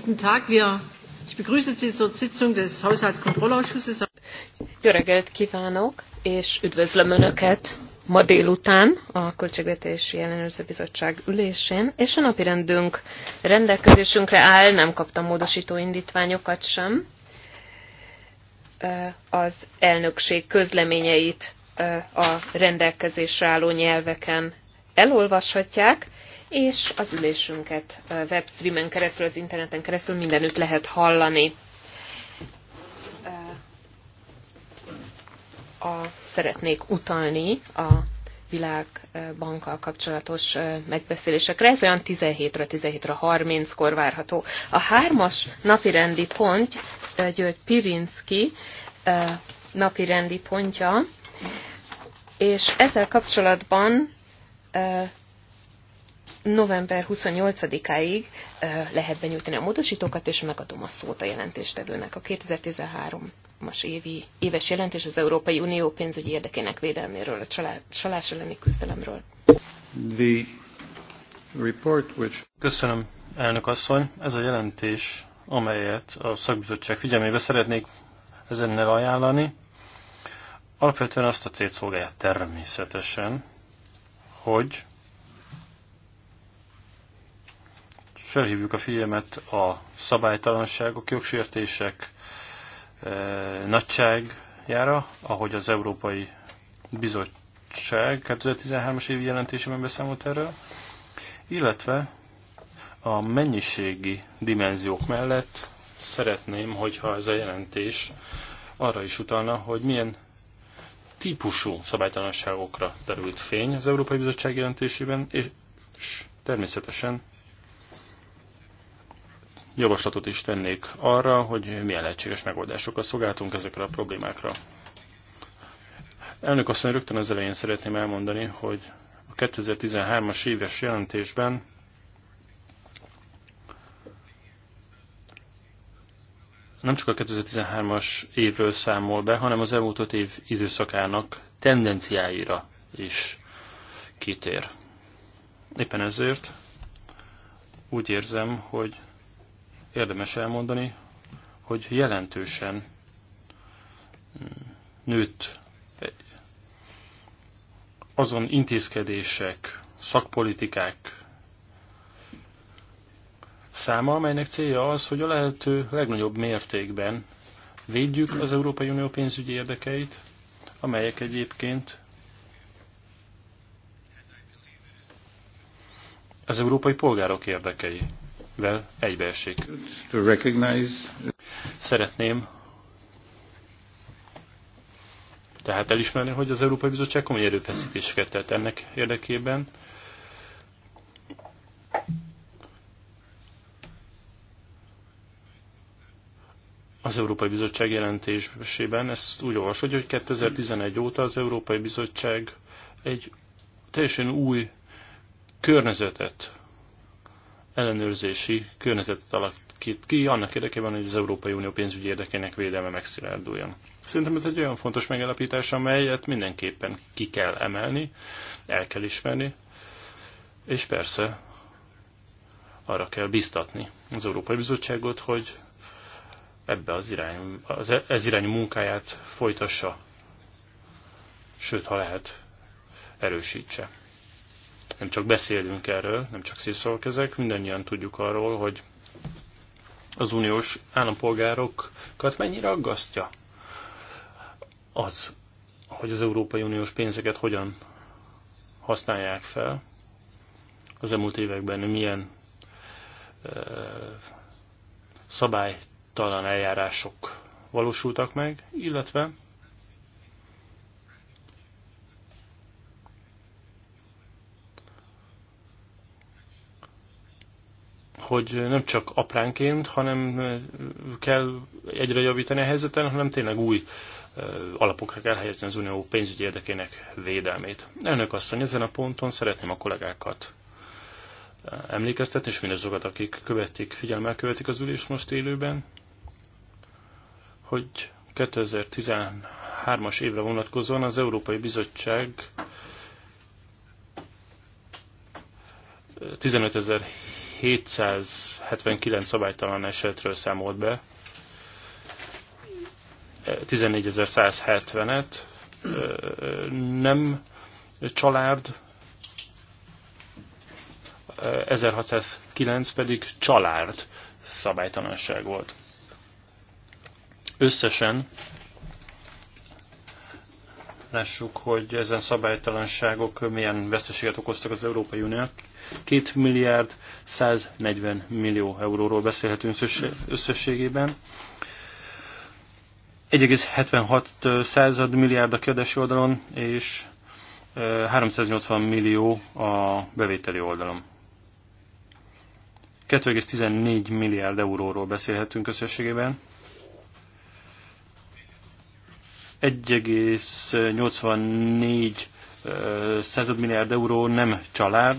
guten Tag. Wir, ich begrüße Sie zur Sitzung des Haushaltskontrollausschusses. Jó reggelt kívánok, és üdvözlöm Önöket ma délután a Költségvetési Ellenőrző Bizottság ülésén, és a napirendünk rendelkezésünkre áll, nem kaptam módosító indítványokat sem. Az elnökség közleményeit a rendelkezésre álló nyelveken elolvashatják, és az ülésünket webstreamen keresztül, az interneten keresztül mindenütt lehet hallani. A, szeretnék utalni a világbankkal kapcsolatos megbeszélésekre. Ez olyan 17-re, 17-re 30-kor várható. A hármas napirendi pont, György Pirinski napirendi pontja, és ezzel kapcsolatban november 28-áig lehet benyújtani a módosítókat, és megadom a szót a jelentéstevőnek. A 2013-as évi, éves jelentés az Európai Unió pénzügyi érdekének védelméről, a csalá, csalás elleni küzdelemről. The report which... Köszönöm, elnök asszony. Ez a jelentés, amelyet a szakbizottság figyelmébe szeretnék ezennel ajánlani, alapvetően azt a célt szolgálja természetesen, hogy felhívjuk a figyelmet a szabálytalanságok, jogsértések eh, nagyságjára, ahogy az Európai Bizottság 2013-as évi jelentésében beszámolt erről, illetve a mennyiségi dimenziók mellett szeretném, hogyha ez a jelentés arra is utalna, hogy milyen típusú szabálytalanságokra terült fény az Európai Bizottság jelentésében, és természetesen javaslatot is tennék arra, hogy milyen lehetséges megoldásokat szolgáltunk ezekre a problémákra. Elnök asszony, rögtön az elején szeretném elmondani, hogy a 2013-as éves jelentésben nem csak a 2013-as évről számol be, hanem az elmúlt öt év időszakának tendenciáira is kitér. Éppen ezért úgy érzem, hogy érdemes elmondani, hogy jelentősen mm, nőtt azon intézkedések, szakpolitikák száma, amelynek célja az, hogy a lehető legnagyobb mértékben védjük az Európai Unió pénzügyi érdekeit, amelyek egyébként az európai polgárok érdekei vel egybeesik. Szeretném tehát elismerni, hogy az Európai Bizottság komoly erőfeszítéseket tett ennek érdekében. Az Európai Bizottság jelentésében ezt úgy olvasod, hogy 2011 óta az Európai Bizottság egy teljesen új környezetet ellenőrzési környezetet alakít ki, annak érdekében, hogy az Európai Unió pénzügyi érdekének védelme megszilárduljon. Szerintem ez egy olyan fontos megállapítás, amelyet mindenképpen ki kell emelni, el kell ismerni, és persze arra kell biztatni az Európai Bizottságot, hogy ebbe az irány, az e- ez irányú munkáját folytassa, sőt, ha lehet, erősítse nem csak beszélünk erről, nem csak szívszolok ezek, mindannyian tudjuk arról, hogy az uniós állampolgárokat mennyire aggasztja az, hogy az Európai Uniós pénzeket hogyan használják fel, az elmúlt években milyen szabálytalan eljárások valósultak meg, illetve hogy nem csak apránként, hanem kell egyre javítani a helyzeten, hanem tényleg új alapokra kell helyezni az unió pénzügyi érdekének védelmét. Elnök asszony, ezen a ponton szeretném a kollégákat emlékeztetni, és mindazokat, akik követik, figyelmel követik az ülést most élőben, hogy 2013-as évre vonatkozóan az Európai Bizottság 15.000 779 szabálytalan esetről számolt be, 14.170-et, nem család, 1609 pedig család szabálytalanság volt. Összesen lássuk, hogy ezen szabálytalanságok milyen veszteséget okoztak az Európai Uniónak. 2 milliárd 140 millió euróról beszélhetünk összességében. 1,76 század milliárd a kiadási oldalon, és 380 millió a bevételi oldalon. 2,14 milliárd euróról beszélhetünk összességében. 1,84 század milliárd euró nem család,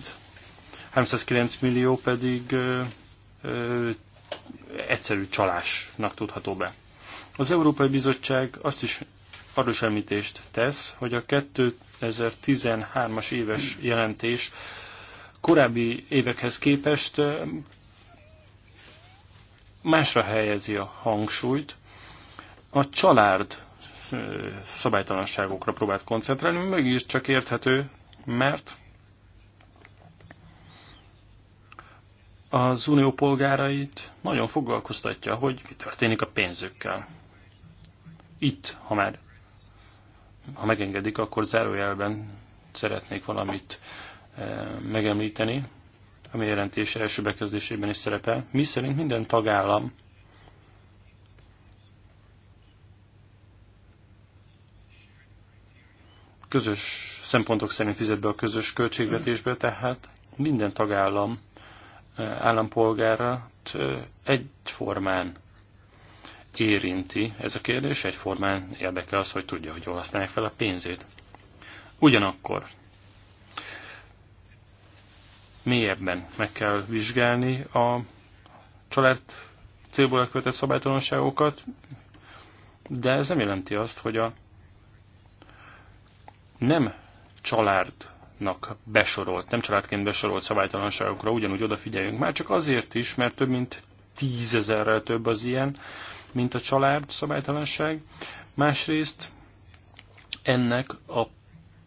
309 millió pedig ö, ö, egyszerű csalásnak tudható be. Az Európai Bizottság azt is arról említést tesz, hogy a 2013-as éves jelentés korábbi évekhez képest másra helyezi a hangsúlyt. A család szabálytalanságokra próbált koncentrálni, mégis csak érthető, mert az unió polgárait nagyon foglalkoztatja, hogy mi történik a pénzükkel. Itt, ha már ha megengedik, akkor zárójelben szeretnék valamit eh, megemlíteni, ami jelentése első bekezdésében is szerepel. Mi szerint minden tagállam közös szempontok szerint fizet be a közös költségvetésbe, tehát minden tagállam állampolgárat egyformán érinti ez a kérdés, egyformán érdekel az, hogy tudja, hogy jól használják fel a pénzét. Ugyanakkor mélyebben meg kell vizsgálni a család célból elkövetett szabálytalanságokat, de ez nem jelenti azt, hogy a nem család családnak besorolt, nem családként besorolt szabálytalanságokra ugyanúgy odafigyeljünk. Már csak azért is, mert több mint tízezerrel több az ilyen, mint a család szabálytalanság. Másrészt ennek a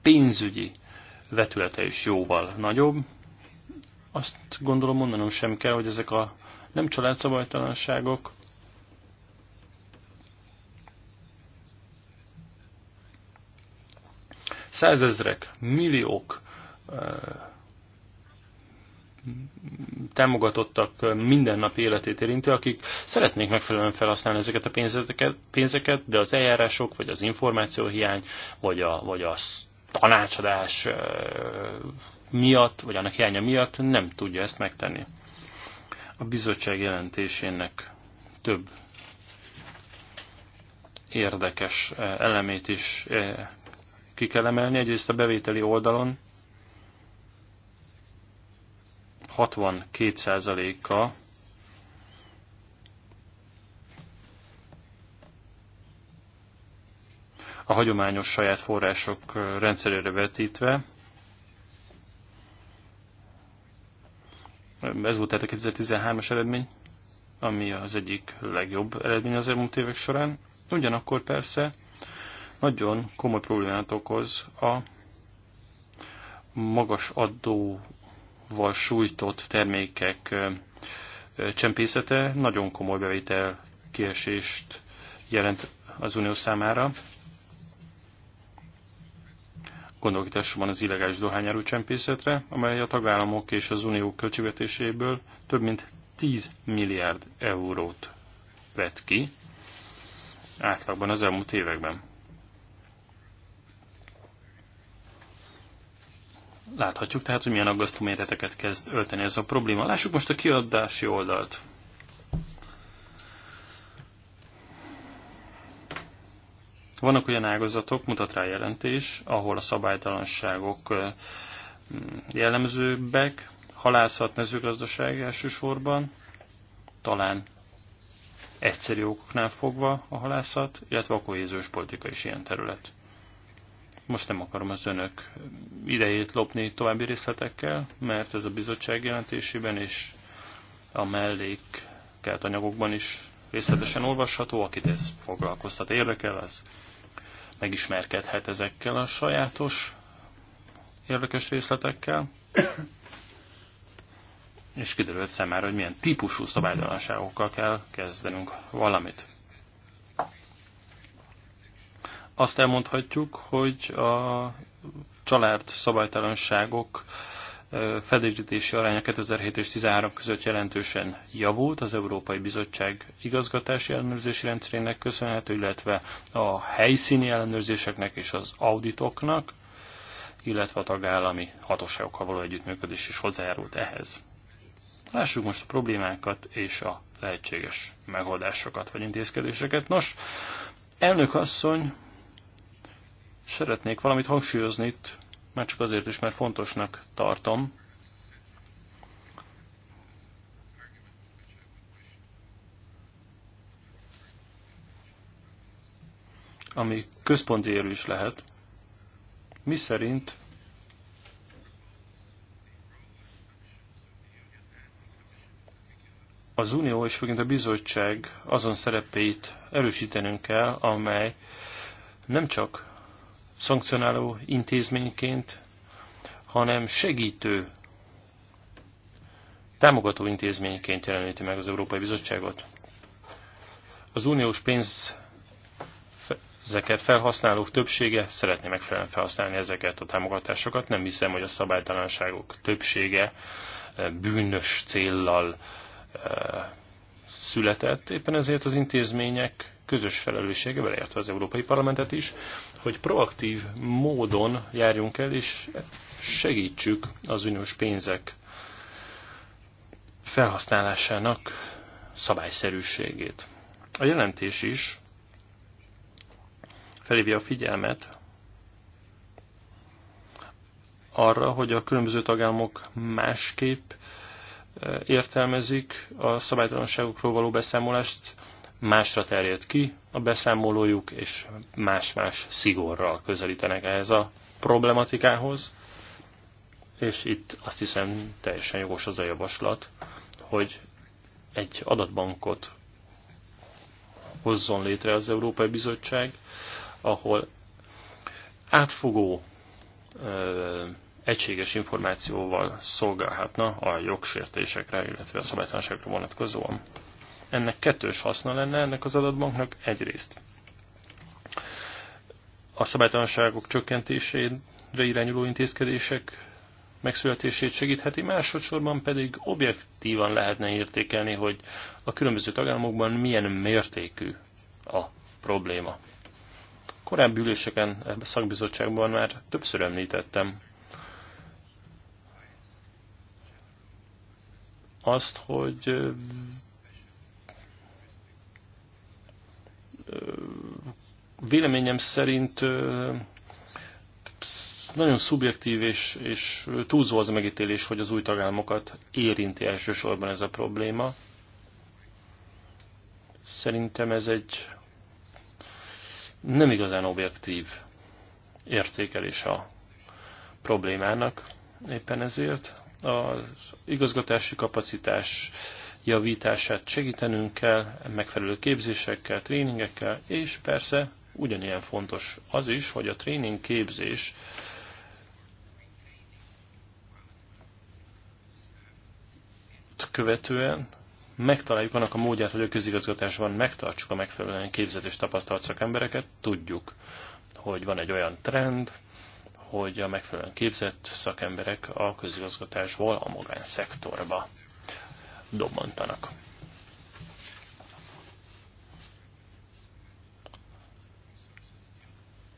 pénzügyi vetülete is jóval nagyobb. Azt gondolom mondanom sem kell, hogy ezek a nem családszabálytalanságok százezrek, milliók támogatottak mindennapi életét érintő, akik szeretnék megfelelően felhasználni ezeket a pénzeket, pénzeket de az eljárások, vagy az információhiány, vagy a, vagy a tanácsadás miatt, vagy annak hiánya miatt nem tudja ezt megtenni. A bizottság jelentésének több érdekes elemét is ki kell emelni. Egyrészt a bevételi oldalon 62%-a a hagyományos saját források rendszerére vetítve. Ez volt tehát a 2013-as eredmény, ami az egyik legjobb eredmény az elmúlt évek során. Ugyanakkor persze nagyon komoly problémát okoz a magas adó vagy sújtott termékek csempészete nagyon komoly bevétel kiesést jelent az unió számára. Gondolkításra van az illegális dohányárú csempészetre, amely a tagállamok és az unió költségvetéséből több mint 10 milliárd eurót vett ki átlagban az elmúlt években. Láthatjuk tehát, hogy milyen aggasztó méreteket kezd ölteni ez a probléma. Lássuk most a kiadási oldalt. Vannak olyan ágazatok, mutat rá jelentés, ahol a szabálytalanságok mm, jellemzőbbek, halászat, mezőgazdaság elsősorban, talán egyszerű okoknál fogva a halászat, illetve a kohéziós politika is ilyen terület. Most nem akarom az önök idejét lopni további részletekkel, mert ez a bizottság jelentésében és a mellékelt anyagokban is részletesen olvasható. Akit ez foglalkoztat, érdekel, az megismerkedhet ezekkel a sajátos érdekes részletekkel, és kiderült számára, hogy milyen típusú szabálytalanságokkal kell kezdenünk valamit azt elmondhatjuk, hogy a család szabálytalanságok fedélzítési aránya 2007 és 2013 között jelentősen javult az Európai Bizottság igazgatási ellenőrzési rendszerének köszönhető, illetve a helyszíni ellenőrzéseknek és az auditoknak, illetve a tagállami hatóságokkal való együttműködés is hozzájárult ehhez. Lássuk most a problémákat és a lehetséges megoldásokat vagy intézkedéseket. Nos, elnök asszony Szeretnék valamit hangsúlyozni itt, már csak azért is, mert fontosnak tartom. Ami központi érő is lehet, mi szerint az Unió és főként a bizottság azon szerepét erősítenünk kell, amely nem csak szankcionáló intézményként, hanem segítő, támogató intézményként jeleníti meg az Európai Bizottságot. Az uniós pénzeket felhasználók többsége szeretné megfelelően felhasználni ezeket a támogatásokat. Nem hiszem, hogy a szabálytalanságok többsége eh, bűnös céllal eh, született. Éppen ezért az intézmények közös felelőssége, beleértve az Európai Parlamentet is, hogy proaktív módon járjunk el, és segítsük az uniós pénzek felhasználásának szabályszerűségét. A jelentés is felhívja a figyelmet arra, hogy a különböző tagállamok másképp eh, értelmezik a szabálytalanságokról való beszámolást, másra terjed ki a beszámolójuk, és más-más szigorral közelítenek ehhez a problematikához. És itt azt hiszem teljesen jogos az a javaslat, hogy egy adatbankot hozzon létre az Európai Bizottság, ahol átfogó ö, egységes információval szolgálhatna a jogsértésekre, illetve a szabálytalanságra vonatkozóan. Ennek kettős haszna lenne ennek az adatbanknak egyrészt. A szabálytalanságok csökkentésére irányuló intézkedések megszületését segítheti, másodszorban pedig objektívan lehetne értékelni, hogy a különböző tagállamokban milyen mértékű a probléma. Korábbi üléseken ebben a szakbizottságban már többször említettem azt, hogy véleményem szerint nagyon szubjektív és, és túlzó az a megítélés, hogy az új tagállamokat érinti elsősorban ez a probléma. Szerintem ez egy nem igazán objektív értékelés a problémának. Éppen ezért az igazgatási kapacitás javítását segítenünk kell, megfelelő képzésekkel, tréningekkel, és persze ugyanilyen fontos az is, hogy a tréning képzés követően megtaláljuk annak a módját, hogy a közigazgatásban megtartsuk a megfelelően képzett és tapasztalt szakembereket. Tudjuk, hogy van egy olyan trend, hogy a megfelelően képzett szakemberek a közigazgatásból a magánszektorba dobantanak.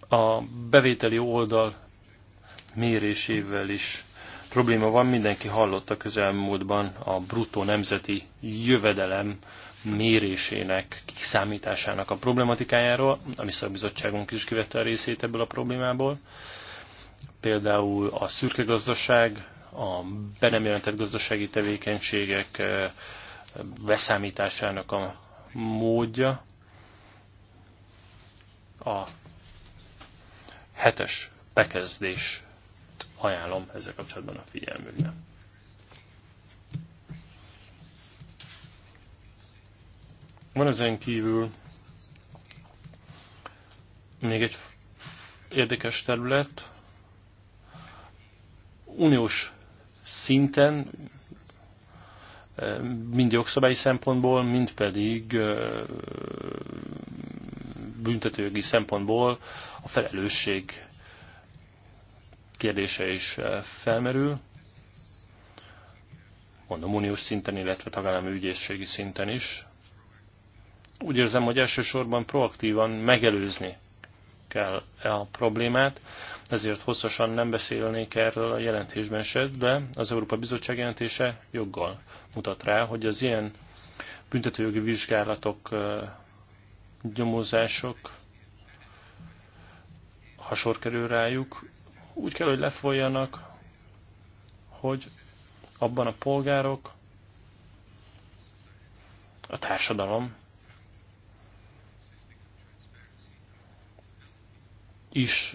A bevételi oldal mérésével is probléma van, mindenki hallotta közelmúltban a bruttó nemzeti jövedelem mérésének, kiszámításának a problematikájáról, ami szakbizottságunk is kivette a részét ebből a problémából. Például a szürke gazdaság a be nem jelentett gazdasági tevékenységek eh, beszámításának a módja a hetes bekezdést ajánlom ezzel kapcsolatban a figyelmükbe. Van ezen kívül még egy érdekes terület, uniós szinten, mind jogszabályi szempontból, mind pedig büntetőjogi szempontból a felelősség kérdése is felmerül. Mondom, uniós szinten, illetve tagállami ügyészségi szinten is. Úgy érzem, hogy elsősorban proaktívan megelőzni kell e a problémát, ezért hosszasan nem beszélnék erről a jelentésben se, de az Európa Bizottság jelentése joggal mutat rá, hogy az ilyen büntetőjogi vizsgálatok, gyomozások ha sor kerül rájuk, úgy kell, hogy lefolyjanak, hogy abban a polgárok, a társadalom is,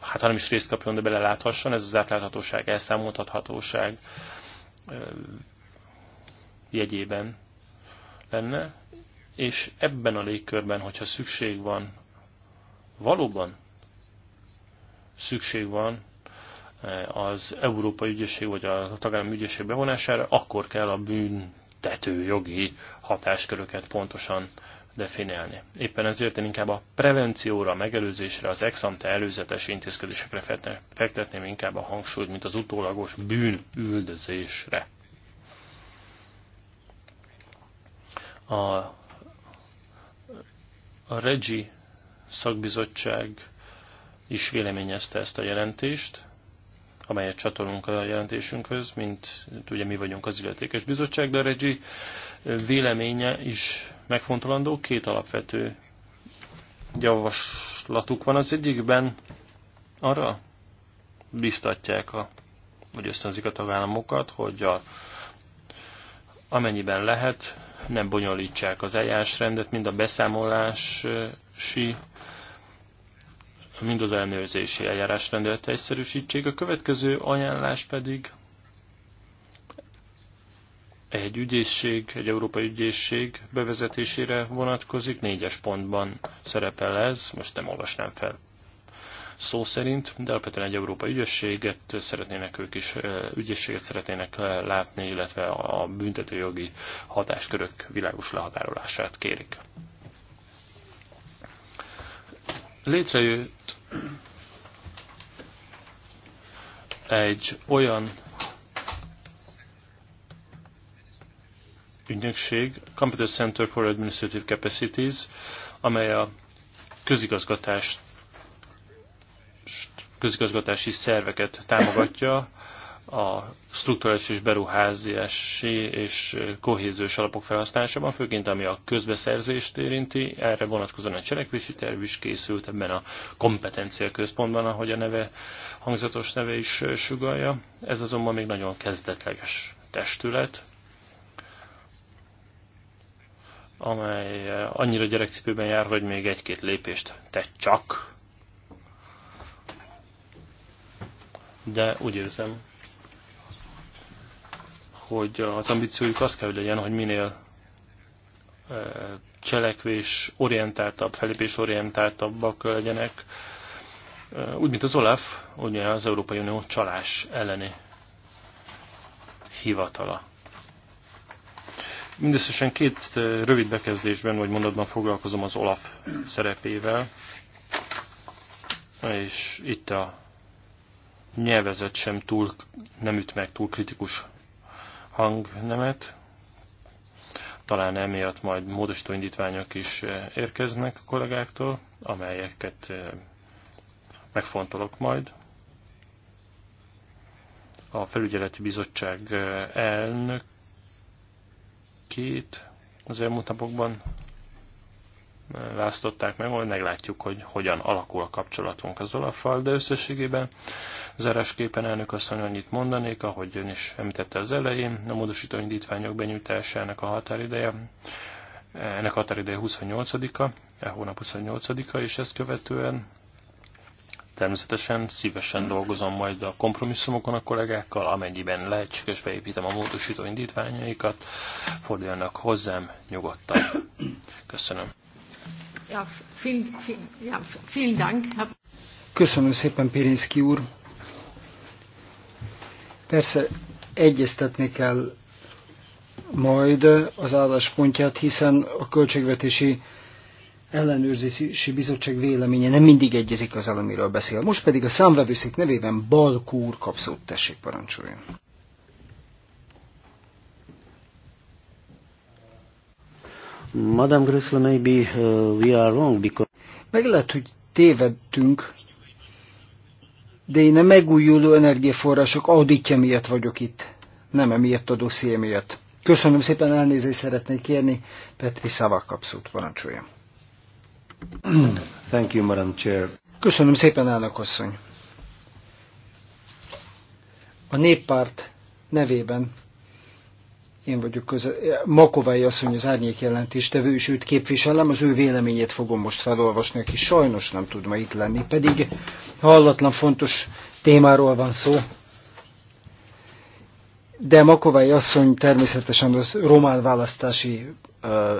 hát ha nem is részt kapjon, de beleláthasson, ez az átláthatóság, elszámoltathatóság jegyében lenne, és ebben a légkörben, hogyha szükség van, valóban szükség van az Európai ügyesség vagy a tagállami ügyesség bevonására, akkor kell a büntető jogi hatásköröket pontosan definiálni. Éppen ezért én inkább a prevencióra, a megelőzésre, az exante előzetes intézkedésekre fektetném inkább a hangsúlyt, mint az utólagos bűnüldözésre. A, a Regi szakbizottság is véleményezte ezt a jelentést, amelyet csatolunk a jelentésünkhöz, mint ugye mi vagyunk az illetékes bizottság, de a Regi véleménye is megfontolandó. Két alapvető javaslatuk van az egyikben. Arra biztatják, a, vagy ösztönzik a tagállamokat, hogy a, amennyiben lehet, nem bonyolítsák az eljárásrendet, mind a beszámolási, mind az elnőrzési eljárásrendet egyszerűsítsék. A következő ajánlás pedig egy ügyészség, egy európai ügyészség bevezetésére vonatkozik, négyes pontban szerepel ez, most nem olvasnám fel szó szerint, de alapvetően egy európai ügyességet szeretnének ők is, ügyességet szeretnének látni, illetve a büntetőjogi hatáskörök világos lehatárolását kérik. Létrejött egy olyan ügynökség, Computer Center for Administrative Capacities, amely a közigazgatást, közigazgatási szerveket támogatja, a strukturális és beruházási és kohéziós alapok felhasználásában, főként ami a közbeszerzést érinti, erre vonatkozóan egy cselekvési terv is készült ebben a kompetencia központban, ahogy a neve, hangzatos neve is sugalja. Ez azonban még nagyon kezdetleges testület, amely eh, annyira gyerekcipőben jár, hogy még egy-két lépést te csak. De úgy érzem, hogy az ambíciójuk az kell, hogy legyen, hogy minél eh, cselekvés orientáltabb, felépés orientáltabbak legyenek. Eh, úgy, mint az OLAF, ugye az Európai Unió csalás elleni hivatala. Mindösszesen két rövid bekezdésben vagy mondatban foglalkozom az Olaf szerepével, és itt a nyelvezet sem túl, nem üt meg túl kritikus hangnemet. Talán emiatt majd módosító indítványok is érkeznek a kollégáktól, amelyeket megfontolok majd. A felügyeleti bizottság elnök két az elmúlt napokban eh, választották meg, majd meglátjuk, hogy hogyan alakul a kapcsolatunk az olaf de összességében zárásképpen elnök asszony annyit mondanék, ahogy ön is említette az elején, a módosító indítványok benyújtásának a határideje, eh, ennek a határideje 28-a, e hónap 28-a, és ezt követően Természetesen szívesen dolgozom majd a kompromisszumokon a kollégákkal, amennyiben lehetséges beépítem a módosító indítványaikat, forduljanak hozzám nyugodtan. Köszönöm. Ja, vielen, ja, Dank. Köszönöm szépen, Pirinszki úr. Persze egyeztetni kell majd az álláspontját, hiszen a költségvetési ellenőrzési bizottság véleménye nem mindig egyezik az amiről beszél. Most pedig a számvevőszék nevében Balkúr kapszót tessék parancsoljon. Madame Grisla, maybe uh, we are wrong because... Meg lehet, hogy tévedtünk, de én a megújuló energiaforrások auditja miatt vagyok itt, nem emiatt a dosszié miatt. Köszönöm szépen, elnézést szeretnék kérni, Petri Szavak kapszót parancsoljam. Thank you, Madam Chair. Köszönöm szépen, elnök asszony. A néppárt nevében én vagyok köze- Makovai asszony az árnyék jelentéstevő, és őt képviselem, az ő véleményét fogom most felolvasni, aki sajnos nem tud ma itt lenni, pedig hallatlan fontos témáról van szó, de Makovai asszony természetesen az román választási,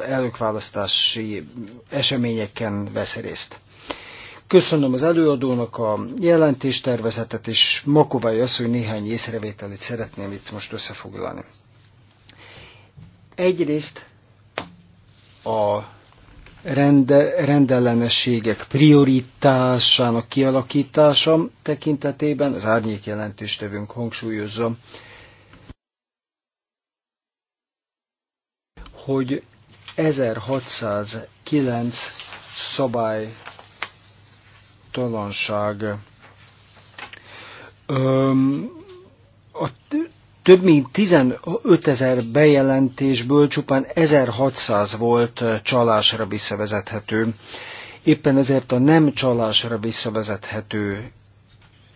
elnökválasztási eseményeken vesz részt. Köszönöm az előadónak a jelentéstervezetet, és Makovai asszony néhány észrevételét szeretném itt most összefoglalni. Egyrészt a rende, rendellenességek prioritásának kialakítása tekintetében az árnyék jelentéstevünk hangsúlyozza, hogy 1609 szabálytalanság Öm, a több mint 15 ezer bejelentésből csupán 1600 volt csalásra visszavezethető. Éppen ezért a nem csalásra visszavezethető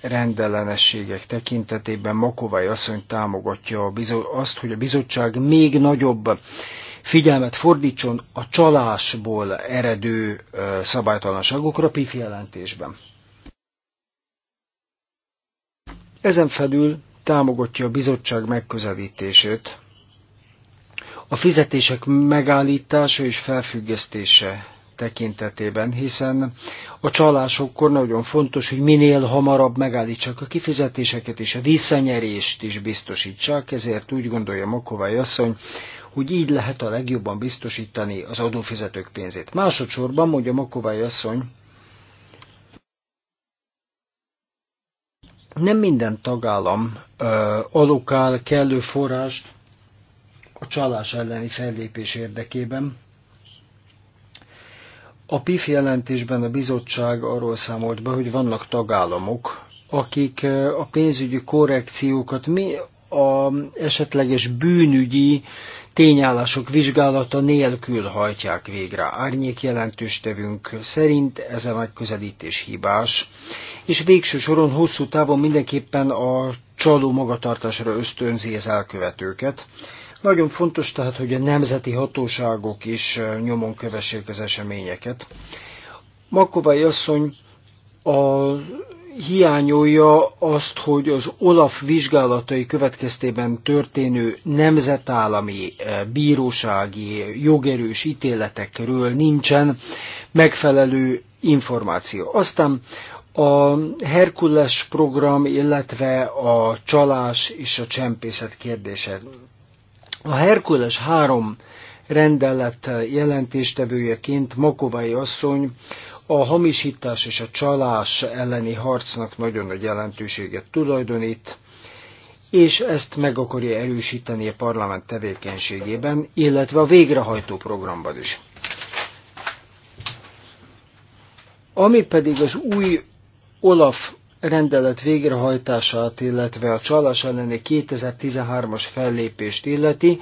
rendellenességek tekintetében Makovály asszony támogatja azt, hogy a bizottság még nagyobb figyelmet fordítson a csalásból eredő szabálytalanságokra PIF jelentésben. Ezen felül támogatja a bizottság megközelítését, a fizetések megállítása és felfüggesztése tekintetében, hiszen a csalásokkor nagyon fontos, hogy minél hamarabb megállítsák a kifizetéseket és a visszanyerést is biztosítsák, ezért úgy gondolja Makovály asszony, hogy így lehet a legjobban biztosítani az adófizetők pénzét. Másodszorban, mondja Makovály asszony, nem minden tagállam ö, alokál kellő forrást a csalás elleni fellépés érdekében. A PIF jelentésben a bizottság arról számolt be, hogy vannak tagállamok, akik a pénzügyi korrekciókat mi a esetleges bűnügyi tényállások vizsgálata nélkül hajtják végre. Árnyék jelentős tevünk szerint ez a megközelítés hibás, és végső soron hosszú távon mindenképpen a csaló magatartásra ösztönzi az elkövetőket. Nagyon fontos tehát, hogy a nemzeti hatóságok is nyomon kövessék az eseményeket. Makovai asszony a hiányolja azt, hogy az Olaf vizsgálatai következtében történő nemzetállami eh, bírósági jogerős ítéletekről nincsen megfelelő információ. Aztán a Herkules program, illetve a csalás és a csempészet kérdése. A Herkules három rendelet jelentéstevőjeként Makovai asszony a hamisítás és a csalás elleni harcnak nagyon nagy jelentőséget tulajdonít, és ezt meg akarja erősíteni a parlament tevékenységében, illetve a végrehajtó programban is. Ami pedig az új Olaf rendelet végrehajtását, illetve a csalás elleni 2013-as fellépést illeti,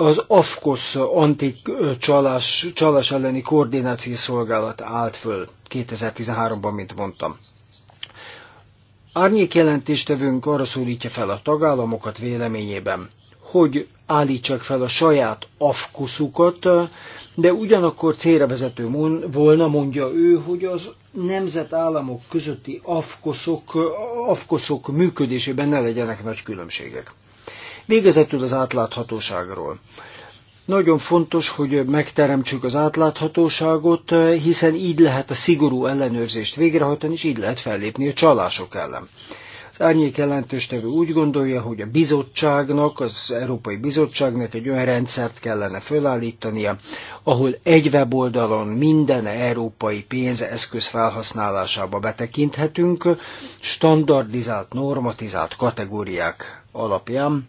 az AFKOSZ anti csalás elleni koordinációs szolgálat állt föl 2013-ban, mint mondtam. Árnyék jelentéstevőnk arra szólítja fel a tagállamokat véleményében, hogy állítsák fel a saját afkuszukat, de ugyanakkor célra vezető volna, mondja ő, hogy az nemzetállamok közötti afkoszok, afkoszok működésében ne legyenek nagy különbségek. Végezetül az átláthatóságról. Nagyon fontos, hogy megteremtsük az átláthatóságot, hiszen így lehet a szigorú ellenőrzést végrehajtani, és így lehet fellépni a csalások ellen. Az árnyék jelentőstevő úgy gondolja, hogy a bizottságnak, az Európai Bizottságnak egy olyan rendszert kellene fölállítania, ahol egy weboldalon minden európai pénzeszköz felhasználásába betekinthetünk, standardizált, normatizált kategóriák alapján,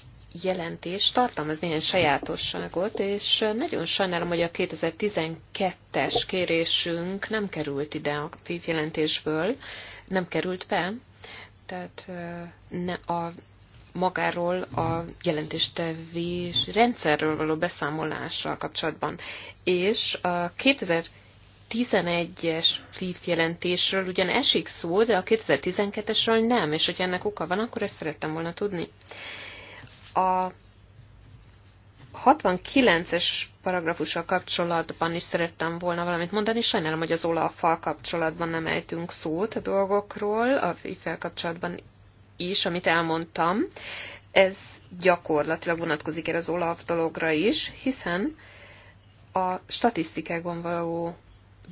jelentés tartalmaz néhány sajátosságot, és nagyon sajnálom, hogy a 2012-es kérésünk nem került ide a PIV jelentésből, nem került be, tehát ne a magáról a jelentéstevés rendszerről való beszámolással kapcsolatban. És a 2011-es FIF jelentésről ugyan esik szó, de a 2012-esről nem, és hogy ennek oka van, akkor ezt szerettem volna tudni a 69-es paragrafussal kapcsolatban is szerettem volna valamit mondani. Sajnálom, hogy az fal kapcsolatban nem ejtünk szót a dolgokról, a fel kapcsolatban is, amit elmondtam. Ez gyakorlatilag vonatkozik erre az olaf dologra is, hiszen a statisztikákban való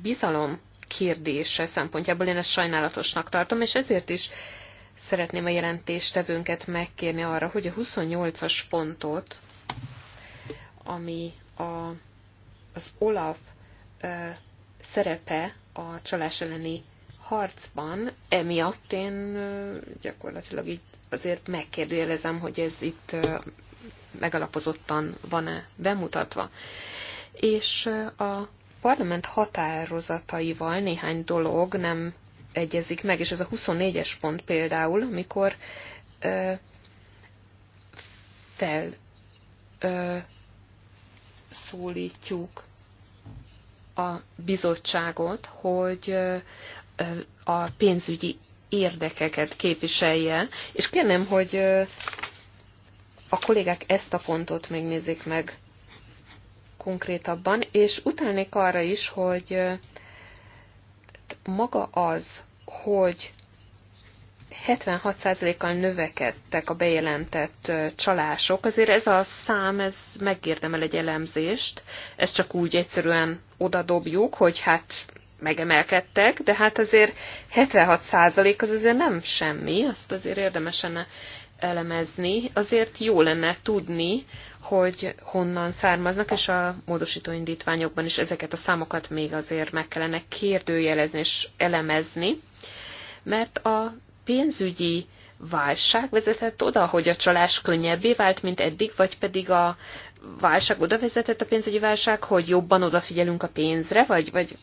bizalom kérdése szempontjából én ezt sajnálatosnak tartom, és ezért is Szeretném a jelentéstevőnket megkérni arra, hogy a 28-as pontot, ami a, az Olaf ö, szerepe a csalás elleni harcban, emiatt én ö, gyakorlatilag így azért megkérdőjelezem, hogy ez itt ö, megalapozottan van-e bemutatva. És a parlament határozataival néhány dolog nem egyezik meg, és ez a 24-es pont például, mikor ö, fel ö, szólítjuk a bizottságot, hogy ö, a pénzügyi érdekeket képviselje, és kérném, hogy ö, a kollégák ezt a pontot még nézzék meg konkrétabban, és utalnék arra is, hogy maga az, hogy 76%-kal növekedtek a bejelentett csalások, azért ez a szám, ez megérdemel egy elemzést, ezt csak úgy egyszerűen odadobjuk, hogy hát megemelkedtek, de hát azért 76% az azért nem semmi, azt azért érdemes elemezni, azért jó lenne tudni, hogy honnan származnak, és a módosító indítványokban is ezeket a számokat még azért meg kellene kérdőjelezni és elemezni, mert a pénzügyi válság vezetett oda, hogy a csalás könnyebbé vált, mint eddig, vagy pedig a válság oda vezetett a pénzügyi válság, hogy jobban odafigyelünk a pénzre, vagy, vagy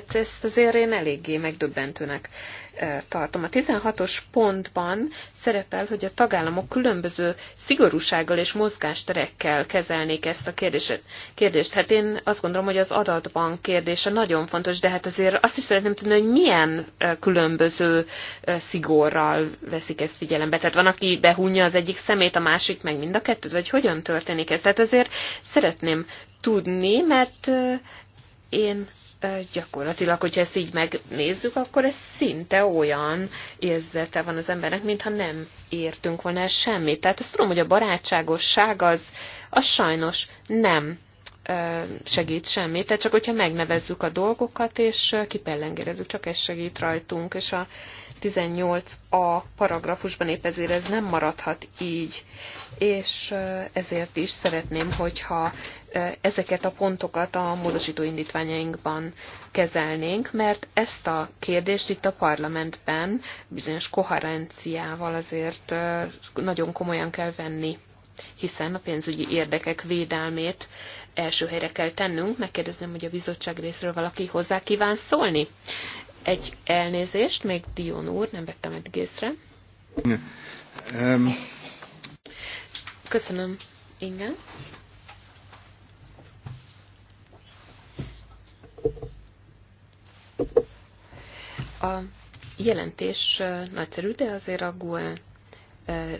tett, ezt azért én eléggé megdöbbentőnek eh, tartom. A 16-os pontban szerepel, hogy a tagállamok különböző szigorúsággal és mozgásterekkel kezelnék ezt a kérdést. kérdést. Hát én azt gondolom, hogy az adatbank kérdése nagyon fontos, de hát azért azt is szeretném tudni, hogy milyen eh, különböző eh, szigorral veszik ezt figyelembe. Tehát van, aki behunja az egyik szemét, a másik meg mind a kettőt, vagy hogyan történik ez? Tehát azért szeretném tudni, mert én gyakorlatilag, hogyha ezt így megnézzük, akkor ez szinte olyan érzete van az embernek, mintha nem értünk volna el semmit. Tehát ezt tudom, hogy a barátságosság az, az sajnos nem segít semmit, tehát csak hogyha megnevezzük a dolgokat, és kipellengerezzük, csak ez segít rajtunk, és a 18a paragrafusban épp ezért ez nem maradhat így, és ezért is szeretném, hogyha ezeket a pontokat a módosító indítványainkban kezelnénk, mert ezt a kérdést itt a parlamentben bizonyos koherenciával azért nagyon komolyan kell venni hiszen a pénzügyi érdekek védelmét első helyre kell tennünk. Megkérdezném, hogy a bizottság részről valaki hozzá kíván szólni. Egy elnézést, még Dion úr, nem vettem egy gészre. Köszönöm, igen. A jelentés nagyszerű, de azért a GUE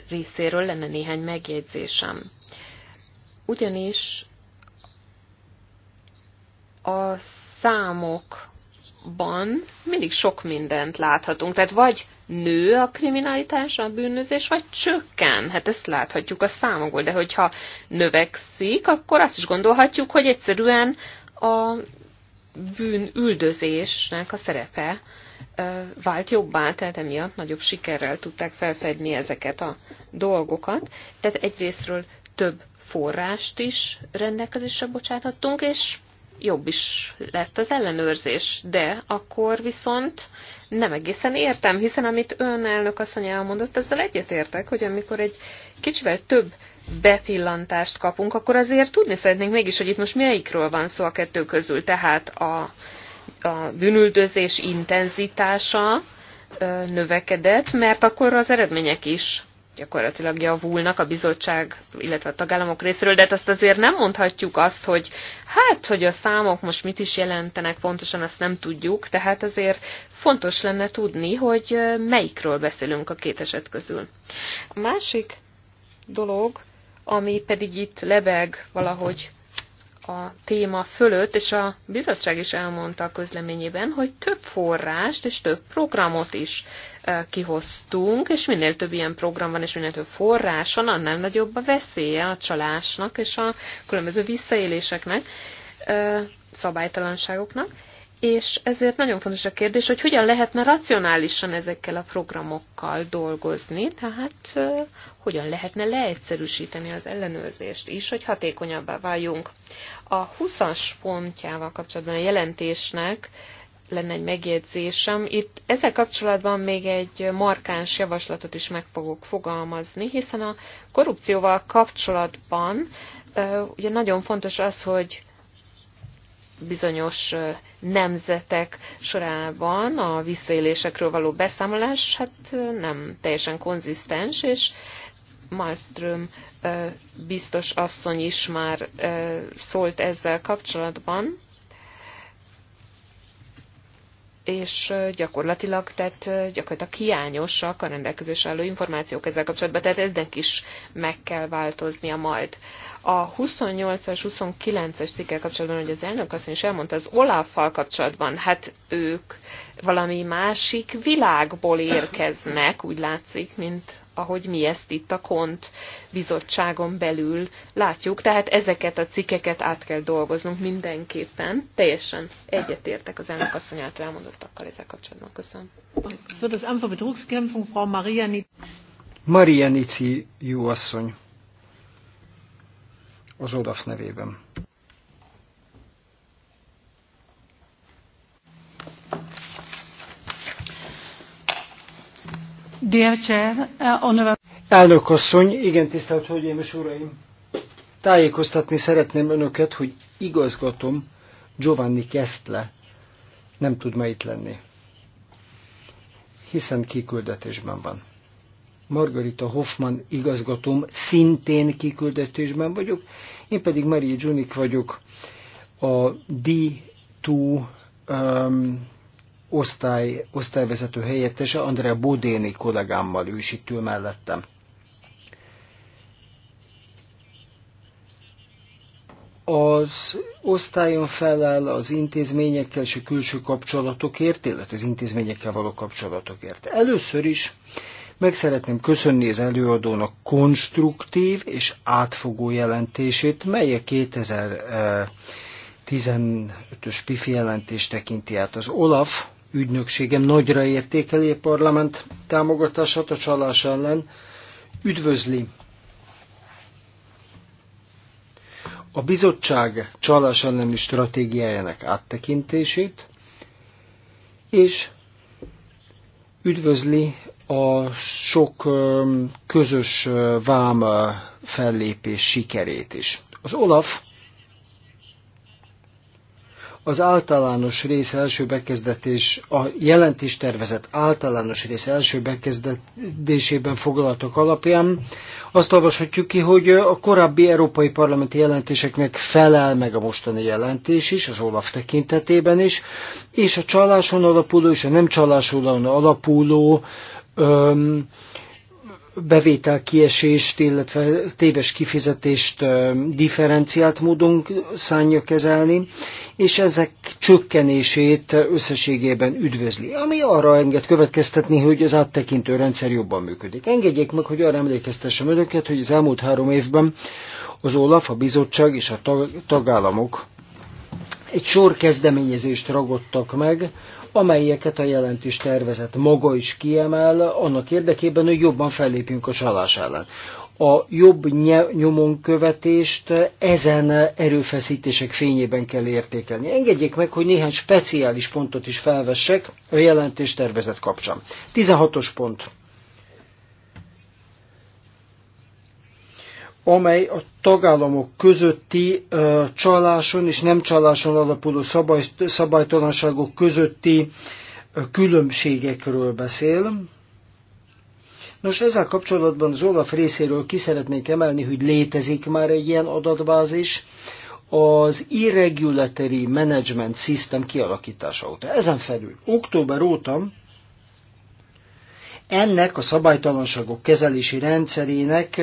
részéről lenne néhány megjegyzésem. Ugyanis a számok ban mindig sok mindent láthatunk. Tehát vagy nő a kriminalitás, a bűnözés, vagy csökken. Hát ezt láthatjuk a számokból, de hogyha növekszik, akkor azt is gondolhatjuk, hogy egyszerűen a bűnüldözésnek a szerepe vált jobbá, tehát emiatt nagyobb sikerrel tudták felfedni ezeket a dolgokat. Tehát egyrésztről több forrást is rendelkezésre bocsáthattunk, és jobb is lett az ellenőrzés, de akkor viszont nem egészen értem, hiszen amit ön elnök asszony elmondott, ezzel egyetértek, hogy amikor egy kicsivel több bepillantást kapunk, akkor azért tudni szeretnénk mégis, hogy itt most melyikről van szó a kettő közül, tehát a, a bűnüldözés intenzitása növekedett, mert akkor az eredmények is gyakorlatilag javulnak a bizottság, illetve a tagállamok részéről, de hát azt azért nem mondhatjuk azt, hogy hát, hogy a számok most mit is jelentenek, pontosan azt nem tudjuk, tehát azért fontos lenne tudni, hogy melyikről beszélünk a két eset közül. A másik dolog, ami pedig itt lebeg valahogy a téma fölött, és a bizottság is elmondta a közleményében, hogy több forrást és több programot is kihoztunk, és minél több ilyen program van, és minél több forrás van, annál nagyobb a veszélye a csalásnak és a különböző visszaéléseknek, szabálytalanságoknak, és ezért nagyon fontos a kérdés, hogy hogyan lehetne racionálisan ezekkel a programokkal dolgozni, tehát hogyan lehetne leegyszerűsíteni az ellenőrzést is, hogy hatékonyabbá váljunk. A 20-as pontjával kapcsolatban a jelentésnek lenne egy megjegyzésem. Itt ezzel kapcsolatban még egy markáns javaslatot is meg fogok fogalmazni, hiszen a korrupcióval kapcsolatban ugye nagyon fontos az, hogy bizonyos nemzetek sorában a visszaélésekről való beszámolás hát nem teljesen konzisztens, és Malmström biztos asszony is már szólt ezzel kapcsolatban, és gyakorlatilag, tehát gyakorlatilag hiányosak a rendelkezés álló információk ezzel kapcsolatban, tehát ezen is meg kell változnia majd a 28-as, 29-es cikkel kapcsolatban, hogy az elnök azt is elmondta, az Olaf-fal kapcsolatban, hát ők valami másik világból érkeznek, úgy látszik, mint ahogy mi ezt itt a KONT bizottságon belül látjuk. Tehát ezeket a cikkeket át kell dolgoznunk mindenképpen. Teljesen egyetértek az elnök asszony által elmondottakkal ezzel kapcsolatban. Köszönöm. Für Maria Maria Nici, jó asszony az Olaf nevében. Uh, Elnök asszony, igen tisztelt Hölgyeim és Uraim! Tájékoztatni szeretném Önöket, hogy igazgatom Giovanni Kestle nem tud ma itt lenni, hiszen kiküldetésben van. Margarita Hoffman igazgatóm, szintén kiküldetésben vagyok, én pedig Marie Junik vagyok, a D2 um, osztály, osztályvezető helyettese, Andrea Bodéni kollégámmal ő is itt ül mellettem. az osztályon felel az intézményekkel és a külső kapcsolatokért, illetve az intézményekkel való kapcsolatokért. Először is meg szeretném köszönni az előadónak konstruktív és átfogó jelentését, mely a 2015-ös PIFI jelentést tekinti át. Az OLAF ügynökségem nagyra értékeli a parlament támogatását a csalás ellen, üdvözli a bizottság csalás elleni stratégiájának áttekintését, és üdvözli a sok közös vám fellépés sikerét is. Az Olaf az általános rész első bekezdetés, a jelentés tervezet általános rész első bekezdésében foglaltak alapján azt olvashatjuk ki, hogy a korábbi európai parlamenti jelentéseknek felel meg a mostani jelentés is, az Olaf tekintetében is, és a csaláson alapuló és a nem csaláson alapuló öm, bevétel kiesést, illetve téves kifizetést differenciált módon szánja kezelni, és ezek csökkenését összességében üdvözli, ami arra enged következtetni, hogy az áttekintő rendszer jobban működik. Engedjék meg, hogy arra emlékeztessem önöket, hogy az elmúlt három évben az OLAF, a bizottság és a tagállamok egy sor kezdeményezést ragadtak meg, amelyeket a jelentés tervezet maga is kiemel, annak érdekében, hogy jobban fellépjünk a csalás ellen. A jobb nyomonkövetést ezen erőfeszítések fényében kell értékelni. Engedjék meg, hogy néhány speciális pontot is felvessek a jelentés tervezet kapcsán. 16-os pont amely a tagállamok közötti ö, csaláson és nem csaláson alapuló szabály, szabálytalanságok közötti ö, különbségekről beszél. Nos, ezzel kapcsolatban az Olaf részéről ki szeretnék emelni, hogy létezik már egy ilyen adatbázis, az Irregulatory Management System kialakítása óta. Ezen felül október óta ennek a szabálytalanságok kezelési rendszerének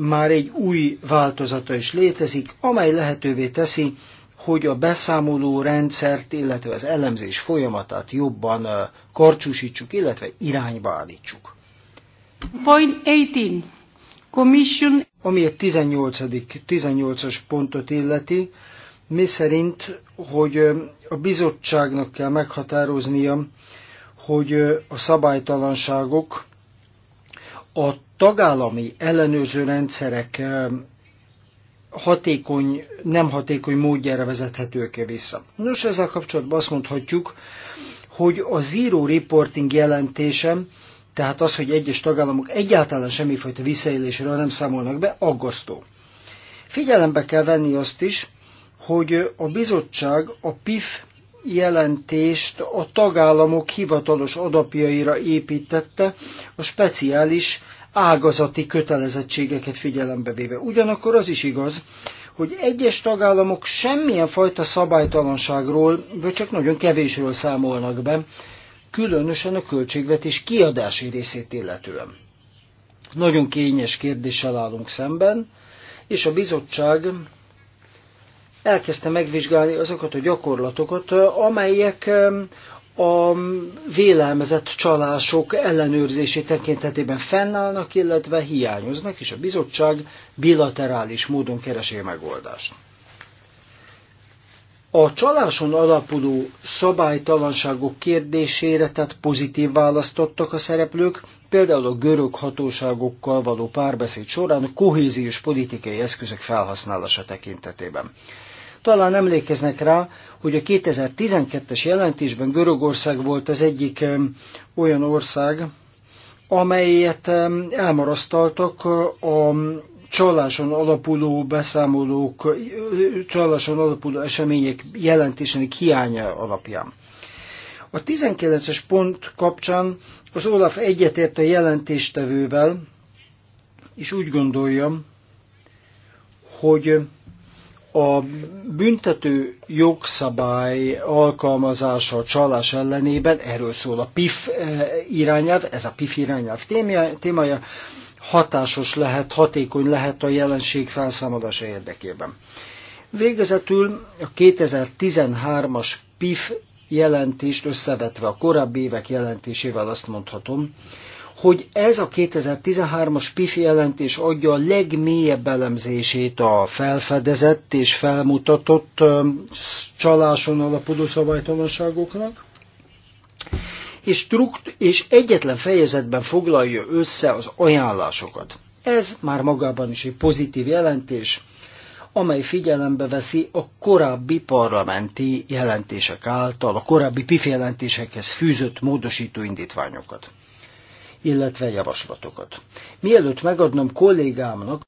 már egy új változata is létezik, amely lehetővé teszi, hogy a beszámoló rendszert, illetve az elemzés folyamatát jobban karcsúsítsuk, illetve irányba állítsuk. Point 18. Commission. Ami a 18. 18-as pontot illeti, mi szerint, hogy a bizottságnak kell meghatároznia, hogy a szabálytalanságok a tagállami ellenőrző rendszerek hatékony, nem hatékony módjára vezethetők-e vissza. Nos, ezzel kapcsolatban azt mondhatjuk, hogy a zero reporting jelentésem, tehát az, hogy egyes tagállamok egyáltalán semmifajta visszaélésről nem számolnak be, aggasztó. Figyelembe kell venni azt is, hogy a bizottság a PIF jelentést a tagállamok hivatalos adapjaira építette a speciális ágazati kötelezettségeket figyelembe véve. Ugyanakkor az is igaz, hogy egyes tagállamok semmilyen fajta szabálytalanságról, vagy csak nagyon kevésről számolnak be, különösen a költségvetés kiadási részét illetően. Nagyon kényes kérdéssel állunk szemben, és a bizottság elkezdte megvizsgálni azokat a gyakorlatokat, amelyek a vélelmezett csalások ellenőrzési tekintetében fennállnak, illetve hiányoznak, és a bizottság bilaterális módon keresi a megoldást. A csaláson alapuló szabálytalanságok kérdésére tehát pozitív választottak a szereplők, például a görög hatóságokkal való párbeszéd során a kohéziós politikai eszközök felhasználása tekintetében. Talán emlékeznek rá, hogy a 2012-es jelentésben Görögország volt az egyik olyan ország, amelyet elmarasztaltak a csaláson alapuló beszámolók, csaláson alapuló események jelentésének hiánya alapján. A 19-es pont kapcsán az Olaf egyetért a jelentéstevővel, és úgy gondolja, hogy a büntető jogszabály alkalmazása a csalás ellenében, erről szól a PIF eh, irányelv, ez a PIF irányelv témája, hatásos lehet, hatékony lehet a jelenség felszámadása érdekében. Végezetül a 2013-as PIF jelentést összevetve a korábbi évek jelentésével azt mondhatom, hogy ez a 2013-as PIFI jelentés adja a legmélyebb elemzését a felfedezett és felmutatott csaláson alapuló szabálytalanságoknak, és, trukt, és egyetlen fejezetben foglalja össze az ajánlásokat. Ez már magában is egy pozitív jelentés, amely figyelembe veszi a korábbi parlamenti jelentések által, a korábbi PIF jelentésekhez fűzött módosító indítványokat illetve javaslatokat. Mielőtt megadnom kollégámnak,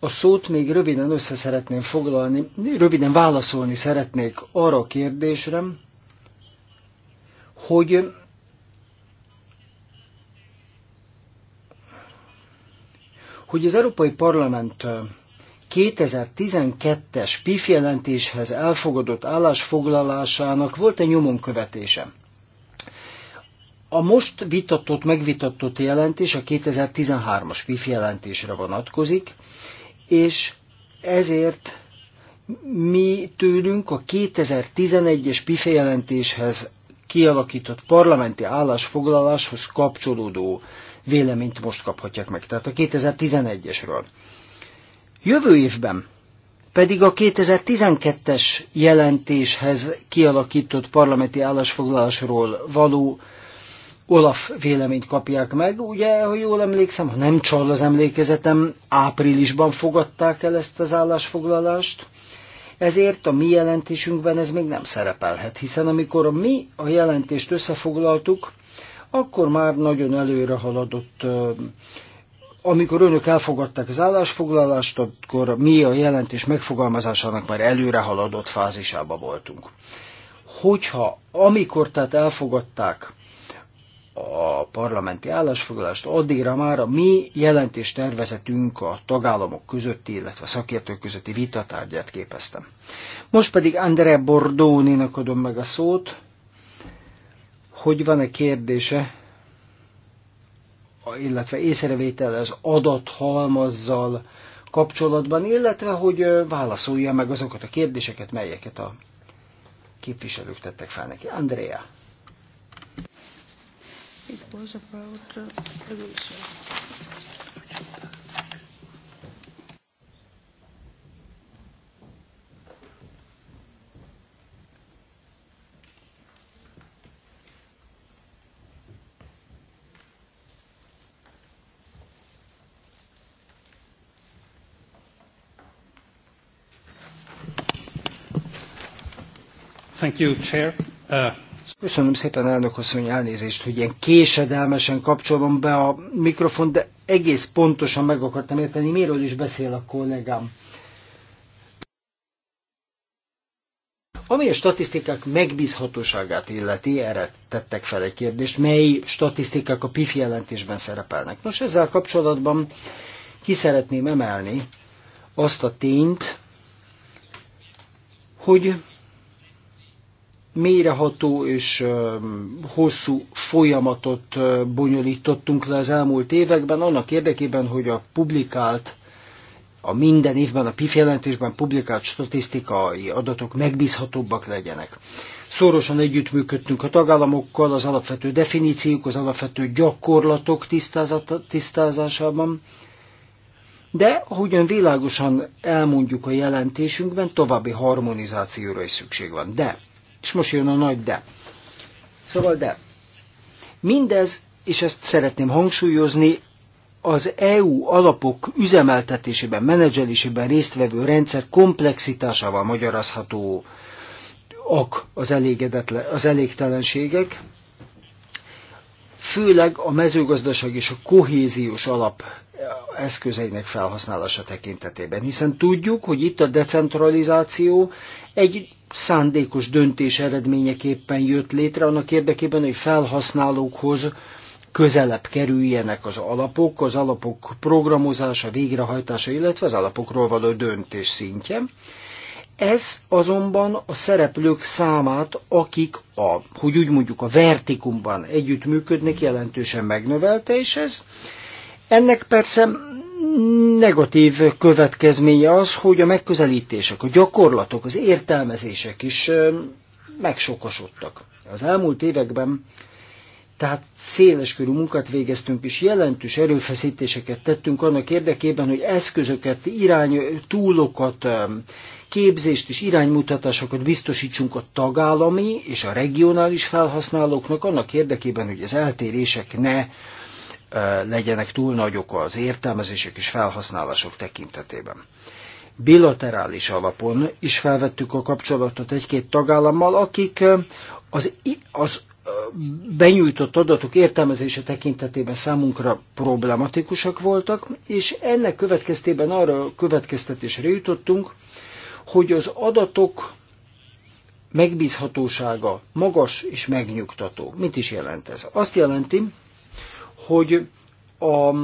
a szót még röviden össze szeretném foglalni, röviden válaszolni szeretnék arra a kérdésre, hogy hogy az Európai Parlament 2012-es PIF jelentéshez elfogadott állásfoglalásának volt-e nyomon követése. A most vitatott, megvitatott jelentés a 2013-as PIF jelentésre vonatkozik, és ezért mi tőlünk a 2011-es PIF jelentéshez kialakított parlamenti állásfoglaláshoz kapcsolódó véleményt most kaphatják meg, tehát a 2011-esről. Jövő évben pedig a 2012-es jelentéshez kialakított parlamenti állásfoglalásról való Olaf véleményt kapják meg. Ugye, ha jól emlékszem, ha nem csal az emlékezetem, áprilisban fogadták el ezt az állásfoglalást, ezért a mi jelentésünkben ez még nem szerepelhet, hiszen amikor a mi a jelentést összefoglaltuk, akkor már nagyon előre haladott amikor önök elfogadták az állásfoglalást, akkor mi a jelentés megfogalmazásának már előre haladott fázisába voltunk. Hogyha amikor tehát elfogadták a parlamenti állásfoglalást, addigra már a mi jelentés tervezetünk a tagállamok közötti, illetve a szakértők közötti vitatárgyát képeztem. Most pedig André Bordóninak adom meg a szót, hogy van-e kérdése, illetve észrevétel az adathalmazzal kapcsolatban, illetve hogy válaszolja meg azokat a kérdéseket, melyeket a képviselők tettek fel neki. Andrea. It was about uh, evolution. Thank you, Chair. Uh, Köszönöm szépen, elnök asszony, elnézést, hogy ilyen késedelmesen kapcsolom be a mikrofon, de egész pontosan meg akartam érteni, miről is beszél a kollégám. Ami a statisztikák megbízhatóságát illeti, erre tettek fel egy kérdést, mely statisztikák a PIF jelentésben szerepelnek. Nos, ezzel kapcsolatban ki szeretném emelni azt a tényt, hogy mélyreható és hosszú folyamatot bonyolítottunk le az elmúlt években, annak érdekében, hogy a publikált, a minden évben a PIF jelentésben publikált statisztikai adatok megbízhatóbbak legyenek. Szorosan együttműködtünk a tagállamokkal az alapvető definíciók, az alapvető gyakorlatok tisztázásában, de ahogyan világosan elmondjuk a jelentésünkben, további harmonizációra is szükség van. De és most jön a nagy de. Szóval de. Mindez, és ezt szeretném hangsúlyozni, az EU alapok üzemeltetésében, menedzselésében résztvevő rendszer komplexitásával magyarázható ak az, az elégtelenségek, főleg a mezőgazdaság és a kohéziós alap eszközeinek felhasználása tekintetében, hiszen tudjuk, hogy itt a decentralizáció egy szándékos döntés eredményeképpen jött létre, annak érdekében, hogy felhasználókhoz közelebb kerüljenek az alapok, az alapok programozása, végrehajtása, illetve az alapokról való döntés szintje. Ez azonban a szereplők számát, akik a, hogy úgy mondjuk a vertikumban együttműködnek, jelentősen megnövelte, és ez ennek persze negatív következménye az, hogy a megközelítések, a gyakorlatok, az értelmezések is megsokosodtak. Az elmúlt években tehát széleskörű munkát végeztünk, és jelentős erőfeszítéseket tettünk annak érdekében, hogy eszközöket, irány, túlokat, képzést és iránymutatásokat biztosítsunk a tagállami és a regionális felhasználóknak annak érdekében, hogy az eltérések ne legyenek túl nagyok az értelmezések és felhasználások tekintetében. Bilaterális alapon is felvettük a kapcsolatot egy-két tagállammal, akik az, az benyújtott adatok értelmezése tekintetében számunkra problematikusak voltak, és ennek következtében arra a következtetésre jutottunk, hogy az adatok megbízhatósága magas és megnyugtató. Mit is jelent ez? Azt jelenti, hogy a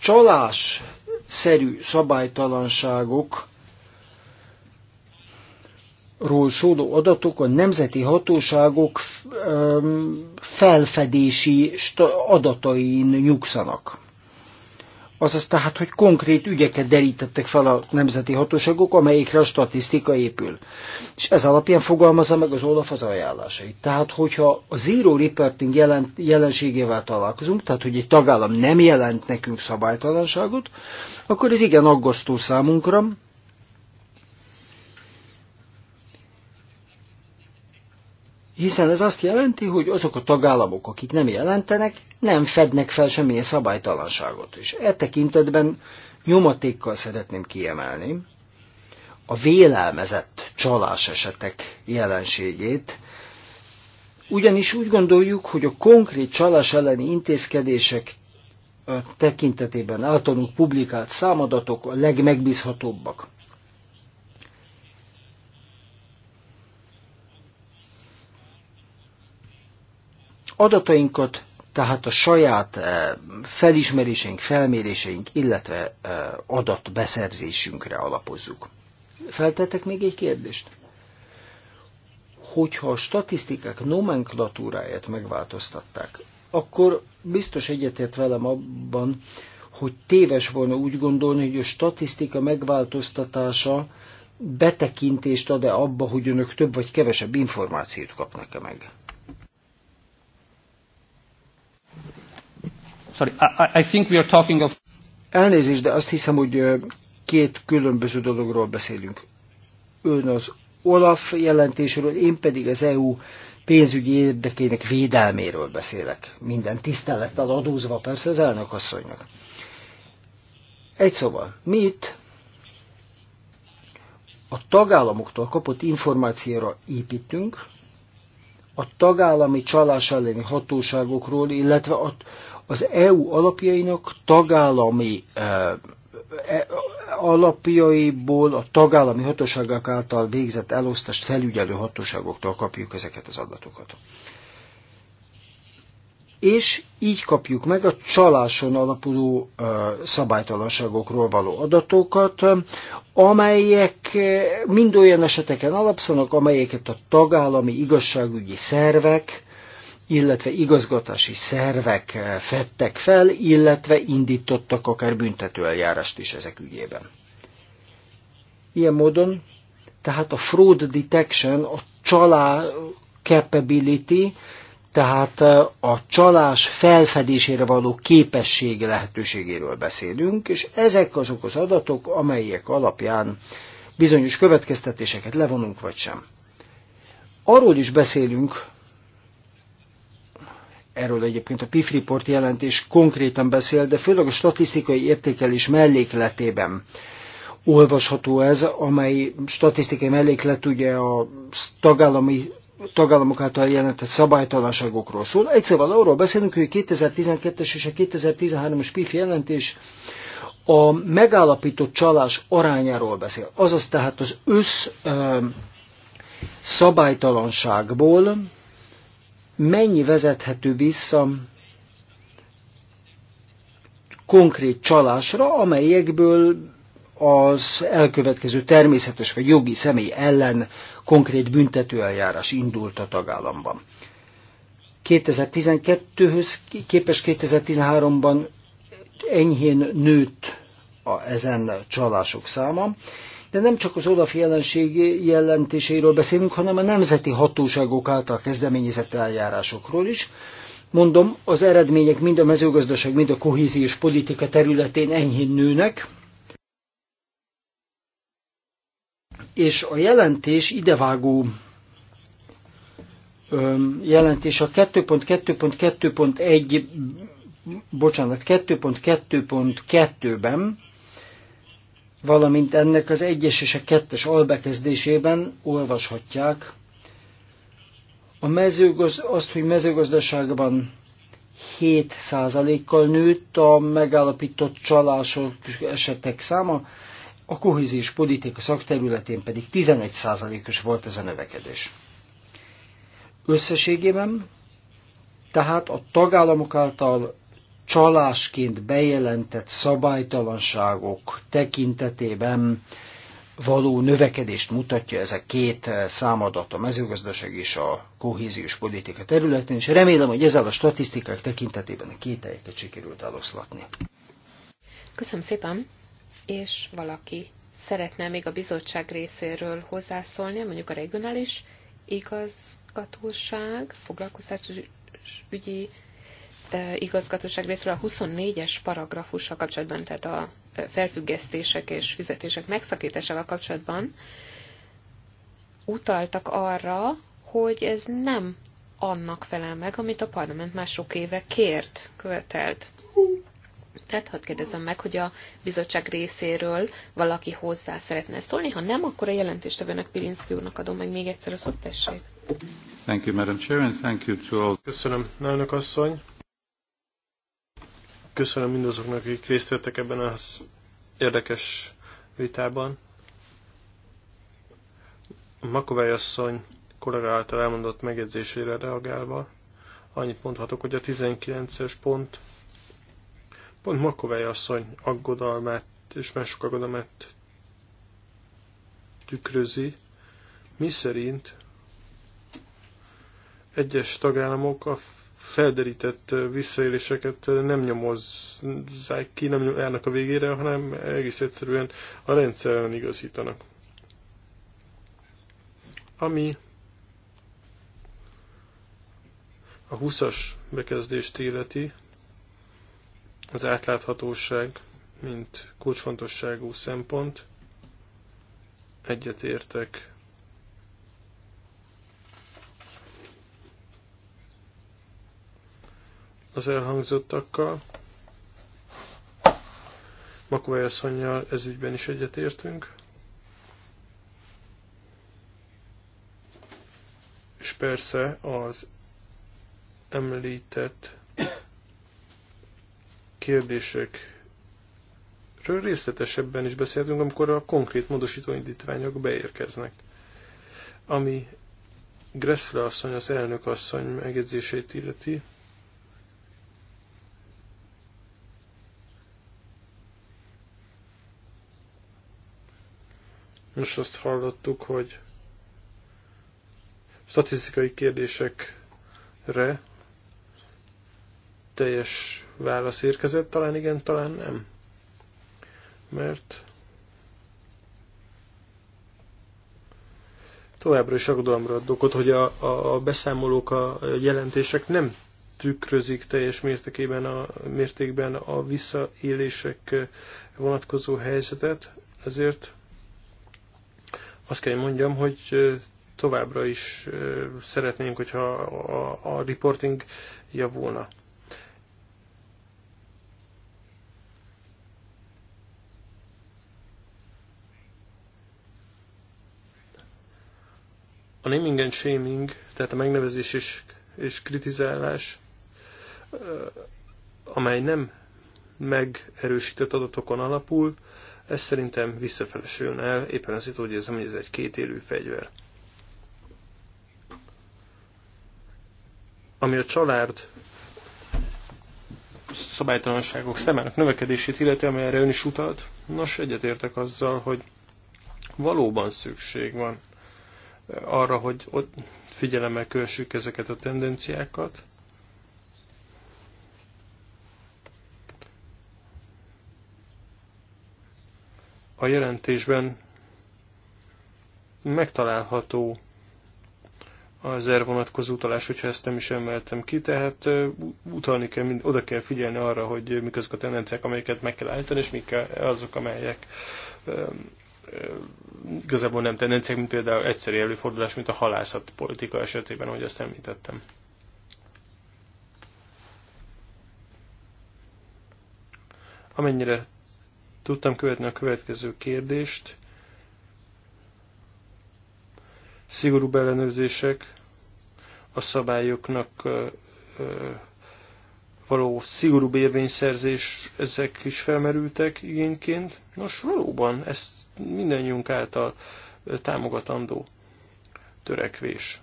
csalás szerű szabálytalanságok ról szóló adatok a nemzeti hatóságok felfedési adatain nyugszanak. Azaz tehát, hogy konkrét ügyeket derítettek fel a nemzeti hatóságok, amelyikre a statisztika épül. És ez alapján fogalmazza meg az Olaf az ajánlásait. Tehát, hogyha a zero reporting jelen, jelenségével találkozunk, tehát, hogy egy tagállam nem jelent nekünk szabálytalanságot, akkor ez igen aggasztó számunkra, hiszen ez azt jelenti, hogy azok a tagállamok, akik nem jelentenek, nem fednek fel semmilyen szabálytalanságot. És e tekintetben nyomatékkal szeretném kiemelni a vélelmezett csalás esetek jelenségét, ugyanis úgy gondoljuk, hogy a konkrét csalás elleni intézkedések tekintetében általunk publikált számadatok a legmegbízhatóbbak. adatainkat, tehát a saját eh, felismeréseink, felméréseink, illetve eh, adatbeszerzésünkre alapozzuk. Feltettek még egy kérdést? Hogyha a statisztikák nomenklatúráját megváltoztatták, akkor biztos egyetért velem abban, hogy téves volna úgy gondolni, hogy a statisztika megváltoztatása betekintést ad-e abba, hogy önök több vagy kevesebb információt kapnak-e meg. Sorry, I, I think we are talking of... Elnézést, de azt hiszem, hogy két különböző dologról beszélünk. Ön az Olaf jelentésről, én pedig az EU pénzügyi érdekének védelméről beszélek. Minden tisztelettel adózva persze az elnök asszonynak. Egy szóval, mi itt a tagállamoktól kapott információra építünk, a tagállami csalás elleni hatóságokról, illetve a, az EU alapjainak tagállami e, e, alapjaiból a tagállami hatóságok által végzett elosztást felügyelő hatóságoktól kapjuk ezeket az adatokat. És így kapjuk meg a csaláson alapuló e, szabálytalanságokról való adatokat, amelyek mind olyan eseteken alapszanak, amelyeket a tagállami igazságügyi szervek illetve igazgatási szervek eh, fettek fel, illetve indítottak akár büntetőeljárást is ezek ügyében. Ilyen módon, tehát a fraud detection, a csalá capability, tehát eh, a csalás felfedésére való képesség lehetőségéről beszélünk, és ezek azok az adatok, amelyek alapján bizonyos következtetéseket levonunk, vagy sem. Arról is beszélünk erről egyébként a PIF Report jelentés konkrétan beszél, de főleg a statisztikai értékelés mellékletében olvasható ez, amely statisztikai melléklet ugye a tagállami tagállamok által jelentett szabálytalanságokról szól. Egyszerűen szóval arról beszélünk, hogy a 2012-es és a 2013-as PIF jelentés a megállapított csalás arányáról beszél. Azaz tehát az össz ö, szabálytalanságból mennyi vezethető vissza konkrét csalásra, amelyekből az elkövetkező természetes vagy jogi személy ellen konkrét büntetőeljárás indult a tagállamban. 2012-höz képes 2013-ban enyhén nőtt a ezen csalások száma, de nem csak az Olaf jelenség jelentéséről beszélünk, hanem a nemzeti hatóságok által kezdeményezett eljárásokról is. Mondom, az eredmények mind a mezőgazdaság, mind a kohéziós politika területén enyhén nőnek, és a jelentés idevágó jelentés a 2.2.2.1 bocsánat, 2.2.2-ben valamint ennek az egyes és a kettes albekezdésében olvashatják a mezőgaz, azt, hogy mezőgazdaságban 7%-kal nőtt a megállapított csalások esetek száma, a kohéziós politika szakterületén pedig 11%-os volt ez a növekedés. Összességében tehát a tagállamok által csalásként bejelentett szabálytalanságok tekintetében való növekedést mutatja ez a két eh, számadat, a mezőgazdaság és a kohéziós politika területén, és remélem, hogy ezzel a statisztikák tekintetében a két helyeket sikerült eloszlatni. Köszönöm szépen, és valaki szeretne még a bizottság részéről hozzászólni, mondjuk a regionális igazgatóság, ügyi Eh, igazgatóság részről a 24-es paragrafussal kapcsolatban, tehát a eh, felfüggesztések és fizetések megszakításával kapcsolatban utaltak arra, hogy ez nem annak felel meg, amit a parlament már sok éve kért, követelt. Tehát hadd kérdezem meg, hogy a bizottság részéről valaki hozzá szeretne szólni, ha nem, akkor a jelentéstevőnek Pirinszki úrnak adom meg még egyszer a szót, tessék. Thank you, Madam Chair, and thank you to all. Köszönöm, elnök asszony. Köszönöm mindazoknak, akik részt vettek ebben az érdekes vitában. A Makovály asszony kollega által elmondott megjegyzésére reagálva, annyit mondhatok, hogy a 19-es pont pont Makovály asszony aggodalmát és mások aggodalmát tükrözi, mi szerint egyes tagállamok a felderített visszaéléseket nem nyomozzák ki, nem járnak a végére, hanem egész egyszerűen a rendszeren igazítanak. Ami a 20-as bekezdést illeti, az átláthatóság, mint kulcsfontosságú szempont, egyetértek az elhangzottakkal. Makovai asszonynal ezügyben is egyetértünk. És persze az említett kérdésekről részletesebben is beszéltünk, amikor a konkrét módosító indítványok beérkeznek. Ami Gressler asszony, az elnök asszony megjegyzését illeti, Most azt hallottuk, hogy statisztikai kérdésekre teljes válasz érkezett, talán igen, talán nem. Mert továbbra is aggodalomra adok hogy a, a, a beszámolók, a jelentések nem tükrözik teljes mértékében a, mértékben a visszaélések vonatkozó helyzetet, ezért azt kell mondjam, hogy továbbra is szeretnénk, hogyha a, a reporting javulna. a naming and shaming, tehát a megnevezés és, és kritizálás, amely nem megerősített adatokon alapul, ez szerintem visszafelesülne el, éppen azért úgy érzem, hogy ez egy kétélű fegyver. Ami a család szabálytalanságok szemének növekedését illeti, amelyre ön is utalt, nos, egyetértek azzal, hogy valóban szükség van eh, arra, hogy ott figyelemmel kövessük ezeket a tendenciákat, A jelentésben megtalálható az erre vonatkozó utalás, hogyha ezt nem is emeltem ki, tehát utalni kell, mind, oda kell figyelni arra, hogy mik azok a tendenciák, amelyeket meg kell állítani, és mik azok, amelyek igazából nem tendenciák, mint például egyszerű előfordulás, mint a halászat politika esetében, ahogy azt említettem. Amennyire tudtam követni a következő kérdést. Szigorú ellenőrzések a szabályoknak való szigorú érvényszerzés, ezek is felmerültek igényként. Nos, valóban ez mindannyiunk által támogatandó törekvés.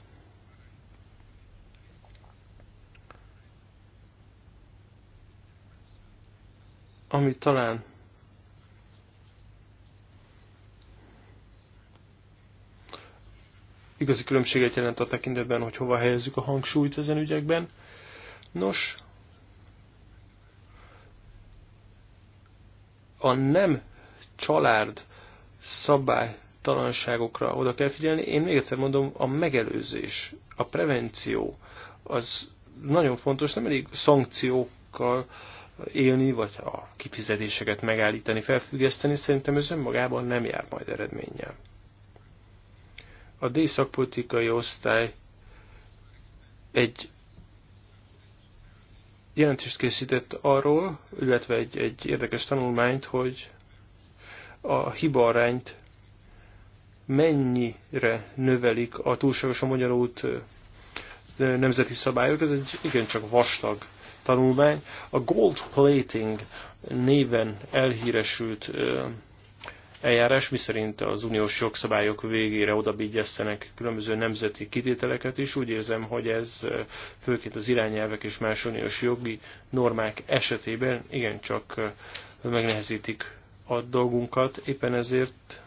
Ami talán igazi különbséget jelent a tekintetben, hogy hova helyezzük a hangsúlyt ezen ügyekben. Nos, a nem család szabálytalanságokra oda kell figyelni. Én még egyszer mondom, a megelőzés, a prevenció az nagyon fontos, nem elég szankciókkal élni, vagy a kifizetéseket megállítani, felfüggeszteni, szerintem ez önmagában nem jár majd eredménnyel. A díszakpolitikai osztály egy jelentést készített arról, illetve egy, egy érdekes tanulmányt, hogy a hibarányt mennyire növelik a túlságosan út nemzeti szabályok. Ez egy igencsak vastag tanulmány. A gold plating néven elhíresült eljárás, miszerint az uniós jogszabályok végére odabígyesztenek különböző nemzeti kitételeket is. Úgy érzem, hogy ez eh, főként az irányelvek és más uniós jogi normák esetében igencsak eh, megnehezítik a dolgunkat. Éppen ezért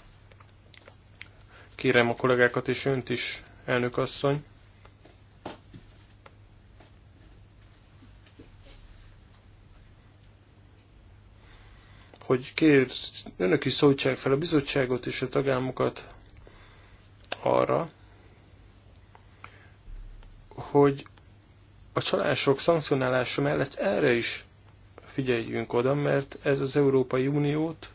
kérem a kollégákat és önt is, elnök asszony, hogy kér, önök is szólítsák fel a bizottságot és a tagállamokat arra, hogy a csalások szankcionálása mellett erre is figyeljünk oda, mert ez az Európai Uniót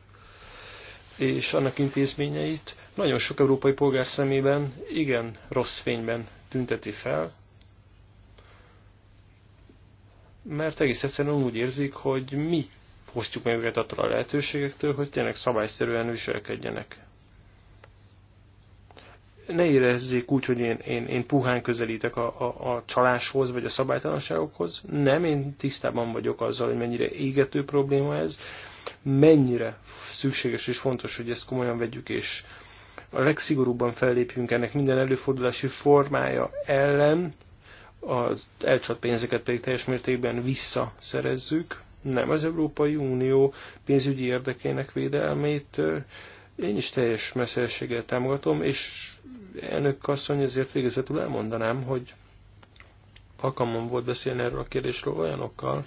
és annak intézményeit nagyon sok európai polgár szemében igen rossz fényben tünteti fel, mert egész egyszerűen úgy érzik, hogy mi osztjuk meg őket attól a lehetőségektől, hogy tényleg szabályszerűen viselkedjenek. Ne érezzék úgy, hogy én, én, én puhán közelítek a, a, a csaláshoz, vagy a szabálytalanságokhoz. Nem, én tisztában vagyok azzal, hogy mennyire égető probléma ez, mennyire szükséges és fontos, hogy ezt komolyan vegyük, és a legszigorúbban fellépjünk ennek minden előfordulási formája ellen, az elcsalt pénzeket pedig teljes mértékben visszaszerezzük, nem az Európai Unió pénzügyi érdekének védelmét én is teljes messzerséggel támogatom, és elnök asszony ezért végezetül elmondanám, hogy alkalmam volt beszélni erről a kérdésről olyanokkal,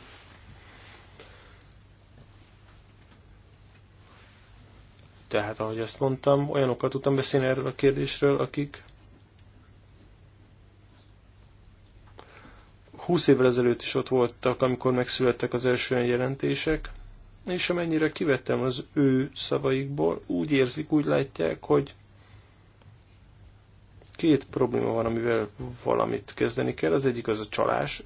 tehát ahogy azt mondtam, olyanokkal tudtam beszélni erről a kérdésről, akik 20 évvel ezelőtt is ott voltak, amikor megszülettek az első jelentések, és amennyire kivettem az ő szavaikból, úgy érzik, úgy látják, hogy két probléma van, amivel valamit kezdeni kell. Az egyik az a csalás,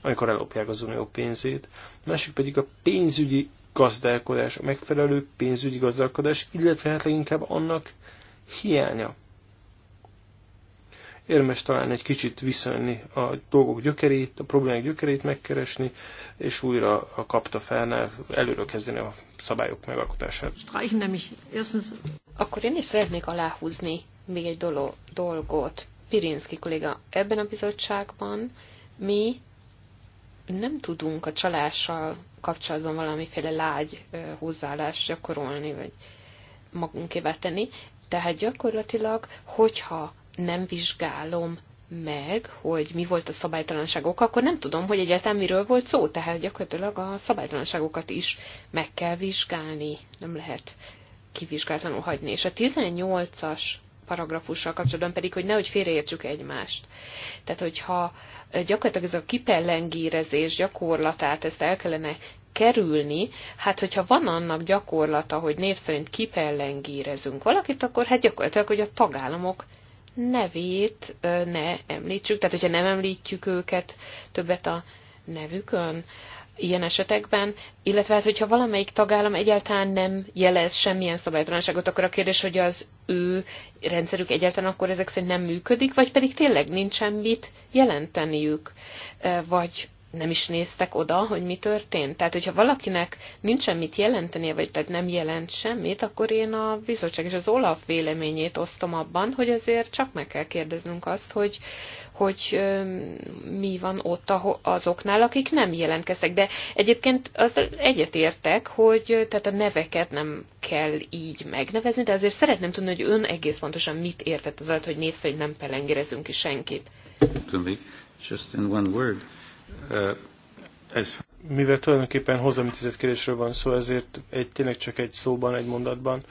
amikor ellopják az unió pénzét, a másik pedig a pénzügyi gazdálkodás, a megfelelő pénzügyi gazdálkodás, illetve hát leginkább annak hiánya. Érmes talán egy kicsit visszajönni a dolgok gyökerét, a problémák gyökerét megkeresni, és újra a kapta felnál előről kezdeni a szabályok megalkotását. Akkor én is szeretnék aláhúzni még egy dolog, dolgot. Pirinski kolléga, ebben a bizottságban mi nem tudunk a csalással kapcsolatban valamiféle lágy hozzáállást gyakorolni, vagy magunkévá tenni. Tehát gyakorlatilag, hogyha nem vizsgálom meg, hogy mi volt a szabálytalanságok, akkor nem tudom, hogy egyáltalán miről volt szó, tehát gyakorlatilag a szabálytalanságokat is meg kell vizsgálni, nem lehet kivizsgálatlanul hagyni. És a 18-as paragrafussal kapcsolatban pedig, hogy nehogy félreértsük egymást. Tehát, hogyha gyakorlatilag ez a kipellengérezés gyakorlatát, ezt el kellene kerülni, hát hogyha van annak gyakorlata, hogy név szerint kipellengérezünk valakit, akkor hát gyakorlatilag, hogy a tagállamok nevét ne említsük, tehát hogyha nem említjük őket többet a nevükön, ilyen esetekben, illetve hát, hogyha valamelyik tagállam egyáltalán nem jelez semmilyen szabálytalanságot, akkor a kérdés, hogy az ő rendszerük egyáltalán akkor ezek szerint nem működik, vagy pedig tényleg nincs semmit jelenteniük, vagy nem is néztek oda, hogy mi történt. Tehát, hogyha valakinek nincsen mit jelentenie, vagy tehát nem jelent semmit, akkor én a bizottság és az Olaf véleményét osztom abban, hogy azért csak meg kell kérdeznünk azt, hogy, hogy mi van ott azoknál, akik nem jelentkeztek. De egyébként az egyetértek, hogy tehát a neveket nem kell így megnevezni, de azért szeretném tudni, hogy ön egész pontosan mit értett az alatt, hogy nézze, hogy nem pelengerezünk ki senkit. Just in one word. Ez... Mivel tulajdonképpen hozzámítézett kérdésről van szó, ezért egy, tényleg csak egy szóban, egy mondatban.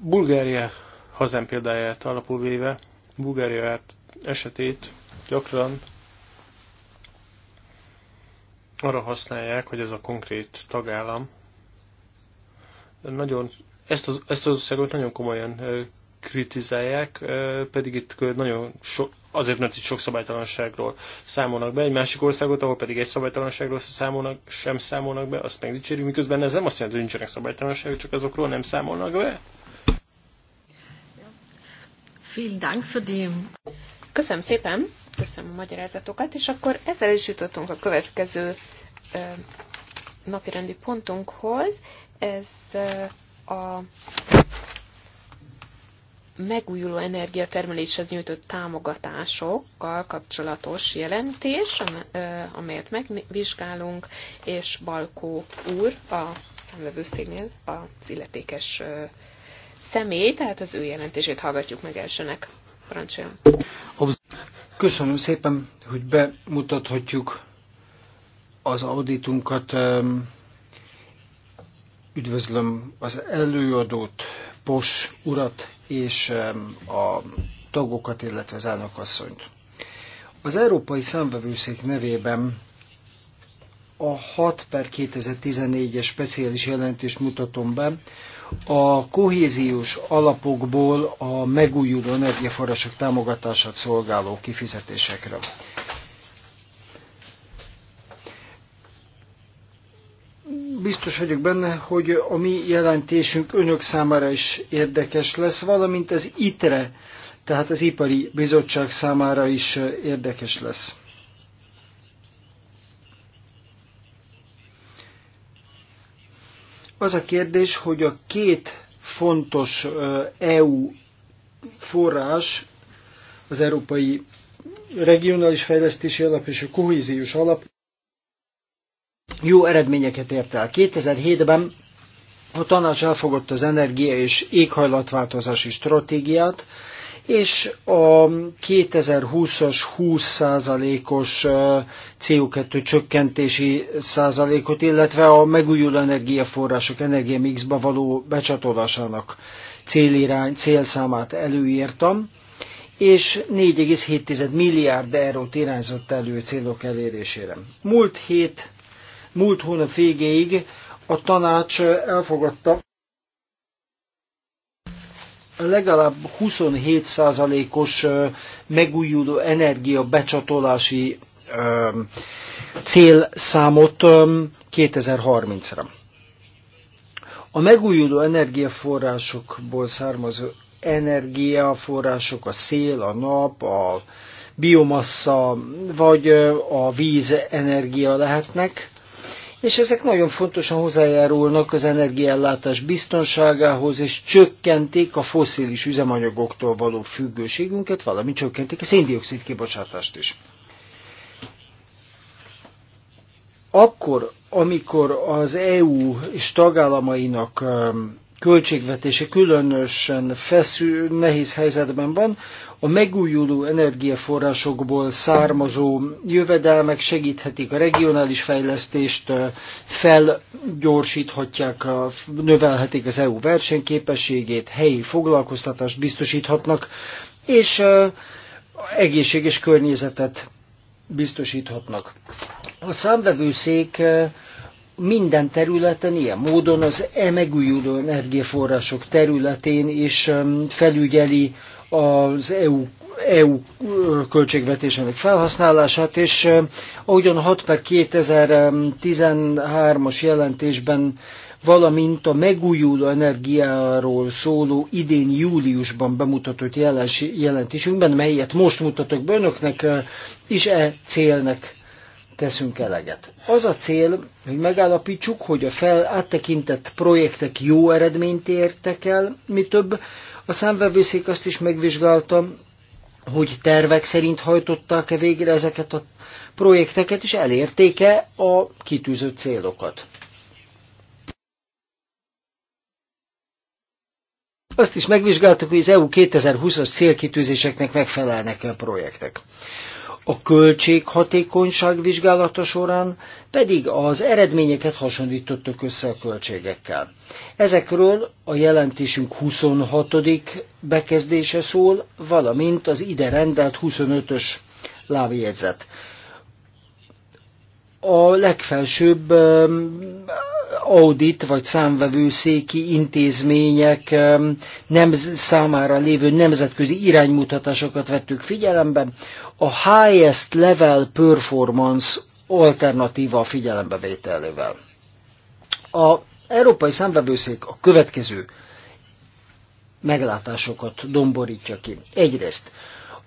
Bulgária hazám példáját alapul véve, Bulgáriát esetét gyakran arra használják, hogy ez a konkrét tagállam nagyon, ezt az, ezt az országot nagyon komolyan kritizálják, pedig itt nagyon sok, azért, mert itt sok szabálytalanságról számolnak be. Egy másik országot, ahol pedig egy szabálytalanságról számolnak, sem számolnak be, azt megdicsérjük, miközben ez nem azt jelenti, hogy nincsenek szabálytalanságok, csak azokról nem számolnak be. Köszönöm szépen, köszönöm a magyarázatokat, és akkor ezzel is jutottunk a következő napirendi pontunkhoz. Ez a megújuló energiatermeléshez nyújtott támogatásokkal kapcsolatos jelentés, amelyet megvizsgálunk, és Balkó úr a számvevőszénél az illetékes személy, tehát az ő jelentését hallgatjuk meg elsőnek. Parancsoljon. Köszönöm szépen, hogy bemutathatjuk az auditunkat. Üdvözlöm az előadót, Pos urat és a tagokat, illetve az elnökasszonyt. Az Európai Számvevőszék nevében a 6 per 2014-es speciális jelentést mutatom be, a kohéziós alapokból a megújuló energiaforrások támogatását szolgáló kifizetésekre. biztos vagyok benne, hogy a mi jelentésünk önök számára is érdekes lesz, valamint az ITRE, tehát az Ipari Bizottság számára is érdekes lesz. Az a kérdés, hogy a két fontos EU forrás, az Európai Regionális Fejlesztési Alap és a Kohéziós Alap jó eredményeket ért el. 2007-ben a tanács elfogadta az energia és éghajlatváltozási stratégiát, és a 2020-as 20%-os CO2 csökkentési százalékot, illetve a megújuló energiaforrások energiamixba való becsatolásának célirány, célszámát előírtam, és 4,7 milliárd eurót irányzott elő célok elérésére. Múlt hét Múlt hónap végéig a tanács elfogadta legalább 27%-os megújuló energia becsatolási célszámot 2030-ra. A megújuló energiaforrásokból származó energiaforrások, a szél, a nap, a biomassa vagy a víz energia lehetnek, és ezek nagyon fontosan hozzájárulnak az energiállátás biztonságához, és csökkentik a foszilis üzemanyagoktól való függőségünket, valamint csökkentik a széndiokszid kibocsátást is. Akkor, amikor az EU és tagállamainak um, költségvetése különösen feszül, nehéz helyzetben van, a megújuló energiaforrásokból származó jövedelmek segíthetik a regionális fejlesztést, felgyorsíthatják, növelhetik az EU versenyképességét, helyi foglalkoztatást biztosíthatnak, és egészséges környezetet biztosíthatnak. A számvevőszék minden területen, ilyen módon az e megújuló energiaforrások területén is felügyeli az EU, EU költségvetésének felhasználását, és ahogyan 6 per 2013-as jelentésben valamint a megújuló energiáról szóló idén júliusban bemutatott jelentésünkben, melyet most mutatok be önöknek, is e célnak teszünk eleget. Az a cél, hogy megállapítsuk, hogy a fel áttekintett projektek jó eredményt értek el, mi több. A számvevőszék azt is megvizsgálta, hogy tervek szerint hajtották-e végre ezeket a projekteket, és elérték-e a kitűzött célokat. Azt is megvizsgáltuk, hogy az EU 2020-as célkitűzéseknek megfelelnek -e a projektek a költséghatékonyság vizsgálata során pedig az eredményeket hasonlítottuk össze a költségekkel. Ezekről a jelentésünk 26. bekezdése szól, valamint az ide rendelt 25-ös lábjegyzet. A legfelsőbb audit vagy számvevőszéki intézmények nem számára lévő nemzetközi iránymutatásokat vettük figyelembe, a highest level performance alternatíva a figyelembevételével. A Európai Számvevőszék a következő meglátásokat domborítja ki. Egyrészt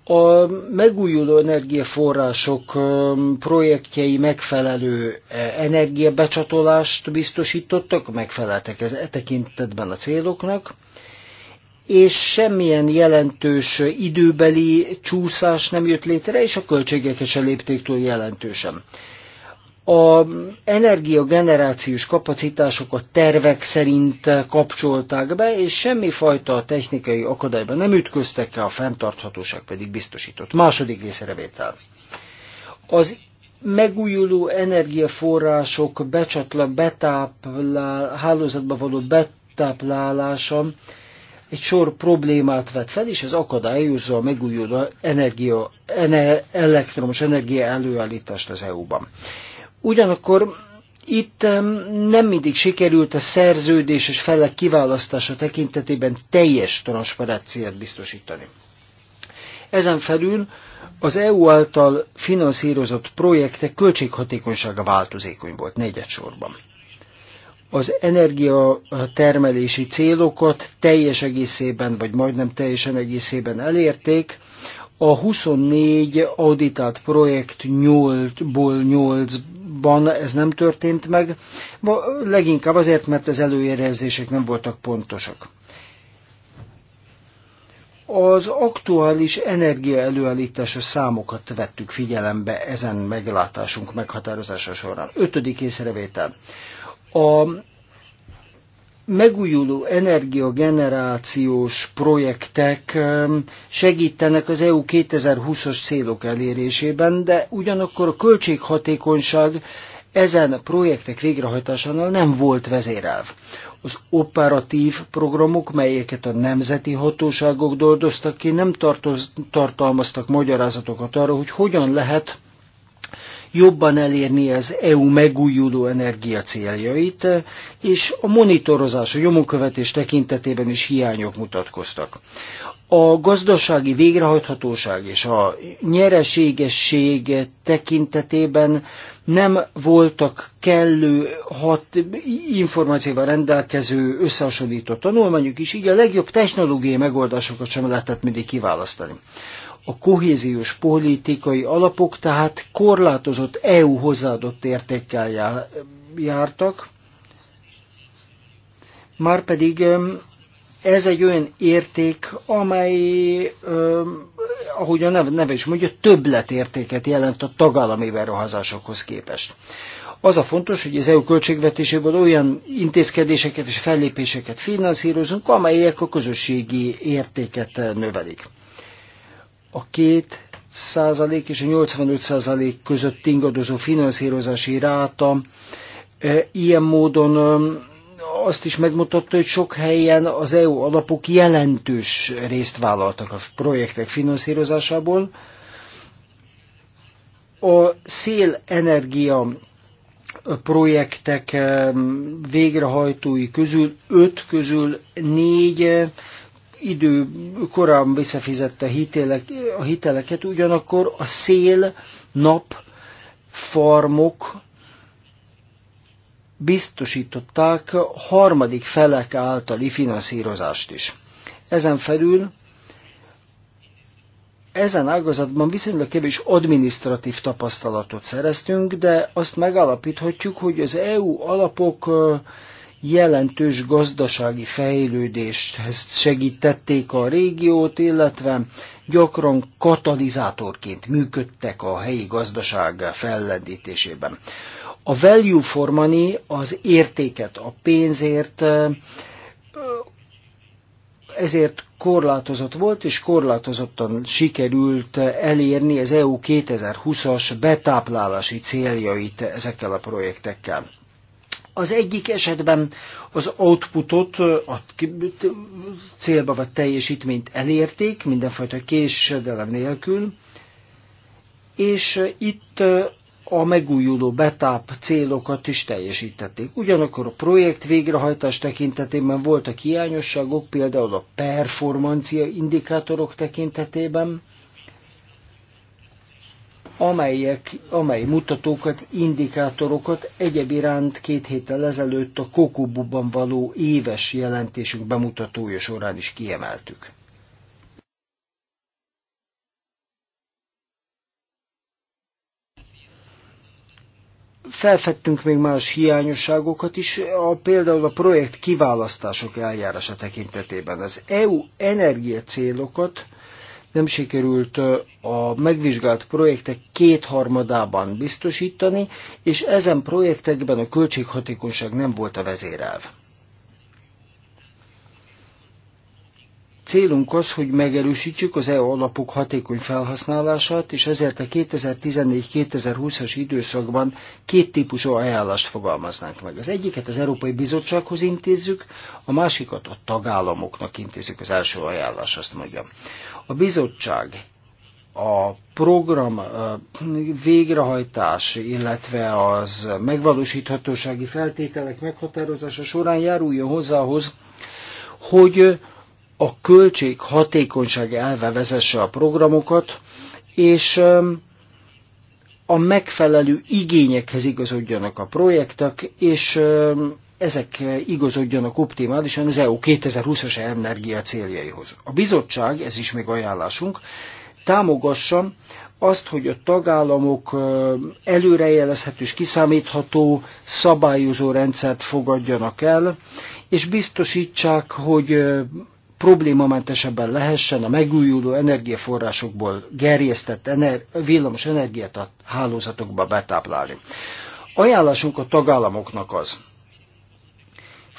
a megújuló energiaforrások projektjei megfelelő e, energiabecsatolást biztosítottak, megfeleltek ez e tekintetben a céloknak, és semmilyen jelentős időbeli csúszás nem jött létre, és a költségeket se lépték túl jelentősen a energiagenerációs kapacitásokat tervek szerint kapcsolták be, és semmifajta technikai akadályban nem ütköztek el, a fenntarthatóság pedig biztosított. Második részrevétel. Az megújuló energiaforrások becsatla, betáplál, hálózatba való betáplálása egy sor problémát vet fel, és ez akadályozza a megújuló energia, ene, elektromos energia előállítást az EU-ban. Ugyanakkor itt nem mindig sikerült a szerződéses felek kiválasztása tekintetében teljes transzparenciát biztosítani. Ezen felül az EU által finanszírozott projektek költséghatékonysága változékony volt negyedsorban. Az energiatermelési célokat teljes egészében, vagy majdnem teljesen egészében elérték, a 24 auditált projekt 8-ból 8 ban ez nem történt meg, leginkább azért, mert az előjelzések nem voltak pontosak. Az aktuális energiaelőállítása számokat vettük figyelembe ezen meglátásunk meghatározása során. Ötödik észrevétel. A megújuló energiagenerációs projektek um, segítenek az EU 2020-as célok elérésében, de ugyanakkor a költséghatékonyság ezen a projektek végrehajtásánál nem volt vezérelv. Az operatív programok, melyeket a nemzeti hatóságok dolgoztak ki, nem tartoz, tartalmaztak magyarázatokat arra, hogy hogyan lehet jobban elérni az EU megújuló energia céljait, és a monitorozás, a nyomonkövetés tekintetében is hiányok mutatkoztak. A gazdasági végrehajthatóság és a nyereségesség tekintetében nem voltak kellő hat információval rendelkező összehasonlított tanulmányok is, így a legjobb technológiai megoldásokat sem lehetett mindig kiválasztani. A kohéziós politikai alapok tehát korlátozott EU hozzáadott értékkel jártak, márpedig ez egy olyan érték, amely, ahogy a neve is mondja, többletértéket jelent a tagállami beruházásokhoz képest. Az a fontos, hogy az EU költségvetéséből olyan intézkedéseket és fellépéseket finanszírozunk, amelyek a közösségi értéket növelik a két százalék és a 85 százalék között ingadozó finanszírozási ráta e, ilyen módon azt is megmutatta, hogy sok helyen az EU alapok jelentős részt vállaltak a projektek finanszírozásából. A szélenergia projektek végrehajtói közül öt közül négy idő korán visszafizette a, hitelek, a hiteleket, ugyanakkor a szél, nap, farmok biztosították a harmadik felek általi finanszírozást is. Ezen felül ezen ágazatban viszonylag kevés adminisztratív tapasztalatot szereztünk, de azt megállapíthatjuk, hogy az EU alapok jelentős gazdasági fejlődéshez segítették a régiót, illetve gyakran katalizátorként működtek a helyi gazdaság fellendítésében. A value for money, az értéket a pénzért, ezért korlátozott volt, és korlátozottan sikerült elérni az EU 2020-as betáplálási céljait ezekkel a projektekkel. Az egyik esetben az outputot, a célba vagy teljesítményt elérték, mindenfajta késedelem nélkül, és itt a megújuló betáp célokat is teljesítették. Ugyanakkor a projekt végrehajtás tekintetében voltak hiányosságok, például a performancia indikátorok tekintetében, amelyek, amely mutatókat, indikátorokat egyéb iránt két héttel ezelőtt a Kokobuban való éves jelentésünk bemutatója során is kiemeltük. felfedtünk még más hiányosságokat is, a, például a projekt kiválasztások eljárása tekintetében. Az EU energiacélokat nem sikerült a megvizsgált projektek kétharmadában biztosítani, és ezen projektekben a költséghatékonyság nem volt a vezérelv. Célunk az, hogy megerősítsük az EU alapok hatékony felhasználását, és ezért a 2014-2020-as időszakban két típusú ajánlást fogalmaznánk meg. Az egyiket az Európai Bizottsághoz intézzük, a másikat a tagállamoknak intézzük, az első ajánlás azt mondja. A bizottság a program végrehajtás, illetve az megvalósíthatósági feltételek meghatározása során járuljon hozzá hogy a költség hatékonyság elve vezesse a programokat, és a megfelelő igényekhez igazodjanak a projektek, és ezek igazodjanak optimálisan az EU 2020-as energia céljaihoz. A bizottság, ez is még ajánlásunk, támogassa azt, hogy a tagállamok előrejelezhető és kiszámítható szabályozó rendszert fogadjanak el, és biztosítsák, hogy problémamentesebben lehessen a megújuló energiaforrásokból gerjesztett ener villamos energiát a hálózatokba betáplálni. Ajánlásunk a tagállamoknak az,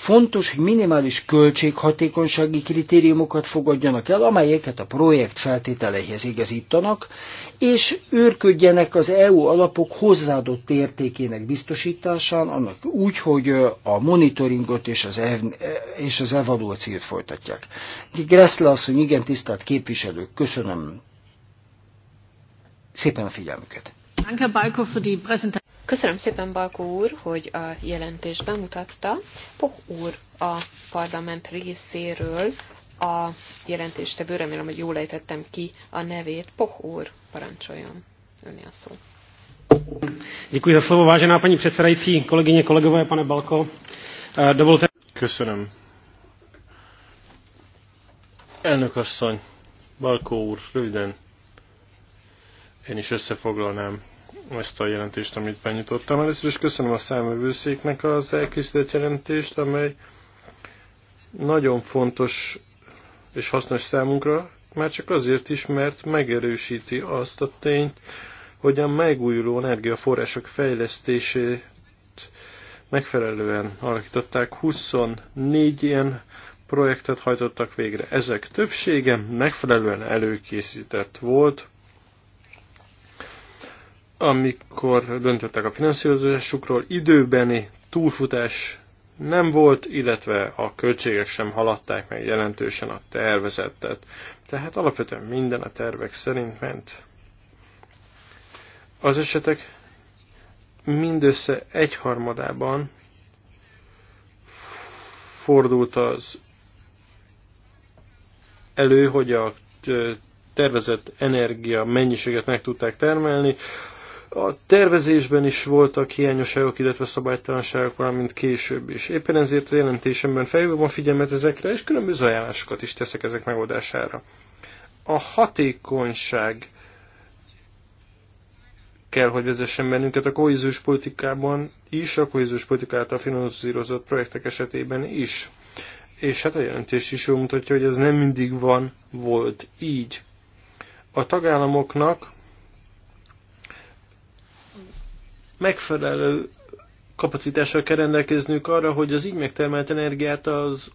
Fontos, hogy minimális költséghatékonysági kritériumokat fogadjanak el, amelyeket a projekt feltételeihez igazítanak, és őrködjenek az EU alapok hozzáadott értékének biztosításán, annak úgy, hogy a monitoringot és az, ev- e, és az evaluációt folytatják. Gressle asszony, igen, tisztelt képviselők, köszönöm szépen a figyelmüket. Köszönöm szépen, Balkó úr, hogy a jelentést bemutatta. Poh úr a parlament részéről a jelentéstevő, remélem, hogy jól ejtettem ki a nevét. Poh úr, parancsoljon, önni a szó. Děkuji za slovo, vážená paní předsedající, kolegyně, kolegové, pane Balko. Eh, dovolte... Köszönöm. Elnök asszony, Balkó úr, röviden én is összefoglalnám ezt a jelentést, amit benyitottam. Először is köszönöm a számövőszéknek az elkészített jelentést, amely nagyon fontos és hasznos számunkra, már csak azért is, mert megerősíti azt a tényt, hogy a megújuló energiaforrások fejlesztését megfelelően alakították. 24 ilyen projektet hajtottak végre. Ezek többsége megfelelően előkészített volt, amikor döntöttek a finanszírozásukról, időbeni túlfutás nem volt, illetve a költségek sem haladták meg jelentősen a tervezettet. Tehát alapvetően minden a tervek szerint ment. Az esetek mindössze egyharmadában fordult az elő, hogy a tervezett energia mennyiséget meg tudták termelni, a tervezésben is voltak hiányosságok, illetve szabálytalanságok, valamint később is. Éppen ezért a jelentésemben felhívom a figyelmet ezekre, és különböző ajánlásokat is teszek ezek megoldására. A hatékonyság kell, hogy vezessen bennünket a kohéziós politikában is, a kohéziós politika által finanszírozott projektek esetében is. És hát a jelentés is jól mutatja, hogy ez nem mindig van, volt így. A tagállamoknak megfelelő kapacitással kell rendelkeznünk arra, hogy az így megtermelt energiát az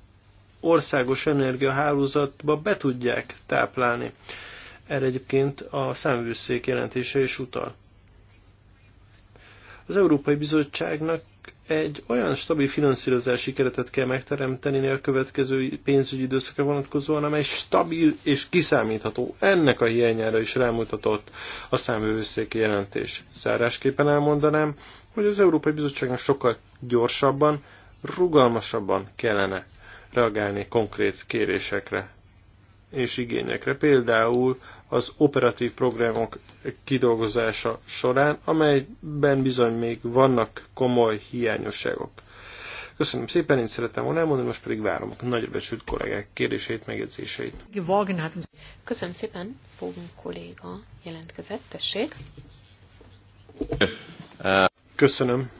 országos energiahálózatba be tudják táplálni. Erre egyébként a számvőszék jelentése is utal. Az Európai Bizottságnak egy olyan stabil finanszírozási keretet kell megteremteni a következő pénzügyi időszakra vonatkozóan, amely stabil és kiszámítható. Ennek a hiányára is rámutatott a számvevőszéki jelentés. Szárásképpen elmondanám, hogy az Európai Bizottságnak sokkal gyorsabban, rugalmasabban kellene reagálni konkrét kérésekre és igényekre, például az operatív programok kidolgozása során, amelyben bizony még vannak komoly hiányosságok. Köszönöm szépen, én szerettem volna elmondani, most pedig várom a nagybecsült kollégák kérdéseit, megjegyzéseit. Köszönöm szépen, Fogunk kolléga jelentkezett, tessék. Köszönöm.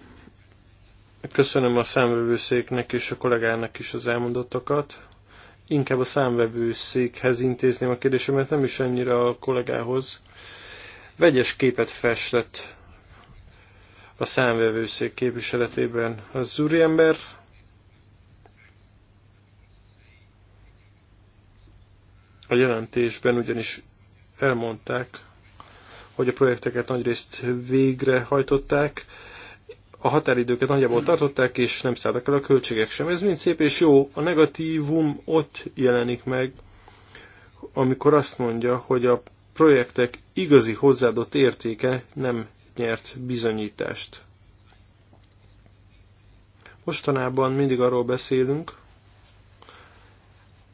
Köszönöm a számvevőszéknek és a kollégának is az elmondottakat inkább a számvevőszékhez intézném a kérdésemet, nem is annyira a kollégához. Vegyes képet festett a számvevőszék képviseletében az ember A jelentésben ugyanis elmondták, hogy a projekteket nagyrészt végrehajtották, a határidőket nagyjából tartották, és nem szálltak el a költségek sem. Ez mind szép és jó. A negatívum ott jelenik meg, amikor azt mondja, hogy a projektek igazi hozzáadott értéke nem nyert bizonyítást. Mostanában mindig arról beszélünk,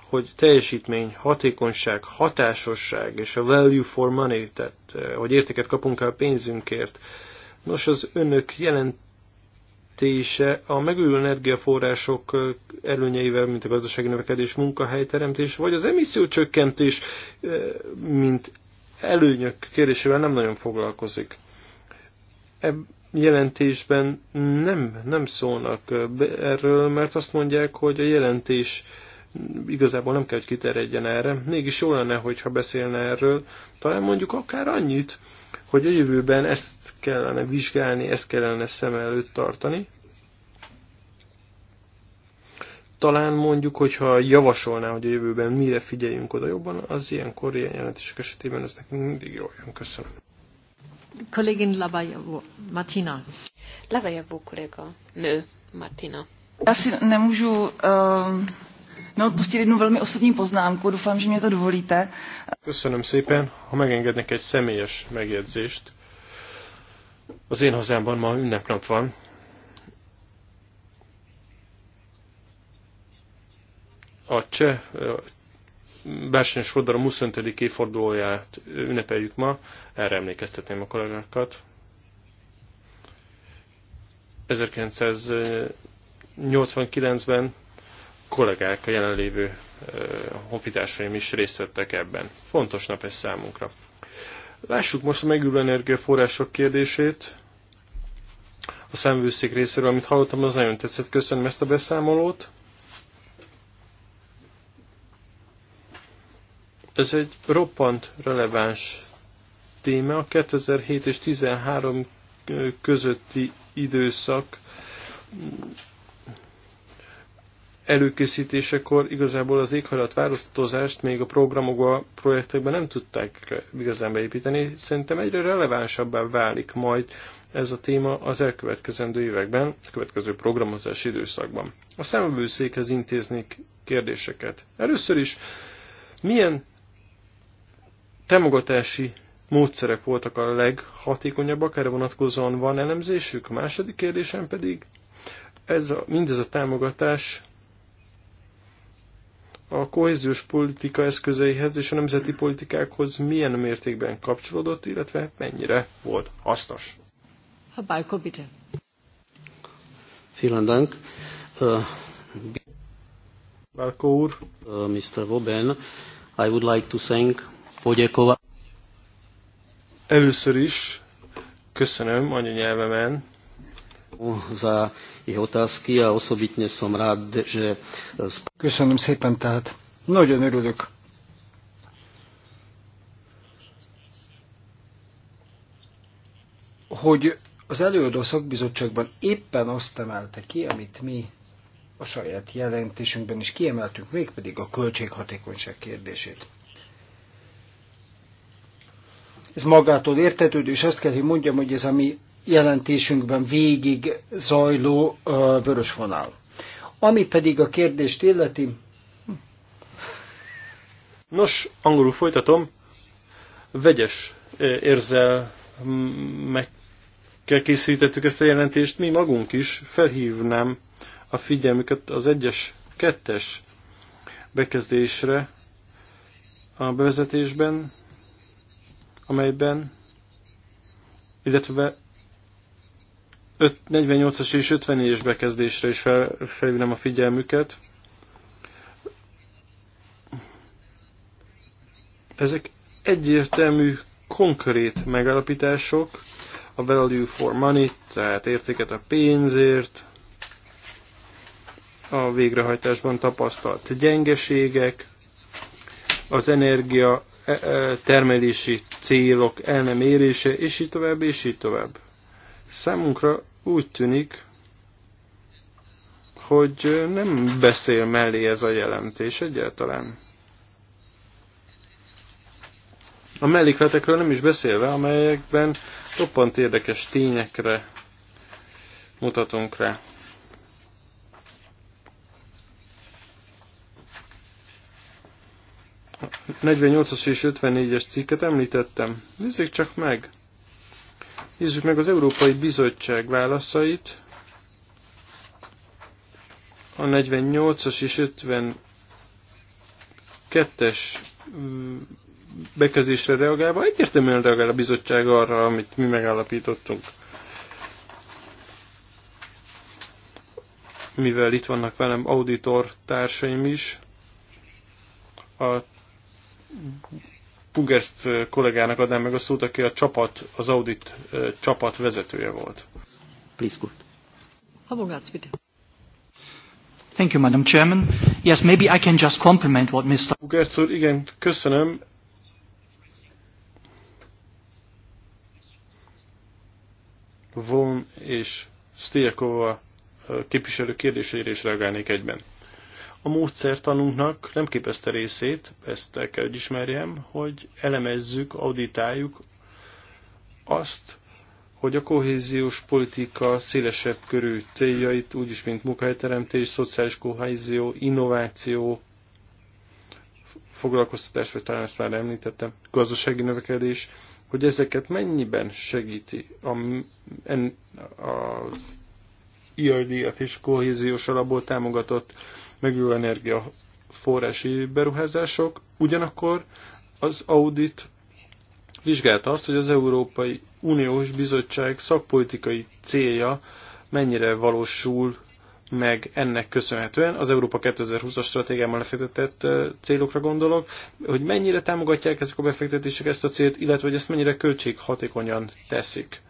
hogy teljesítmény, hatékonyság, hatásosság és a value for money, tehát eh, hogy értéket kapunk el a pénzünkért. Nos, az önök jelent megteremtése, a megújuló energiaforrások előnyeivel, mint a gazdasági növekedés, munkahelyteremtés, vagy az emissziócsökkentés, mint előnyök kérdésével nem nagyon foglalkozik. E jelentésben nem, nem szólnak erről, mert azt mondják, hogy a jelentés igazából nem kell, hogy kiterjedjen erre. Mégis jó lenne, hogyha beszélne erről. Talán mondjuk akár annyit, hogy a jövőben ezt kellene vizsgálni, ezt kellene szem előtt tartani. Talán mondjuk, hogyha javasolná, hogy a jövőben mire figyeljünk oda jobban, az ilyenkor ilyen jelentések esetében ez nekünk mindig jól jön. Köszönöm. Kollégin Labajevó, Martina. Labajevó kolléga, nő, Martina. Azt nem úgy uh no, odpustit jednu velmi osobní poznámku, doufám, že mě to dovolíte. Köszönöm szépen, ha megengednek egy személyes megjegyzést. Az én hazámban ma ünnepnap van. A cseh versenyes forradalom 25. évfordulóját ünnepeljük ma, erre emlékeztetném a kollégákat. 1989-ben kollégák, a jelenlévő honfitársaim is részt vettek ebben. Fontos nap ez számunkra. Lássuk most a megülő energiaforrások kérdését. A szemvőszék részéről, amit hallottam, az nagyon tetszett. Köszönöm ezt a beszámolót. Ez egy roppant releváns téma. A 2007 és 2013 közötti időszak előkészítésekor igazából az éghajlatváltozást még a programokba, a projektekben nem tudták igazán beépíteni. Szerintem egyre relevánsabbá válik majd ez a téma az elkövetkezendő években, a következő programozási időszakban. A számvevőszékhez intéznék kérdéseket. Először is, milyen támogatási módszerek voltak a leghatékonyabbak, erre vonatkozóan van elemzésük? A második kérdésem pedig, ez a, mindez a támogatás a kohéziós politika eszközeihez és a nemzeti politikákhoz milyen mértékben kapcsolódott, illetve mennyire volt hasznos. Ha Balko, bitte. Vielen Dank. Balko úr. Mr. Woben, I would like to thank Fogyekova. Először is köszönöm anyanyelvemen za otázky a osobitne som rád, že... E, Köszönöm szépen, tehát nagyon örülök. hogy az előadó szakbizottságban éppen azt emelte ki, amit mi a saját jelentésünkben is kiemeltünk, mégpedig a költséghatékonyság kérdését. Ez magától értetődő, és azt kell, hogy mondjam, hogy ez a mi jelentésünkben végig zajló vörös vonal. Ami pedig a kérdést illeti. Nos, angolul folytatom. Vegyes érzelmekkel készítettük ezt a jelentést. Mi magunk is felhívnám a figyelmüket az egyes, kettes bekezdésre a bevezetésben, amelyben, illetve 48-as és 54-es bekezdésre is fel, felhívnám a figyelmüket. Ezek egyértelmű, konkrét megalapítások, a value for money, tehát értéket a pénzért, a végrehajtásban tapasztalt gyengeségek, az energia e, e, termelési célok el nem érése, és így tovább, és így tovább. Számunkra úgy tűnik, hogy nem beszél mellé ez a jelentés egyáltalán. A mellékletekről nem is beszélve, amelyekben toppant érdekes tényekre mutatunk rá. A 48-as és 54-es cikket említettem. Nézzék csak meg! Nézzük meg az Európai Bizottság válaszait. A 48-as és 52-es mm, bekezésre reagálva egyértelműen reagál a bizottság arra, amit mi megállapítottunk. Mivel itt vannak velem auditor társaim is, a Pungerst kollégának adnám meg a szót, aki a csapat, az audit csapat vezetője volt. bitte. Thank you, Madam Chairman. Yes, maybe I can just compliment what Mr. Pungerst úr, igen, köszönöm. Von és Stiljakova képviselő kérdésére is reagálnék egyben. A módszertanunknak nem képezte részét, ezt el kell, hogy ismerjem, hogy elemezzük, auditáljuk azt, hogy a kohéziós politika szélesebb körű céljait, úgyis mint munkahelyteremtés, szociális kohézió, innováció, foglalkoztatás, vagy talán ezt már említettem, gazdasági növekedés, hogy ezeket mennyiben segíti a, a, a IRDF és kohéziós alapból támogatott megújuló energiaforrási beruházások, ugyanakkor az audit vizsgálta azt, hogy az Európai Uniós Bizottság szakpolitikai célja mennyire valósul meg ennek köszönhetően, az Európa 2020-as stratégiában lefektetett célokra gondolok, hogy mennyire támogatják ezek a befektetések ezt a célt, illetve hogy ezt mennyire költséghatékonyan teszik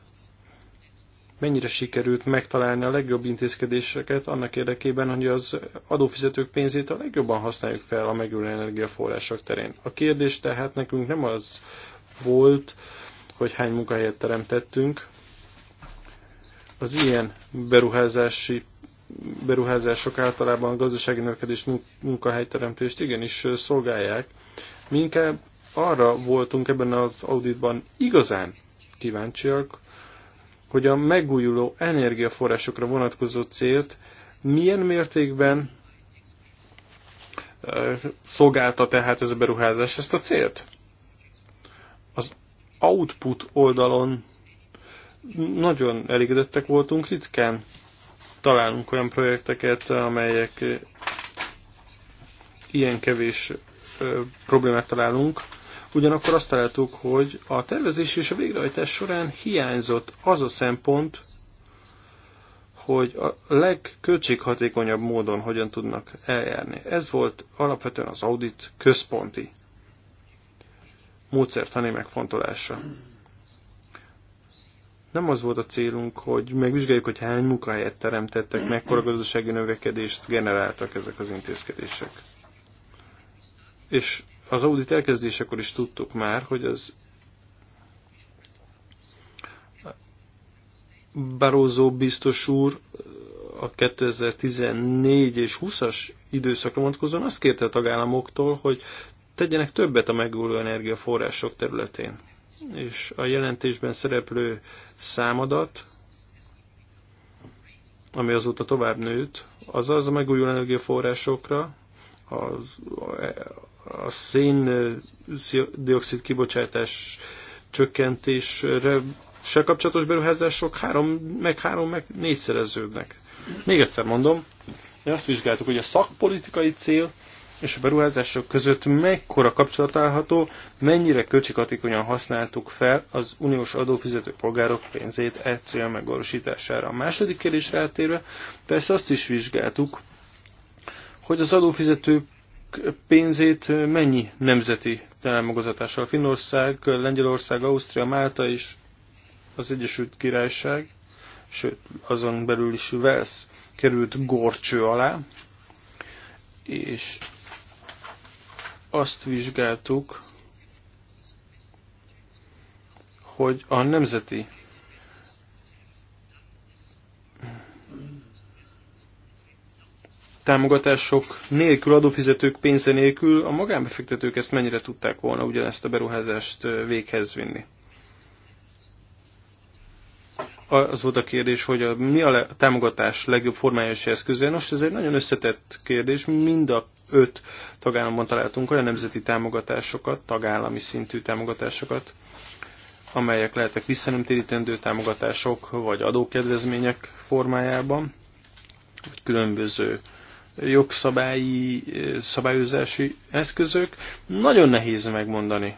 mennyire sikerült megtalálni a legjobb intézkedéseket annak érdekében, hogy az adófizetők pénzét a legjobban használjuk fel a megújuló energiaforrások terén. A kérdés tehát nekünk nem az volt, hogy hány munkahelyet teremtettünk. Az ilyen beruházási beruházások általában gazdasági növekedés munkahelyteremtést igenis szolgálják. Mi inkább arra voltunk ebben az auditban igazán kíváncsiak, hogy a megújuló energiaforrásokra vonatkozó célt milyen mértékben szolgálta tehát ez a beruházás ezt a célt? Az output oldalon nagyon elégedettek voltunk, ritkán találunk olyan projekteket, amelyek ilyen kevés problémát találunk. Ugyanakkor azt találtuk, hogy a tervezés és a végrehajtás során hiányzott az a szempont, hogy a legköltséghatékonyabb módon hogyan tudnak eljárni. Ez volt alapvetően az audit központi módszertani megfontolása. Nem az volt a célunk, hogy megvizsgáljuk, hogy hány munkahelyet teremtettek, mekkora gazdasági növekedést generáltak ezek az intézkedések. És az audit elkezdésekor is tudtuk már, hogy az Barózó biztos úr a 2014 és 20-as időszakra vonatkozóan azt kérte a tagállamoktól, hogy tegyenek többet a megújuló energiaforrások területén. És a jelentésben szereplő számadat, ami azóta tovább nőtt, az a megújuló energiaforrásokra, az a szén-dioxid kibocsátás csökkentésre se kapcsolatos beruházások három, meg három, meg négyszereződnek. Még egyszer mondom, mi azt vizsgáltuk, hogy a szakpolitikai cél és a beruházások között mekkora kapcsolat állható, mennyire költséghatékonyan használtuk fel az uniós adófizető polgárok pénzét e cél megvalósítására. A második kérdésre eltérve persze azt is vizsgáltuk, hogy az adófizető pénzét mennyi nemzeti támogatással? Finnország, Lengyelország, Ausztria, Málta és az Egyesült Királyság, sőt, azon belül is Vesz került gorcső alá, és azt vizsgáltuk, hogy a nemzeti támogatások nélkül, adófizetők pénze nélkül a magánbefektetők ezt mennyire tudták volna ugyanezt a beruházást véghez vinni? Az volt a kérdés, hogy a, mi a, le, a támogatás legjobb formája és eszköze. Nos, ez egy nagyon összetett kérdés. Mind a öt tagállamban találtunk olyan nemzeti támogatásokat, tagállami szintű támogatásokat, amelyek lehetek visszanemtérítendő támogatások vagy adókedvezmények formájában, vagy különböző jogszabályi, szabályozási eszközök. Nagyon nehéz megmondani,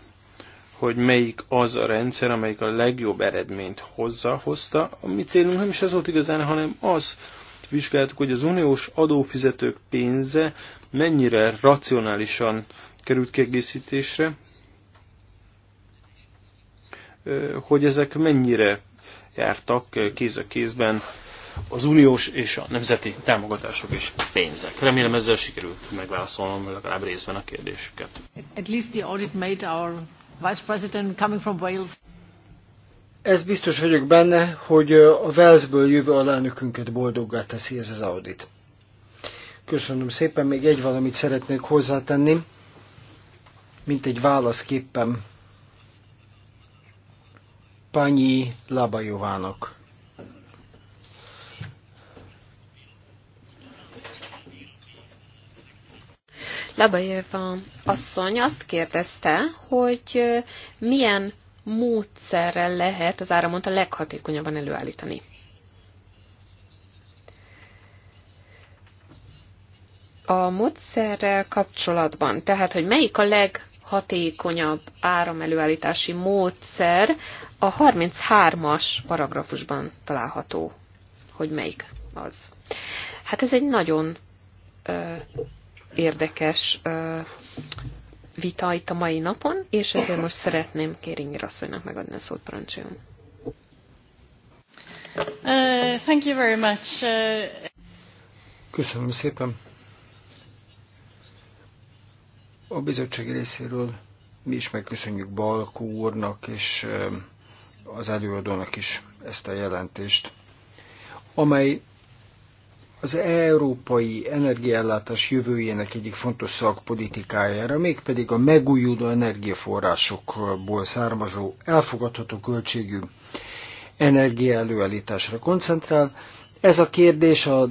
hogy melyik az a rendszer, amelyik a legjobb eredményt hozza, hozta. A mi célunk nem is ez volt igazán, hanem az, vizsgáltuk, hogy az uniós adófizetők pénze mennyire racionálisan került kiegészítésre, hogy ezek mennyire jártak kéz a kézben az uniós és a nemzeti támogatások és pénzek. Remélem ezzel sikerült megválaszolnom legalább részben a kérdésüket. At least the audit made our vice president coming from Wales. Ez biztos vagyok benne, hogy a Walesből jövő alelnökünket boldoggá teszi ez az audit. Köszönöm szépen, még egy valamit szeretnék hozzátenni, mint egy válaszképpen Pányi Labajovának Labajeva asszony azt kérdezte, hogy milyen módszerrel lehet az áramot a leghatékonyabban előállítani. A módszerrel kapcsolatban, tehát hogy melyik a leghatékonyabb áramelőállítási módszer, a 33-as paragrafusban található, hogy melyik az. Hát ez egy nagyon ö, érdekes vita itt a mai napon, és ezért most szeretném kéringi rasszonynak megadni a szót, parancsoljon. Uh, thank you very much. Uh... Köszönöm szépen. A bizottság részéről mi is megköszönjük Balkó úrnak és az előadónak is ezt a jelentést, amely az európai energiállátás jövőjének egyik fontos szakpolitikájára, mégpedig a megújuló energiaforrásokból származó elfogadható költségű energiaelőállításra koncentrál. Ez a kérdés az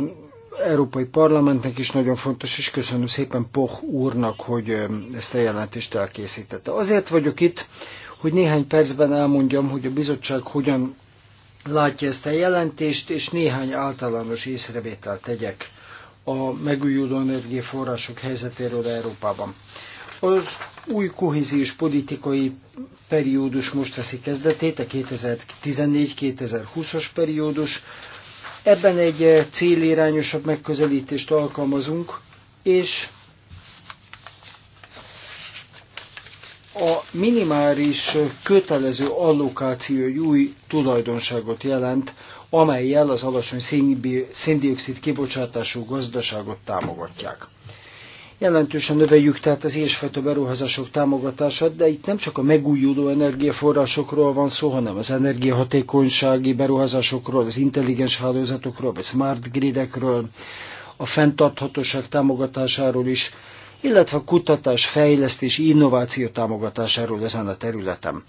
Európai Parlamentnek is nagyon fontos, és köszönöm szépen Poch úrnak, hogy um, ezt a jelentést elkészítette. Azért vagyok itt, hogy néhány percben elmondjam, hogy a bizottság hogyan látja ezt a jelentést, és néhány általános észrevételt tegyek a megújuló energiaforrások helyzetéről Európában. Az új kohéziós politikai periódus most veszi kezdetét, a 2014-2020-as periódus. Ebben egy célirányosabb megközelítést alkalmazunk, és a minimális kötelező allokáció egy új tulajdonságot jelent, amelyel az alacsony széndiokszid kibocsátású gazdaságot támogatják. Jelentősen növeljük tehát az ilyesfajta beruházások támogatását, de itt nem csak a megújuló energiaforrásokról van szó, hanem az energiahatékonysági beruházásokról, az intelligens hálózatokról, vagy smart gridekről, a fenntarthatóság támogatásáról is, illetve a kutatás, fejlesztés, innováció támogatásáról ezen a területen.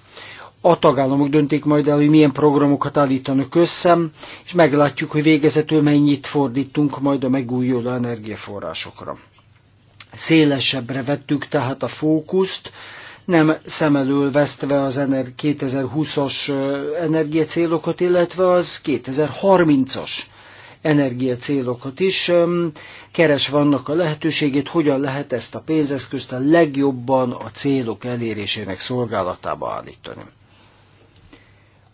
A tagállamok döntik majd el, hogy milyen programokat állítanak össze, és meglátjuk, hogy végezetül mennyit fordítunk majd a megújuló energiaforrásokra. Szélesebbre vettük tehát a fókuszt, nem szem elől vesztve az 2020-as energiacélokat, illetve az 2030-as energiacélokat is. Keres vannak a lehetőségét, hogyan lehet ezt a pénzeszközt a legjobban a célok elérésének szolgálatába állítani.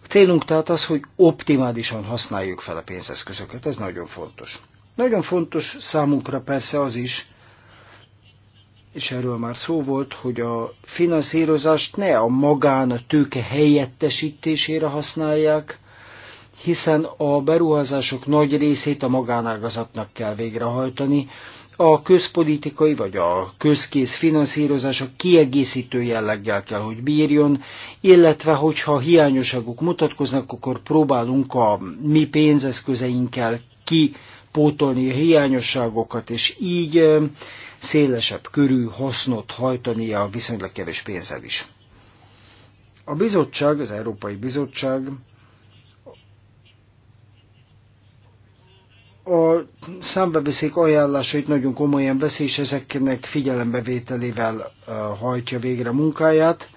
A célunk tehát az, hogy optimálisan használjuk fel a pénzeszközöket, ez nagyon fontos. Nagyon fontos számunkra persze az is, és erről már szó volt, hogy a finanszírozást ne a magán a tőke helyettesítésére használják, hiszen a beruházások nagy részét a magánágazatnak kell végrehajtani, a közpolitikai vagy a közkész finanszírozása kiegészítő jelleggel kell, hogy bírjon, illetve hogyha hiányosságok mutatkoznak, akkor próbálunk a mi pénzeszközeinkkel kipótolni a hiányosságokat, és így szélesebb körű hasznot hajtani a viszonylag kevés pénzzel is. A bizottság, az Európai Bizottság a számbeveszék ajánlásait nagyon komolyan veszi, és ezeknek figyelembevételével uh, hajtja végre munkáját.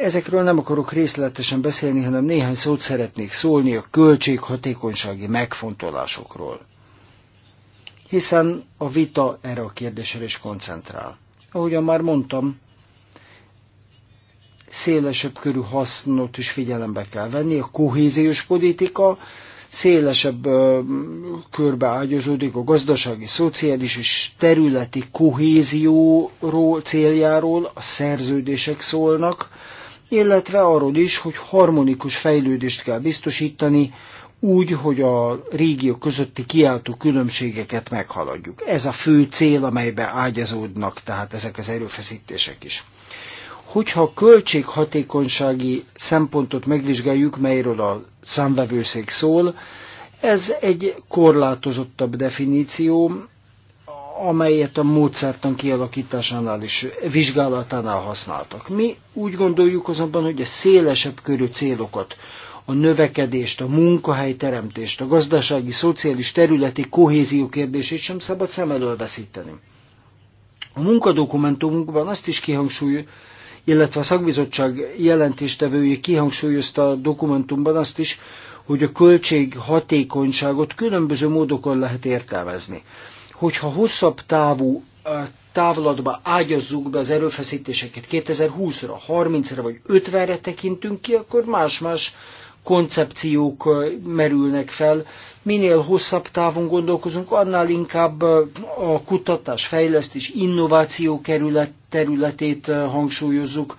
Ezekről nem akarok részletesen beszélni, hanem néhány szót szeretnék szólni a költséghatékonysági megfontolásokról. Hiszen a vita erre a kérdésre is koncentrál. Ahogyan már mondtam, szélesebb körű hasznot is figyelembe kell venni, a kohéziós politika, szélesebb ö, körbe ágyazódik a gazdasági, szociális és területi kohézióról, céljáról a szerződések szólnak, illetve arról is, hogy harmonikus fejlődést kell biztosítani, úgy, hogy a régiók közötti kiáltó különbségeket meghaladjuk. Ez a fő cél, amelybe ágyazódnak tehát ezek az erőfeszítések is. Hogyha a költséghatékonysági szempontot megvizsgáljuk, melyről a számvevőszék szól. Ez egy korlátozottabb definíció, amelyet a módszertan kialakításánál és vizsgálatánál használtak. Mi úgy gondoljuk azonban, hogy a szélesebb körű célokat, a növekedést, a munkahelyteremtést, a gazdasági, szociális területi kohézió kérdését sem szabad szem elől veszíteni. A munkadokumentumunkban azt is kihangsúlyozzuk illetve a szakbizottság jelentéstevője kihangsúlyozta a dokumentumban azt is, hogy a költség hatékonyságot különböző módokon lehet értelmezni. Hogyha hosszabb távú távlatba ágyazzuk be az erőfeszítéseket 2020-ra, 30-ra vagy 50-re tekintünk ki, akkor más-más koncepciók merülnek fel. Minél hosszabb távon gondolkozunk, annál inkább a kutatás, fejlesztés, innováció kerület, területét hangsúlyozzuk,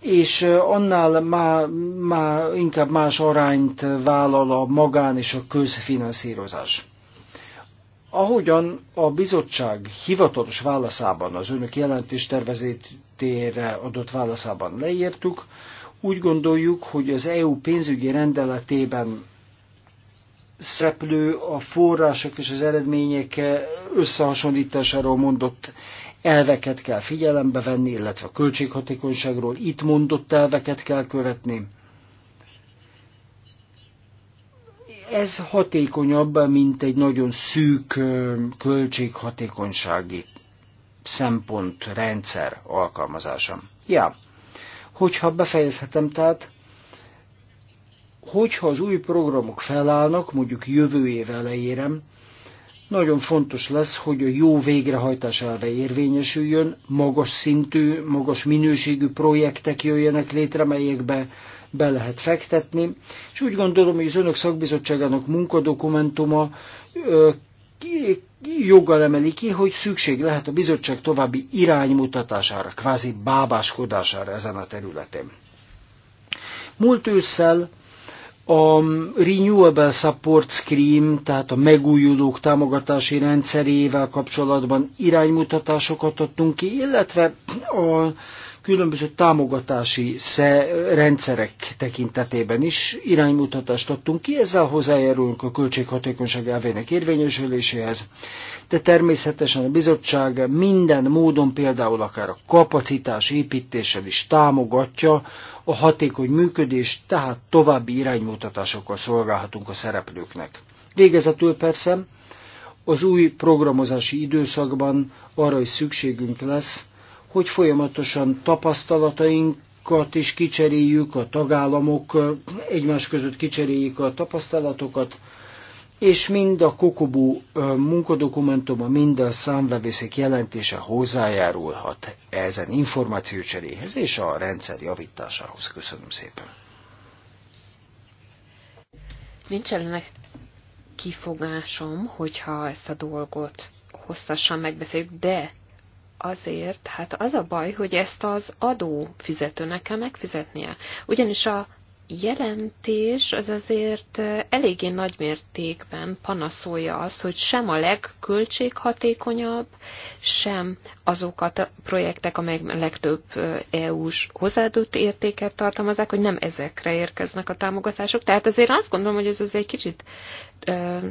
és annál má, má, inkább más arányt vállal a magán és a közfinanszírozás. Ahogyan a bizottság hivatalos válaszában, az önök jelentéstervezetére adott válaszában leírtuk, úgy gondoljuk, hogy az EU pénzügyi rendeletében szereplő a források és az eredmények összehasonlításáról mondott elveket kell figyelembe venni, illetve a költséghatékonyságról itt mondott elveket kell követni. Ez hatékonyabb, mint egy nagyon szűk költséghatékonysági szempontrendszer alkalmazása. Ja, Hogyha befejezhetem, tehát hogyha az új programok felállnak, mondjuk jövő év elejére, nagyon fontos lesz, hogy a jó végrehajtás elve érvényesüljön, magas szintű, magas minőségű projektek jöjjenek létre, melyekbe be lehet fektetni, és úgy gondolom, hogy az önök szakbizottságának munkadokumentuma joggal emeli ki, hogy szükség lehet a bizottság további iránymutatására, kvázi bábáskodására ezen a területen. Múlt ősszel a Renewable Support Scheme, tehát a megújulók támogatási rendszerével kapcsolatban iránymutatásokat adtunk ki, illetve a különböző támogatási rendszerek tekintetében is iránymutatást adtunk ki, ezzel hozzájárulunk a költséghatékonyság elvének érvényesüléséhez, de természetesen a bizottság minden módon, például akár a kapacitás építéssel is támogatja a hatékony működést, tehát további iránymutatásokkal szolgálhatunk a szereplőknek. Végezetül persze az új programozási időszakban arra is szükségünk lesz, hogy folyamatosan tapasztalatainkat is kicseréljük, a tagállamok egymás között kicseréljük a tapasztalatokat, és mind a kokobú munkadokumentuma, mind a számvevőszék jelentése hozzájárulhat ezen információcseréhez és a rendszer javításához. Köszönöm szépen. Nincsenek kifogásom, hogyha ezt a dolgot hosszasan megbeszéljük, de azért, hát az a baj, hogy ezt az adó fizetőnek kell megfizetnie. Ugyanis a jelentés az azért eléggé nagymértékben panaszolja azt, hogy sem a legköltséghatékonyabb, sem azokat a projektek, amelyek legtöbb EU-s hozzáadott értéket tartalmazák, hogy nem ezekre érkeznek a támogatások. Tehát azért azt gondolom, hogy ez az egy kicsit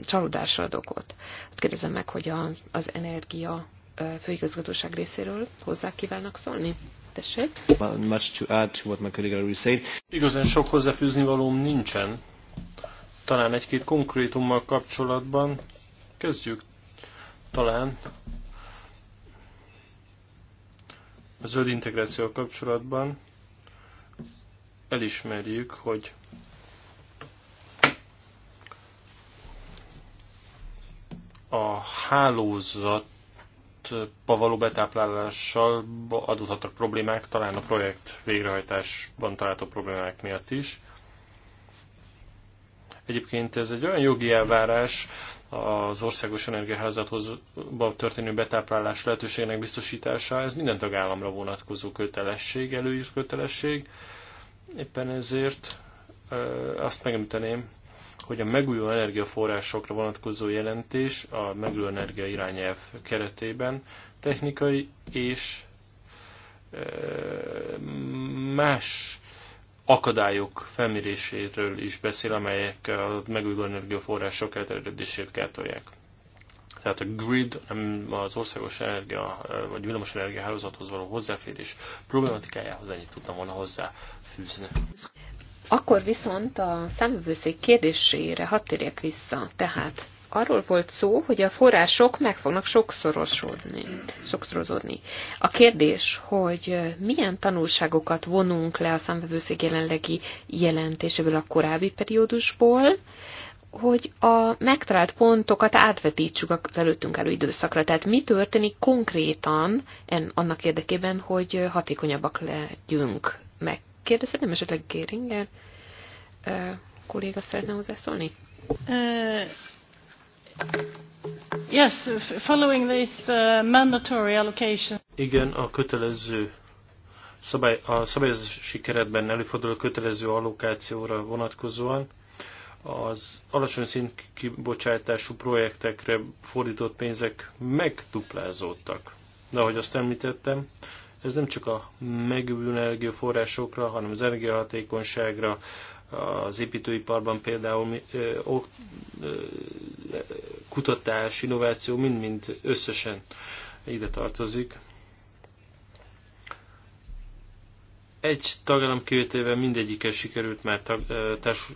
csalódásra ad okot. Kérdezem meg, hogy az energia főigazgatóság részéről hozzá kívánnak szólni? Tessék. Much to add to what my colleague already said. Igazán sok hozzáfűzni valóm nincsen. Talán egy-két konkrétummal kapcsolatban kezdjük talán a zöld integráció kapcsolatban elismerjük, hogy a hálózat projektba való betáplálással adódhattak problémák, talán a projekt végrehajtásban található problémák miatt is. Egyébként ez egy olyan jogi elvárás az országos energiaházathozba történő betáplálás lehetőségének biztosítása, ez minden tagállamra vonatkozó kötelesség, előírt kötelesség. Éppen ezért azt megemlíteném, hogy a megújuló energiaforrásokra vonatkozó jelentés a megújuló energia irányelv keretében technikai és e, más akadályok felméréséről is beszél, amelyek a megújuló energiaforrások elterjedését gátolják. Tehát a grid, az országos energia vagy villamos energia hálózathoz való hozzáférés problématikájához ennyit tudtam volna hozzáfűzni. Akkor viszont a számvevőszék kérdésére hadd térjek vissza. Tehát arról volt szó, hogy a források meg fognak sokszorosodni. sokszorozódni. A kérdés, hogy milyen tanulságokat vonunk le a számvevőszék jelenlegi jelentéséből a korábbi periódusból, hogy a megtalált pontokat átvetítsük az előttünk elő időszakra. Tehát mi történik konkrétan en, annak érdekében, hogy hatékonyabbak legyünk, meg nem esetleg Géringer kolléga szeretne hozzászólni? Uh, yes, following this uh, mandatory allocation. Igen, a kötelező szabály, a szabályozási keretben előforduló kötelező allokációra vonatkozóan az alacsony kibocsátású projektekre fordított pénzek megduplázódtak. De ahogy azt említettem, ez nem csak a megújuló energiaforrásokra, hanem az energiahatékonyságra, az építőiparban például kutatás, innováció mind-mind összesen ide tartozik. Egy tagállam kivételével mindegyikkel sikerült már tag, társ,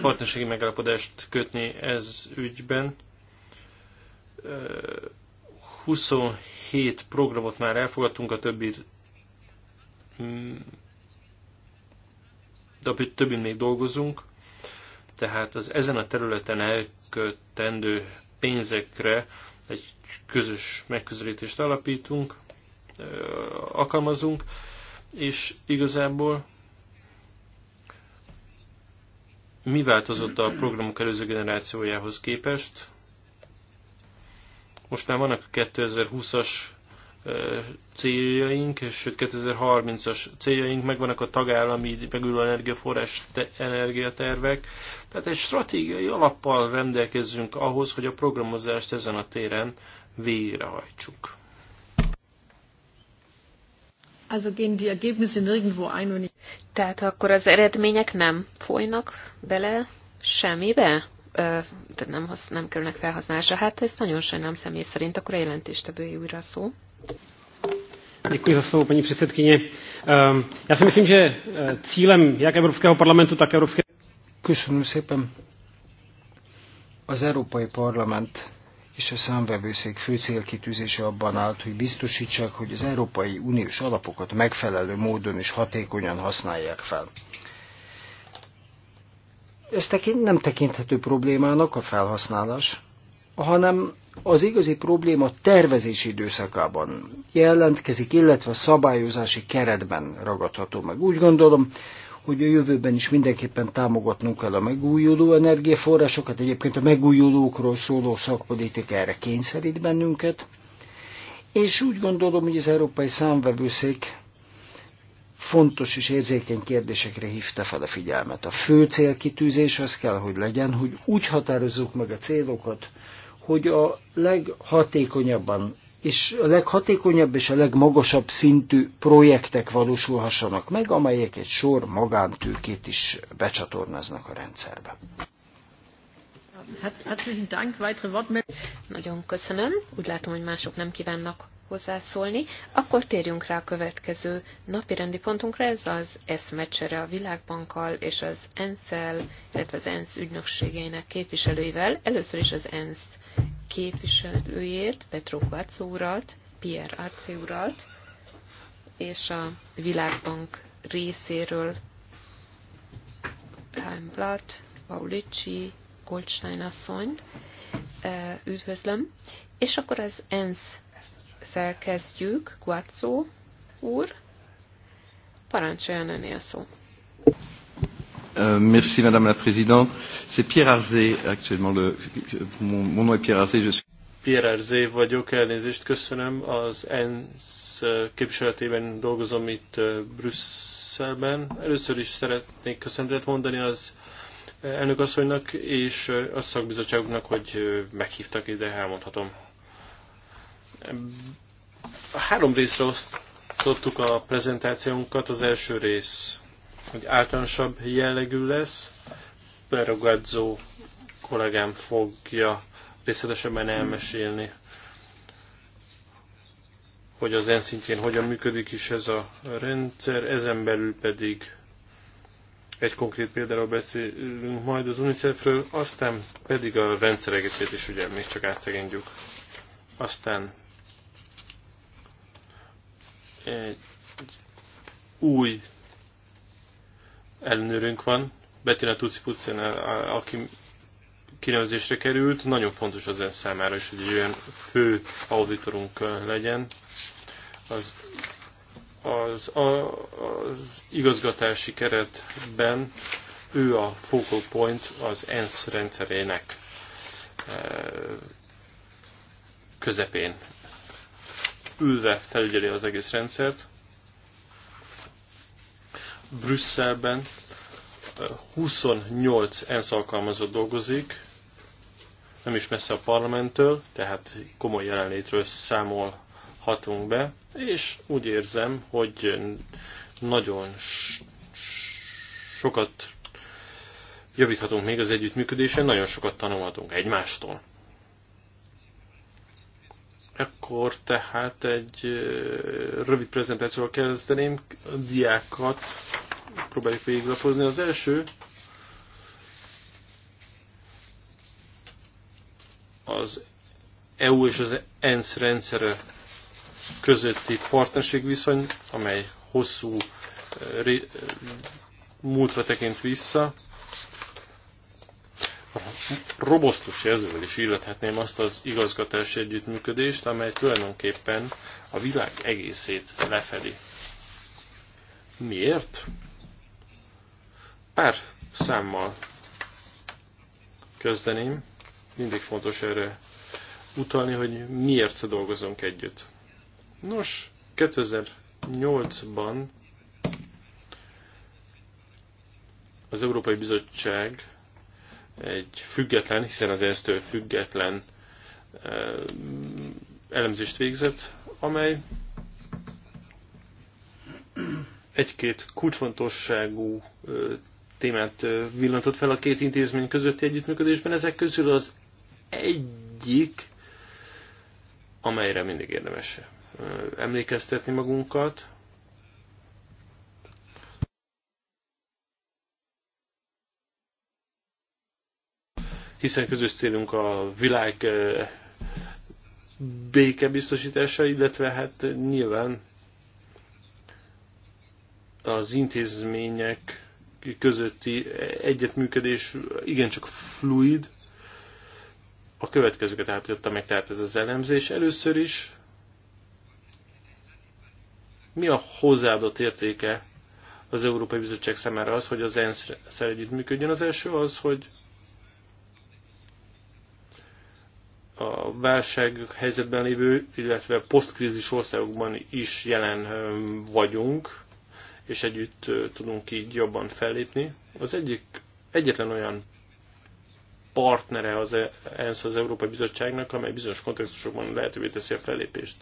partnerségi megállapodást kötni ez ügyben. 27 hét programot már elfogadtunk, a többi de többi még dolgozunk, tehát az ezen a területen elkötendő pénzekre egy közös megközelítést alapítunk, alkalmazunk, és igazából mi változott a programok előző generációjához képest? Most már vannak a 2020-as céljaink, sőt 2030-as céljaink, megvannak a tagállami megülő energiaforrás te, energiatervek. Tehát egy stratégiai alappal rendelkezzünk ahhoz, hogy a programozást ezen a téren végrehajtsuk. Also gehen die Ergebnisse nirgendwo ein und Tehát akkor az eredmények nem folynak bele semmibe? tehát nem, hasz, nem kerülnek felhasználásra. Hát ez nagyon sajnálom személy szerint, akkor a jelentéstevői újra szó. Děkuji za slovo, paní předsedkyně. Ehm, já si myslím, že e, cílem jak Evropského parlamentu, tak Evropské... Köszönöm szépen. Az Európai Parlament és a számvevőszék fő célkitűzése abban állt, hogy biztosítsák, hogy az Európai Uniós alapokat megfelelő módon és hatékonyan használják fel ez tekint, nem tekinthető problémának a felhasználás, hanem az igazi probléma tervezési időszakában jelentkezik, illetve a szabályozási keretben ragadható meg. Úgy gondolom, hogy a jövőben is mindenképpen támogatnunk kell a megújuló energiaforrásokat. Egyébként a megújulókról szóló szakpolitika erre kényszerít bennünket. És úgy gondolom, hogy az Európai Számvevőszék fontos és érzékeny kérdésekre hívta fel a figyelmet. A fő célkitűzés az kell, hogy legyen, hogy úgy határozzuk meg a célokat, hogy a leghatékonyabban és a leghatékonyabb és a legmagasabb szintű projektek valósulhassanak meg, amelyek egy sor magántőkét is becsatornáznak a rendszerbe. Herzlichen Dank, weitere Wortmeldungen. Nagyon köszönöm. Úgy látom, hogy mások nem kívánnak hozzászólni, akkor térjünk rá a következő napi rendi pontunkra, ez az eszmecsere a Világbankkal és az ENSZ-el, illetve az ENSZ ügynökségeinek képviselőivel. Először is az ENSZ képviselőjét, Petro Kvacó urat, Pierre Arce urat, és a Világbank részéről Heimblatt, Paulicsi, Goldstein asszony eh, üdvözlöm, és akkor az ENSZ frontex kezdjük. Guazzo úr, parancsoljon a szó. Euh, merci Madame la Présidente. C'est Pierre Arzé, actuellement le, mon, mon nom est Pierre Arzé, je suis... Pierre Arzé vagyok, elnézést köszönöm. Az ENSZ euh, képviseletében dolgozom itt euh, Brüsszelben. Először is szeretnék köszönetet mondani az elnök asszonynak és a szakbizottságunknak, hogy meghívtak ide, elmondhatom Három részre osztottuk a prezentációnkat. Az első rész, hogy általánosabb jellegű lesz. Perogadzó kollégám fogja részletesebben elmesélni, hogy az ENSZ szintjén hogyan működik is ez a rendszer, ezen belül pedig egy konkrét példáról beszélünk majd az UNICEF-ről, aztán pedig a rendszer egészét is ugye még csak áttegendjük. Aztán egy új ellenőrünk van, Bettina Tuciputsen, aki kinevezésre került. Nagyon fontos az ön számára is, hogy egy olyan fő auditorunk legyen. Az, az, a, az igazgatási keretben ő a focal point az ENSZ rendszerének eh, közepén ülve felügyeli az egész rendszert. Brüsszelben 28 ENSZ alkalmazott dolgozik, nem is messze a parlamenttől, tehát komoly jelenlétről számolhatunk be, és úgy érzem, hogy nagyon sokat javíthatunk még az együttműködésen, nagyon sokat tanulhatunk egymástól. Ekkor tehát egy rövid prezentációval kezdeném, a diákat próbáljuk végiglapozni. Az első az EU és az ENSZ rendszere közötti partnerségviszony, amely hosszú múltra tekint vissza robosztus jelzővel is illethetném azt az igazgatási együttműködést, amely tulajdonképpen a világ egészét lefedi. Miért? Pár számmal kezdeném. Mindig fontos erre utalni, hogy miért dolgozunk együtt. Nos, 2008-ban az Európai Bizottság egy független, hiszen az ensz független elemzést végzett, amely egy-két kulcsfontosságú témát villantott fel a két intézmény közötti együttműködésben. Ezek közül az egyik, amelyre mindig érdemes emlékeztetni magunkat, hiszen közös célunk a világ eh, béke biztosítása, illetve hát nyilván az intézmények közötti egyetműködés igencsak fluid. A következőket állapította meg tehát ez az elemzés. Először is mi a hozzáadott értéke az Európai Bizottság számára az, hogy az ENSZ-szel együttműködjön? Az első az, hogy a válság helyzetben lévő, illetve posztkrízis országokban is jelen vagyunk, és együtt tudunk így jobban fellépni. Az egyik, egyetlen olyan partnere az e- ENSZ az Európai Bizottságnak, amely bizonyos kontextusokban lehetővé teszi a fellépést.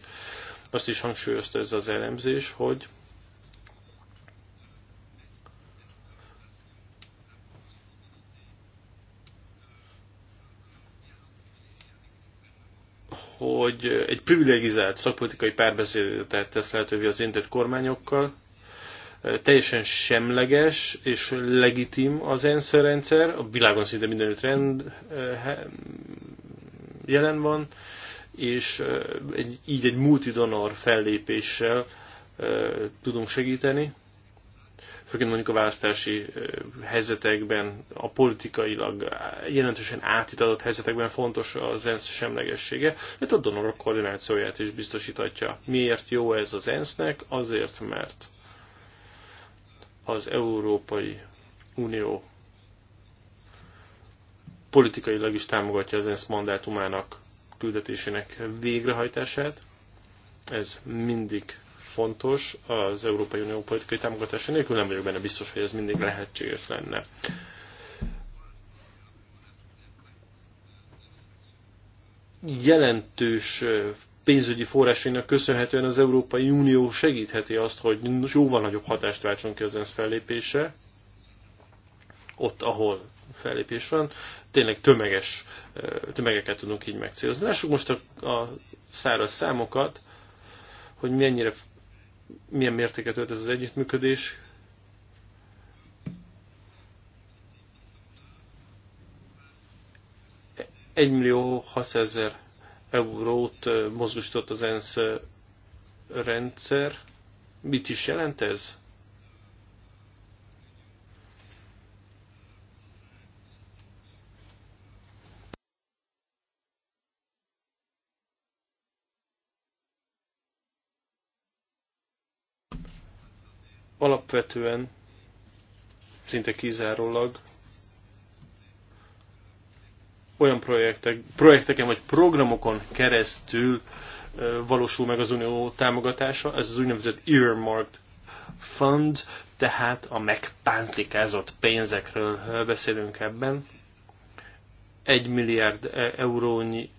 Azt is hangsúlyozta ez az elemzés, hogy hogy egy privilegizált szakpolitikai párbeszédet tesz lehetővé az érintett kormányokkal, teljesen semleges és legitim az ENSZ rendszer, a világon szinte mindenütt rend eh, jelen van, és eh, így egy multidonor fellépéssel eh, tudunk segíteni főként mondjuk a választási helyzetekben, a politikailag jelentősen átítatott helyzetekben fontos az ENSZ semlegessége, mert a donorok koordinációját is biztosítatja. Miért jó ez az ENSZ-nek? Azért, mert az Európai Unió politikailag is támogatja az ENSZ mandátumának küldetésének végrehajtását. Ez mindig fontos az Európai Unió politikai támogatása nélkül, nem vagyok benne biztos, hogy ez mindig lehetséges lenne. Jelentős pénzügyi forrásainak köszönhetően az Európai Unió segítheti azt, hogy jóval nagyobb hatást váltson ki az ENSZ fellépése, ott, ahol fellépés van, tényleg tömeges, tömegeket tudunk így megcélozni. Lássuk most a, a száraz számokat, hogy mennyire milyen mértéket ölt ez az együttműködés. Egy millió ezer eurót mozgósított az ENSZ rendszer. Mit is jelent ez? alapvetően szinte kizárólag olyan projektek, projekteken vagy programokon keresztül valósul meg az unió támogatása, ez az úgynevezett earmarked fund, tehát a megpántlikázott pénzekről beszélünk ebben. Egy milliárd eurónyi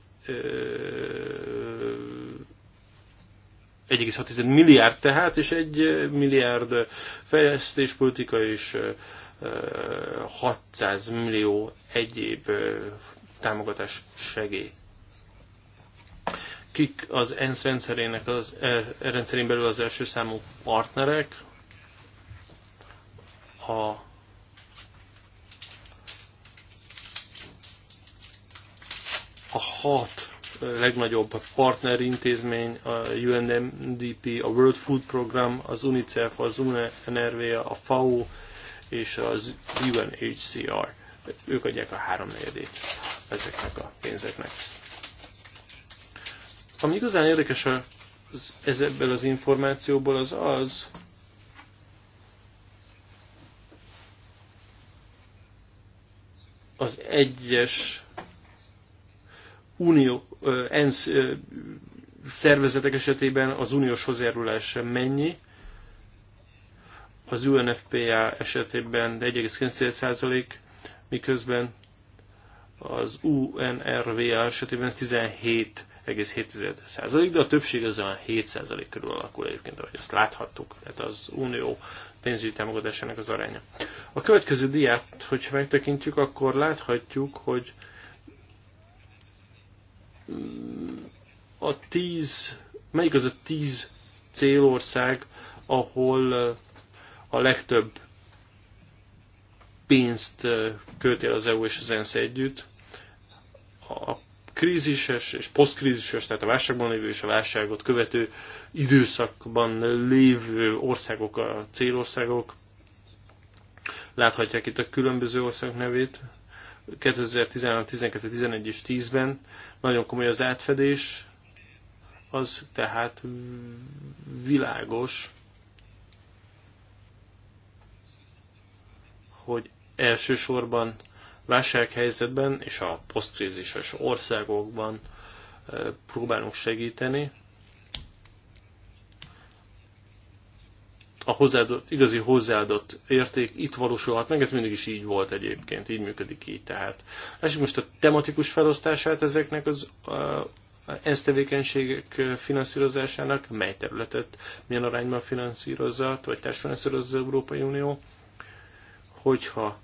1,6 milliárd tehát, és 1 milliárd fejlesztéspolitika és 600 millió egyéb támogatás segély. Kik az ENSZ rendszerének az, e, rendszerén belül az első számú partnerek? A a hat legnagyobb partnerintézmény, a UNDP, a World Food Program, az UNICEF, az UNRV, a FAO és az UNHCR. Ők adják a háromnegyedét ezeknek a pénzeknek. Ami igazán érdekes az, ez ebből az információból az az, az egyes unió, ENSZ szervezetek esetében az uniós hozzájárulás mennyi, az UNFPA esetében 1,9%, miközben az UNRVA esetében 17,7%, de a többség az olyan 7% körül alakul egyébként, ahogy ezt láthattuk, tehát az unió pénzügyi támogatásának az aránya. A következő diát, hogyha megtekintjük, akkor láthatjuk, hogy a tíz, melyik az a tíz célország, ahol a legtöbb pénzt költél az EU és az ENSZ e együtt. A krízises és posztkrízises, tehát a válságban lévő és a válságot követő időszakban lévő országok a célországok. Láthatják itt a különböző ország nevét, 2013, 12, 11 és 10-ben nagyon komoly az átfedés, az tehát világos, hogy elsősorban válsághelyzetben és a posztkrízises országokban eh, próbálunk segíteni, a hozzáadott, igazi hozzáadott érték itt valósulhat meg, ez mindig is így volt egyébként, így működik így tehát. És most a tematikus felosztását ezeknek az ENSZ tevékenységek finanszírozásának, mely területet milyen arányban finanszírozza, vagy társadalmányszerozza az Európai Unió, hogyha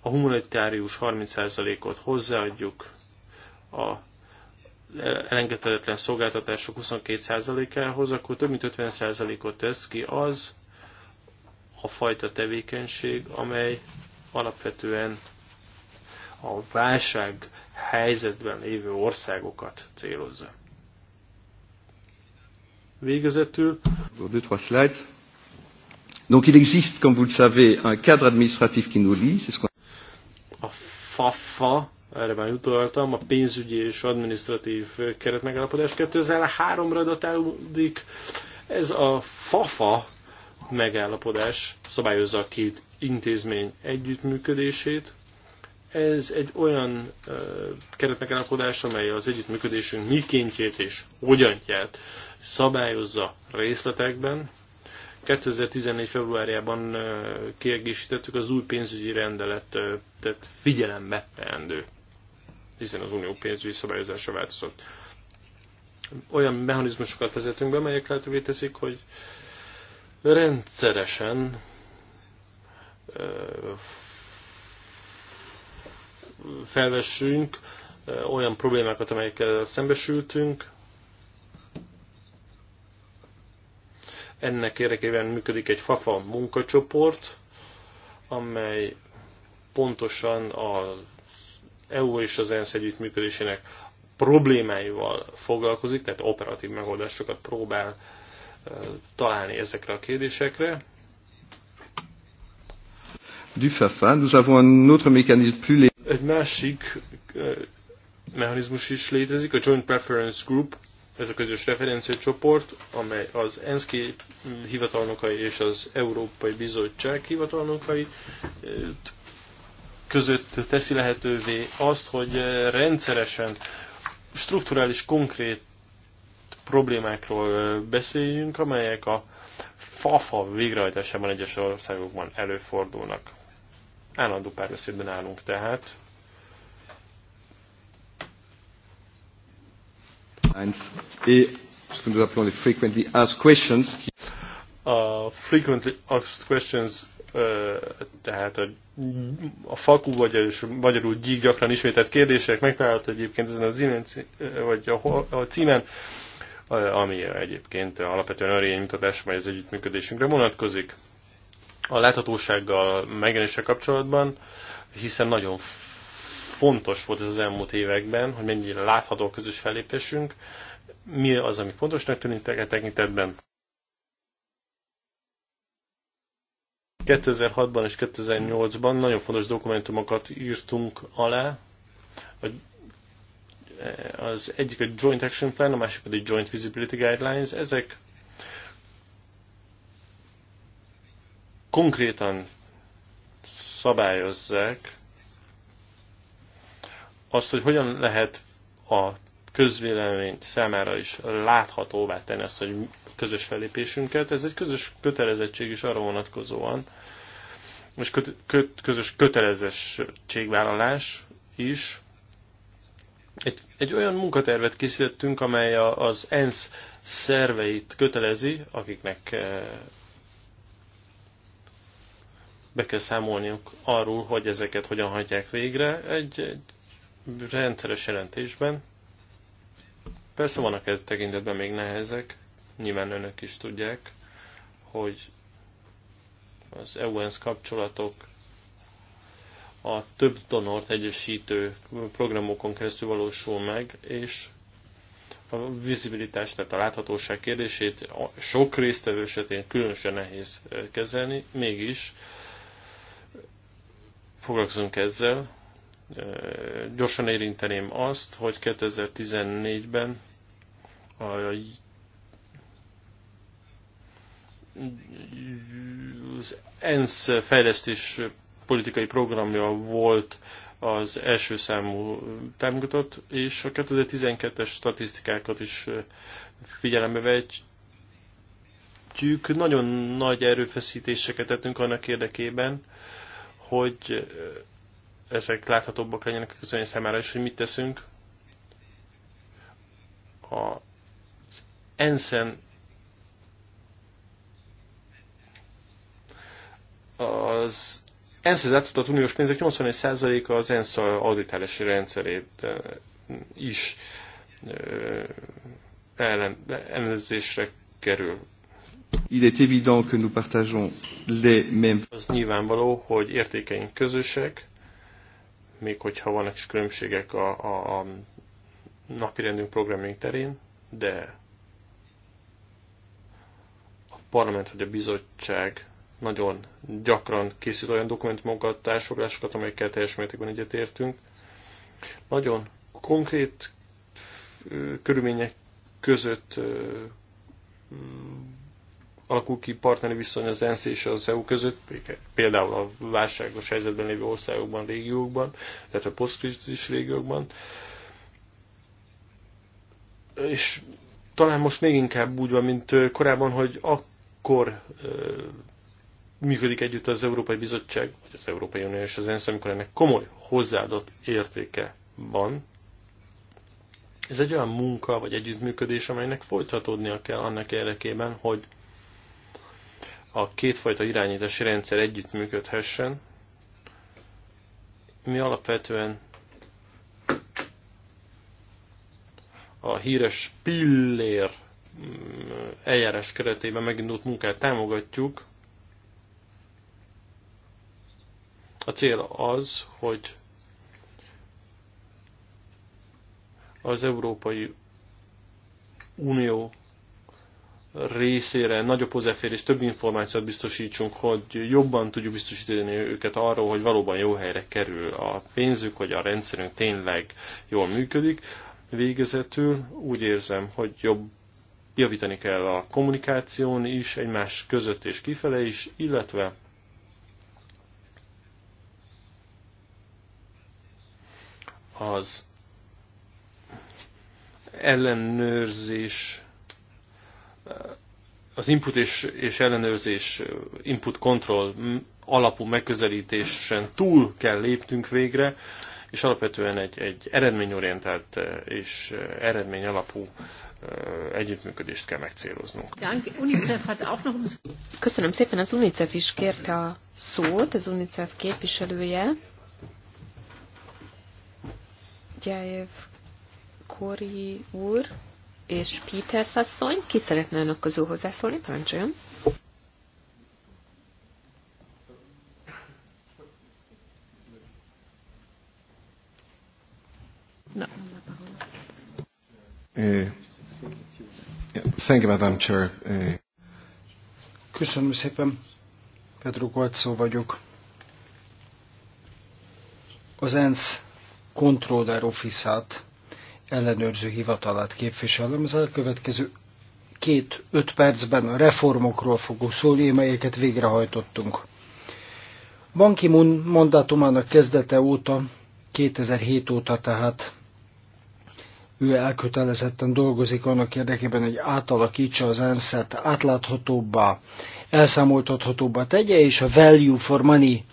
a humanitárius 30%-ot hozzáadjuk a elengedhetetlen szolgáltatások 22%-ához, akkor több mint 50%-ot tesz ki az, a fajta tevékenység, amely alapvetően a válság helyzetben lévő országokat célozza. Végezetül. Donc il existe, comme vous le savez, un cadre administratif qui nous lie. C'est ce qu'on... A FAFA, erre már utaltam, a pénzügyi és adminisztratív keretmegállapodás 2003-ra datálódik. Ez a FAFA megállapodás szabályozza a két intézmény együttműködését. Ez egy olyan ö, keretmegállapodás, amely az együttműködésünk mikéntjét és hogyantját szabályozza részletekben. 2014. februárjában kiegészítettük az új pénzügyi rendeletet figyelembe teendő, hiszen az unió pénzügyi szabályozása változott. Olyan mechanizmusokat vezetünk be, amelyek lehetővé teszik, hogy rendszeresen felvessünk olyan problémákat, amelyekkel szembesültünk. Ennek érdekében működik egy FAFA munkacsoport, amely pontosan az EU és az ENSZ együttműködésének problémáival foglalkozik, tehát operatív megoldásokat próbál találni ezekre a kérdésekre. Du FAFA, nous avons un autre mécanisme plus Egy másik mechanizmus is létezik, a Joint Preference Group, ez a közös referenciacsoport, amely az ENSZKI hivatalnokai és az Európai Bizottság hivatalnokai között teszi lehetővé azt, hogy rendszeresen strukturális, konkrét problémákról beszéljünk, amelyek a FAFA végrehajtásában egyes országokban előfordulnak. Állandó párbeszédben állunk tehát. A frequently asked questions tehát a, a fakú, vagy és magyarul gyík gyakran ismételt kérdések megtalálható egyébként ezen az címen vagy a, a címen ami egyébként alapvetően arénymutatás, vagy az együttműködésünkre vonatkozik. A láthatósággal megjelenéssel kapcsolatban, hiszen nagyon fontos volt ez az elmúlt években, hogy mennyire látható a közös fellépésünk, mi az, ami fontosnak tűnik a e tekintetben. 2006-ban és 2008-ban nagyon fontos dokumentumokat írtunk alá, az egyik a Joint Action Plan, a másik pedig Joint Visibility Guidelines. Ezek konkrétan szabályozzák azt, hogy hogyan lehet a közvélemény számára is láthatóvá tenni azt, hogy közös felépésünket. Ez egy közös kötelezettség is arra vonatkozóan, és köt, köt, közös kötelezettségvállalás is, egy, egy olyan munkatervet készítettünk, amely a az ENSZ szerveit kötelezi, akiknek eh, be kell számolniuk arról, hogy ezeket hogyan hagyják végre egy, egy rendszeres jelentésben. Persze vannak ez tekintetben még nehezek, nyilván önök is tudják, hogy az EU-ENSZ kapcsolatok a több donort egyesítő programokon keresztül valósul meg, és a vizibilitás, tehát a láthatóság kérdését a sok résztvevő esetén különösen nehéz kezelni, mégis foglalkozunk ezzel. Gyorsan érinteném azt, hogy 2014-ben a az ENSZ fejlesztés politikai programja volt az első számú támogatott, és a 2012-es statisztikákat is figyelembe vegyük. Nagyon nagy erőfeszítéseket tettünk annak érdekében, hogy ezek láthatóbbak legyenek a közönség számára, és hogy mit teszünk. A Ensen az ENSZ az átutat uniós pénzek 81%-a az ENSZ auditálási rendszerét is ellenőrzésre kerül. Il est évident que nous partageons les mêmes... Az nyilvánvaló, hogy értékeink közösek, még hogyha vannak is különbségek a, a, a napirendünk programjaink terén, de a parlament vagy a bizottság nagyon gyakran készít olyan dokumentumokat, társadalásokat, amelyekkel teljes mértékben egyetértünk. Nagyon konkrét körülmények között alakul ki partneri viszony az ENSZ és az EU között, például a válságos helyzetben lévő országokban, régiókban, illetve posztkrizis régiókban. És talán most még inkább úgy van, mint korábban, hogy akkor működik együtt az Európai Bizottság, vagy az Európai Unió és az ENSZ, amikor ennek komoly hozzáadott értéke van. Ez egy olyan munka, vagy együttműködés, amelynek folytatódnia kell annak érdekében, hogy a kétfajta irányítási rendszer együttműködhessen. Mi alapvetően a híres pillér mm, eljárás keretében megindult munkát támogatjuk, A cél az, hogy az Európai Unió részére nagyobb hozzáférés, több információt biztosítsunk, hogy jobban tudjuk biztosítani őket arról, hogy valóban jó helyre kerül a pénzük, hogy a rendszerünk tényleg jól működik. Végezetül úgy érzem, hogy jobb javítani kell a kommunikáción is, egymás között és kifele is, illetve az ellenőrzés, az input és, és ellenőrzés, input control alapú megközelítésen túl kell léptünk végre, és alapvetően egy, egy eredményorientált és eredmény alapú eh, együttműködést kell megcéloznunk. Köszönöm szépen, az UNICEF is kérte a szót, az UNICEF képviselője. Gyájev Kori úr és Peter asszony. Ki szeretne önök közül hozzászólni? Parancsoljon! Eh, eh. Köszönöm szépen. Pedro Golcó vagyok. Az ENSZ Controller Office-át, ellenőrző hivatalát képviselem. Az elkövetkező két öt percben a reformokról fogok szólni, melyeket végrehajtottunk. Banki mandátumának kezdete óta, 2007 óta tehát ő elkötelezetten dolgozik annak érdekében, hogy átalakítsa az ensz átláthatóbbá, elszámoltathatóbbá tegye, és a value for money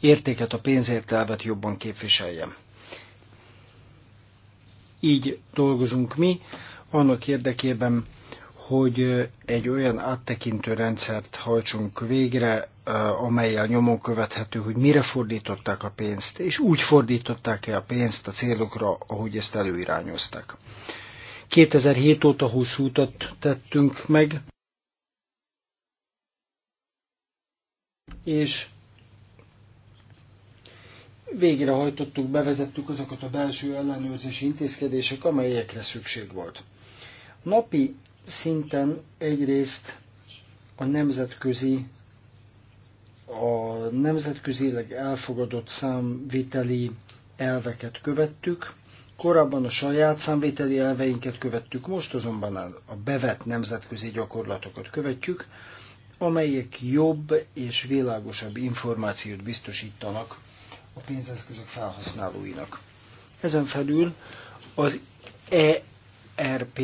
értéket a pénzért elvet jobban képviseljem. Így dolgozunk mi, annak érdekében, hogy egy olyan áttekintő rendszert hajtsunk végre, amelyel nyomon követhető, hogy mire fordították a pénzt, és úgy fordították-e a pénzt a célokra, ahogy ezt előirányozták. 2007 óta 20 útat tettünk meg, és végrehajtottuk, bevezettük azokat a belső ellenőrzési intézkedések, amelyekre szükség volt. Napi szinten egyrészt a nemzetközi a nemzetközileg elfogadott számviteli elveket követtük, korábban a saját számviteli elveinket követtük, most azonban a bevett nemzetközi gyakorlatokat követjük, amelyek jobb és világosabb információt biztosítanak a pénzeszközök felhasználóinak. Ezen felül az ERP,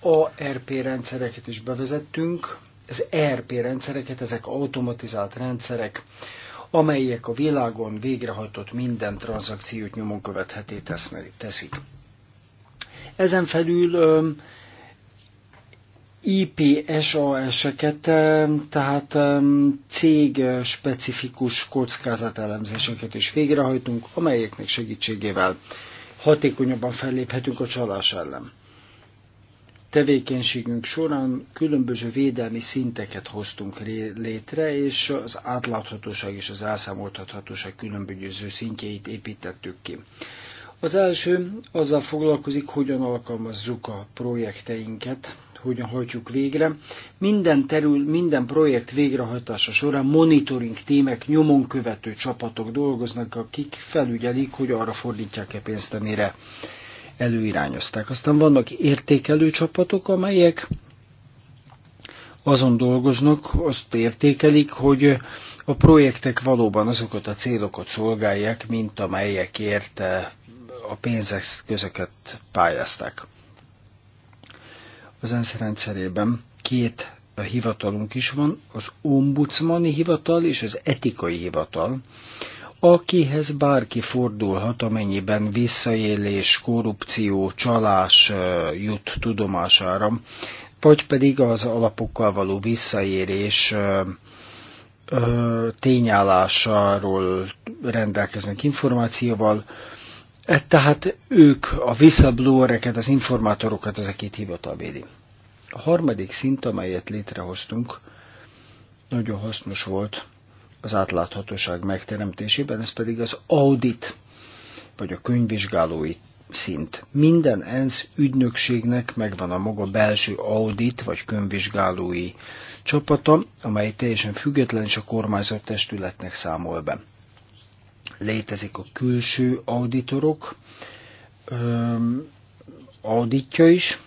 ARP rendszereket is bevezettünk. Az ERP rendszereket, ezek automatizált rendszerek, amelyek a világon végrehajtott minden tranzakciót nyomon követheté teszik. Ezen felül IPSAS-eket, tehát cég specifikus kockázatelemzéseket is végrehajtunk, amelyeknek segítségével hatékonyabban felléphetünk a csalás ellen. Tevékenységünk során különböző védelmi szinteket hoztunk létre, és az átláthatóság és az elszámoltathatóság különböző szintjeit építettük ki. Az első azzal foglalkozik, hogyan alkalmazzuk a projekteinket, hogyan hajtjuk végre. Minden, terül, minden projekt végrehajtása során monitoring témek nyomon követő csapatok dolgoznak, akik felügyelik, hogy arra fordítják-e pénzt, amire előirányozták. Aztán vannak értékelő csapatok, amelyek azon dolgoznak, azt értékelik, hogy a projektek valóban azokat a célokat szolgálják, mint amelyekért eh, a pénzek közöket pályázták az ENSZ rendszerében két hivatalunk is van, az ombudsmani hivatal és az etikai hivatal, akihez bárki fordulhat, amennyiben visszaélés, korrupció, csalás jut tudomására, vagy pedig az alapokkal való visszaérés tényállásáról rendelkeznek információval, E, tehát ők a visszablóereket, az informátorokat, ezeket hivatal védi. A harmadik szint, amelyet létrehoztunk, nagyon hasznos volt az átláthatóság megteremtésében, ez pedig az audit, vagy a könyvvizsgálói szint. Minden ENSZ ügynökségnek megvan a maga belső audit, vagy könyvvizsgálói csapata, amely teljesen független és a kormányzat testületnek számol be létezik a külső auditorok auditja is,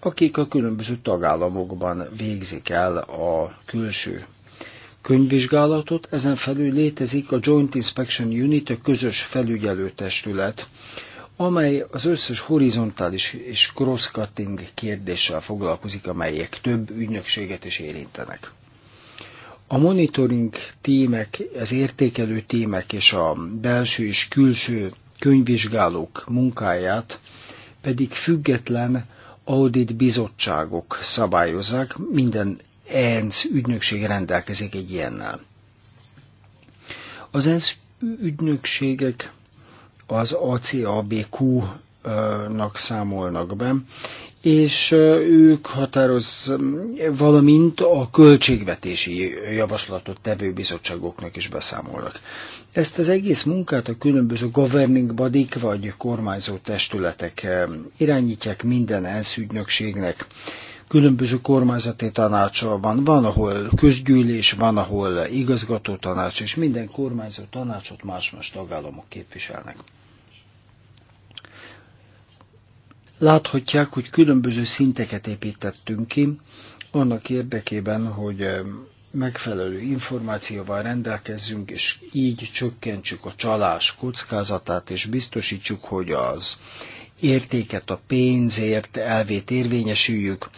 akik a különböző tagállamokban végzik el a külső könyvvizsgálatot, ezen felül létezik a Joint Inspection Unit, a közös felügyelőtestület, amely az összes horizontális és cross-cutting kérdéssel foglalkozik, amelyek több ügynökséget is érintenek. A monitoring témek, az értékelő témek és a belső és külső könyvvizsgálók munkáját pedig független audit bizottságok szabályozzák, minden ENSZ ügynökség rendelkezik egy ilyennel. Az ENSZ ügynökségek az ACABQ-nak számolnak be, és ők határoz, valamint a költségvetési javaslatot tevő bizottságoknak is beszámolnak. Ezt az egész munkát a különböző governing bodyk vagy kormányzó testületek irányítják minden ENSZ ügynökségnek különböző kormányzati van, van, ahol közgyűlés, van, ahol igazgató tanács, és minden kormányzó tanácsot más-más tagállamok képviselnek. Láthatják, hogy különböző szinteket építettünk ki, annak érdekében, hogy eh, megfelelő információval rendelkezzünk, és így csökkentsük a csalás kockázatát, és biztosítsuk, hogy az értéket a pénzért elvét érvényesüljük,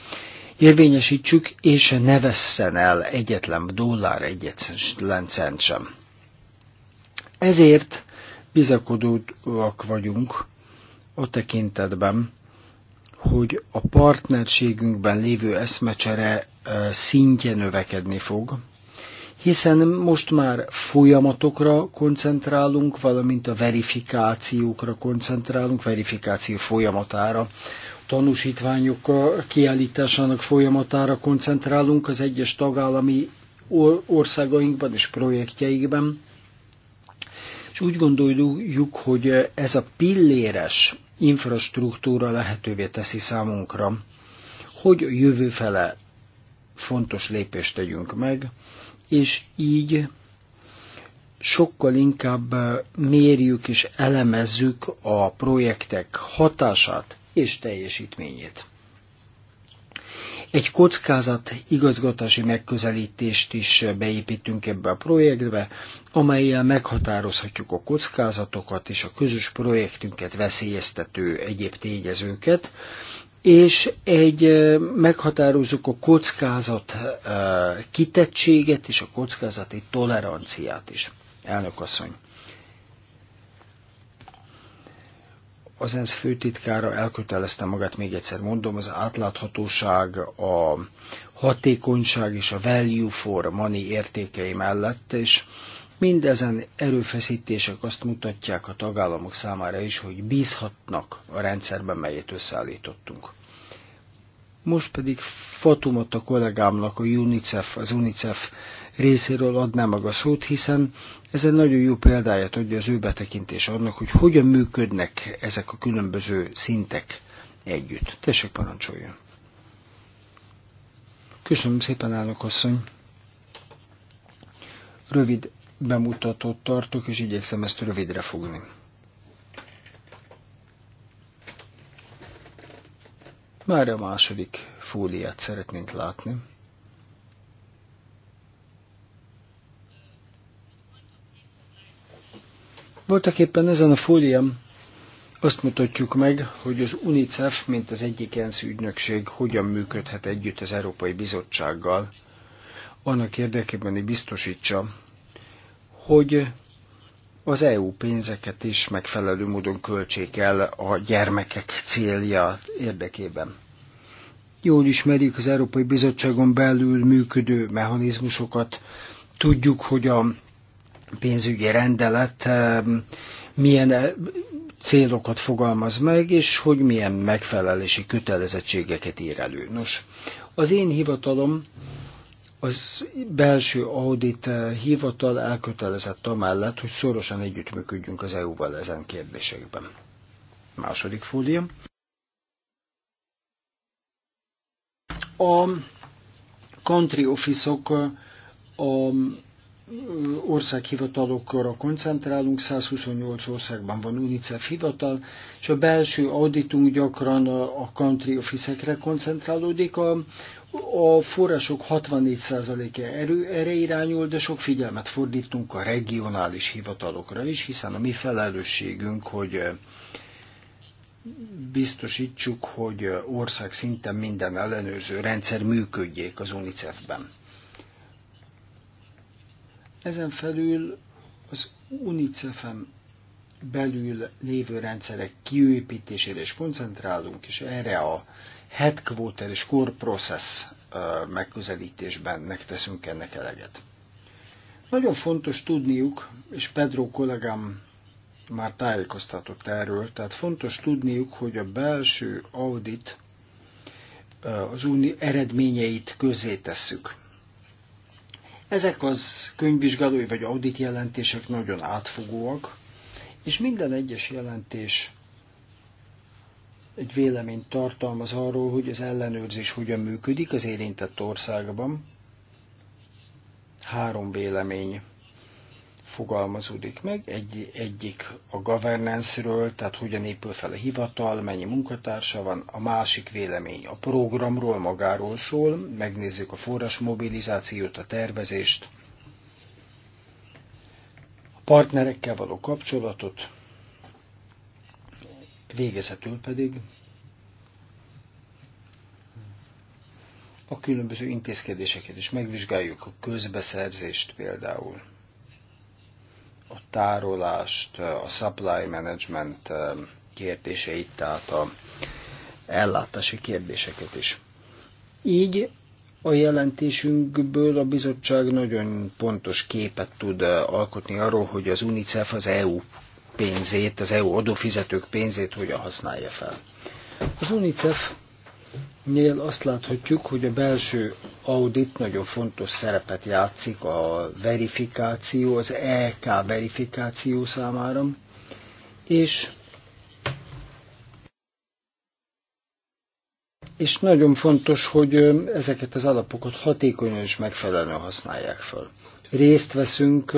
érvényesítsük, és ne vesszen el egyetlen dollár, egyetlen cent sem. Ezért bizakodóak vagyunk a tekintetben, hogy a partnerségünkben lévő eszmecsere eh, szintje növekedni fog, hiszen most már folyamatokra koncentrálunk, valamint a verifikációkra koncentrálunk, verifikáció folyamatára, tanúsítványok eh, kiállításának folyamatára koncentrálunk az egyes tagállami országainkban és projektjeikben, és úgy gondoljuk, hogy ez a pilléres infrastruktúra lehetővé teszi számunkra, hogy a jövő fele fontos lépést tegyünk meg, és így sokkal inkább mérjük és elemezzük a projektek hatását és teljesítményét. Egy kockázat igazgatási megközelítést is beépítünk ebbe a projektbe, amelyel meghatározhatjuk a kockázatokat és a közös projektünket veszélyeztető egyéb tényezőket, és egy meghatározzuk a kockázat kitettséget és a kockázati toleranciát is. Elnök asszony. az ENSZ főtitkára elkötelezte magát, még egyszer mondom, az átláthatóság, a hatékonyság és a value for money értékei mellett, és mindezen erőfeszítések azt mutatják a tagállamok számára is, hogy bízhatnak a rendszerben, melyet összeállítottunk. Most pedig Fatumat a kollégámnak a UNICEF, az UNICEF részéről adná meg a szót, hiszen ez egy nagyon jó példáját adja az ő betekintés annak, hogy hogyan működnek ezek a különböző szintek együtt. Tessék parancsoljon. Köszönöm szépen, állok asszony. Rövid bemutatót tartok, és igyekszem ezt rövidre fogni. Már a második fóliát szeretnénk látni. Voltak éppen ezen a fólián azt mutatjuk meg, hogy az UNICEF, mint az egyik ENSZ ügynökség, hogyan működhet együtt az Európai Bizottsággal, annak érdekében, hogy biztosítsa, hogy az EU pénzeket is megfelelő módon költsék el a gyermekek célja érdekében. Jól ismerjük az Európai Bizottságon belül működő mechanizmusokat, tudjuk, hogy a pénzügyi rendelet eh, milyen eh, célokat fogalmaz meg, és hogy milyen megfelelési kötelezettségeket ír elő. Nos, az én hivatalom az belső audit eh, hivatal elkötelezett amellett, hogy szorosan együttműködjünk az EU-val ezen kérdésekben. Második fólia. A country office -ok a országhivatalokra koncentrálunk, 128 országban van UNICEF hivatal, és a belső auditunk gyakran a country office-ekre koncentrálódik. A, a források 64%-e erő, erre irányul, de sok figyelmet fordítunk a regionális hivatalokra is, hiszen a mi felelősségünk, hogy eh, biztosítsuk, hogy eh, ország szinten minden ellenőrző rendszer működjék az UNICEF-ben. Ezen felül az UNICEF-en belül lévő rendszerek kiépítésére is koncentrálunk, és erre a headquarter és core process megközelítésben megteszünk ennek eleget. Nagyon fontos tudniuk, és Pedro kollégám már tájékoztatott erről, tehát fontos tudniuk, hogy a belső audit az Uni eredményeit közé tesszük. Ezek az könyvvizsgálói vagy audit jelentések nagyon átfogóak, és minden egyes jelentés egy véleményt tartalmaz arról, hogy az ellenőrzés hogyan működik az érintett országban. Három vélemény fogalmazódik meg, egy, egyik a governance-ről, tehát hogyan épül fel a hivatal, mennyi munkatársa van, a másik vélemény a programról magáról szól, megnézzük a forrás mobilizációt, a tervezést, a partnerekkel való kapcsolatot, végezetül pedig a különböző intézkedéseket is megvizsgáljuk, a közbeszerzést például a tárolást, a supply management kérdéseit, tehát a ellátási kérdéseket is. Így a jelentésünkből a bizottság nagyon pontos képet tud alkotni arról, hogy az UNICEF az EU pénzét, az EU adófizetők pénzét hogyan használja fel. Az UNICEF Nél azt láthatjuk, hogy a belső audit nagyon fontos szerepet játszik a verifikáció, az EK verifikáció számára, és és nagyon fontos, hogy ezeket az alapokat hatékonyan és megfelelően használják fel. Részt veszünk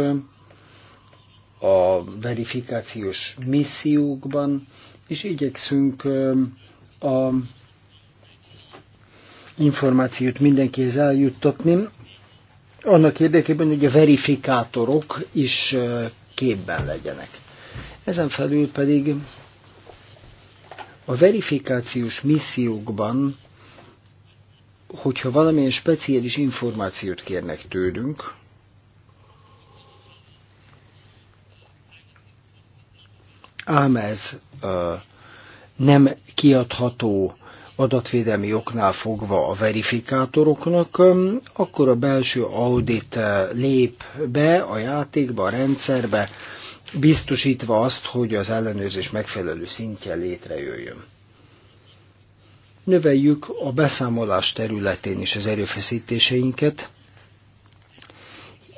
a verifikációs missziókban, és igyekszünk a információt mindenkihez eljuttatni, annak érdekében, hogy a verifikátorok is képben legyenek. Ezen felül pedig a verifikációs missziókban, hogyha valamilyen speciális információt kérnek tőlünk, ám ez nem kiadható adatvédelmi oknál fogva a verifikátoroknak, akkor a belső audit lép be a játékba, a rendszerbe, biztosítva azt, hogy az ellenőrzés megfelelő szintje létrejöjjön. Növeljük a beszámolás területén is az erőfeszítéseinket,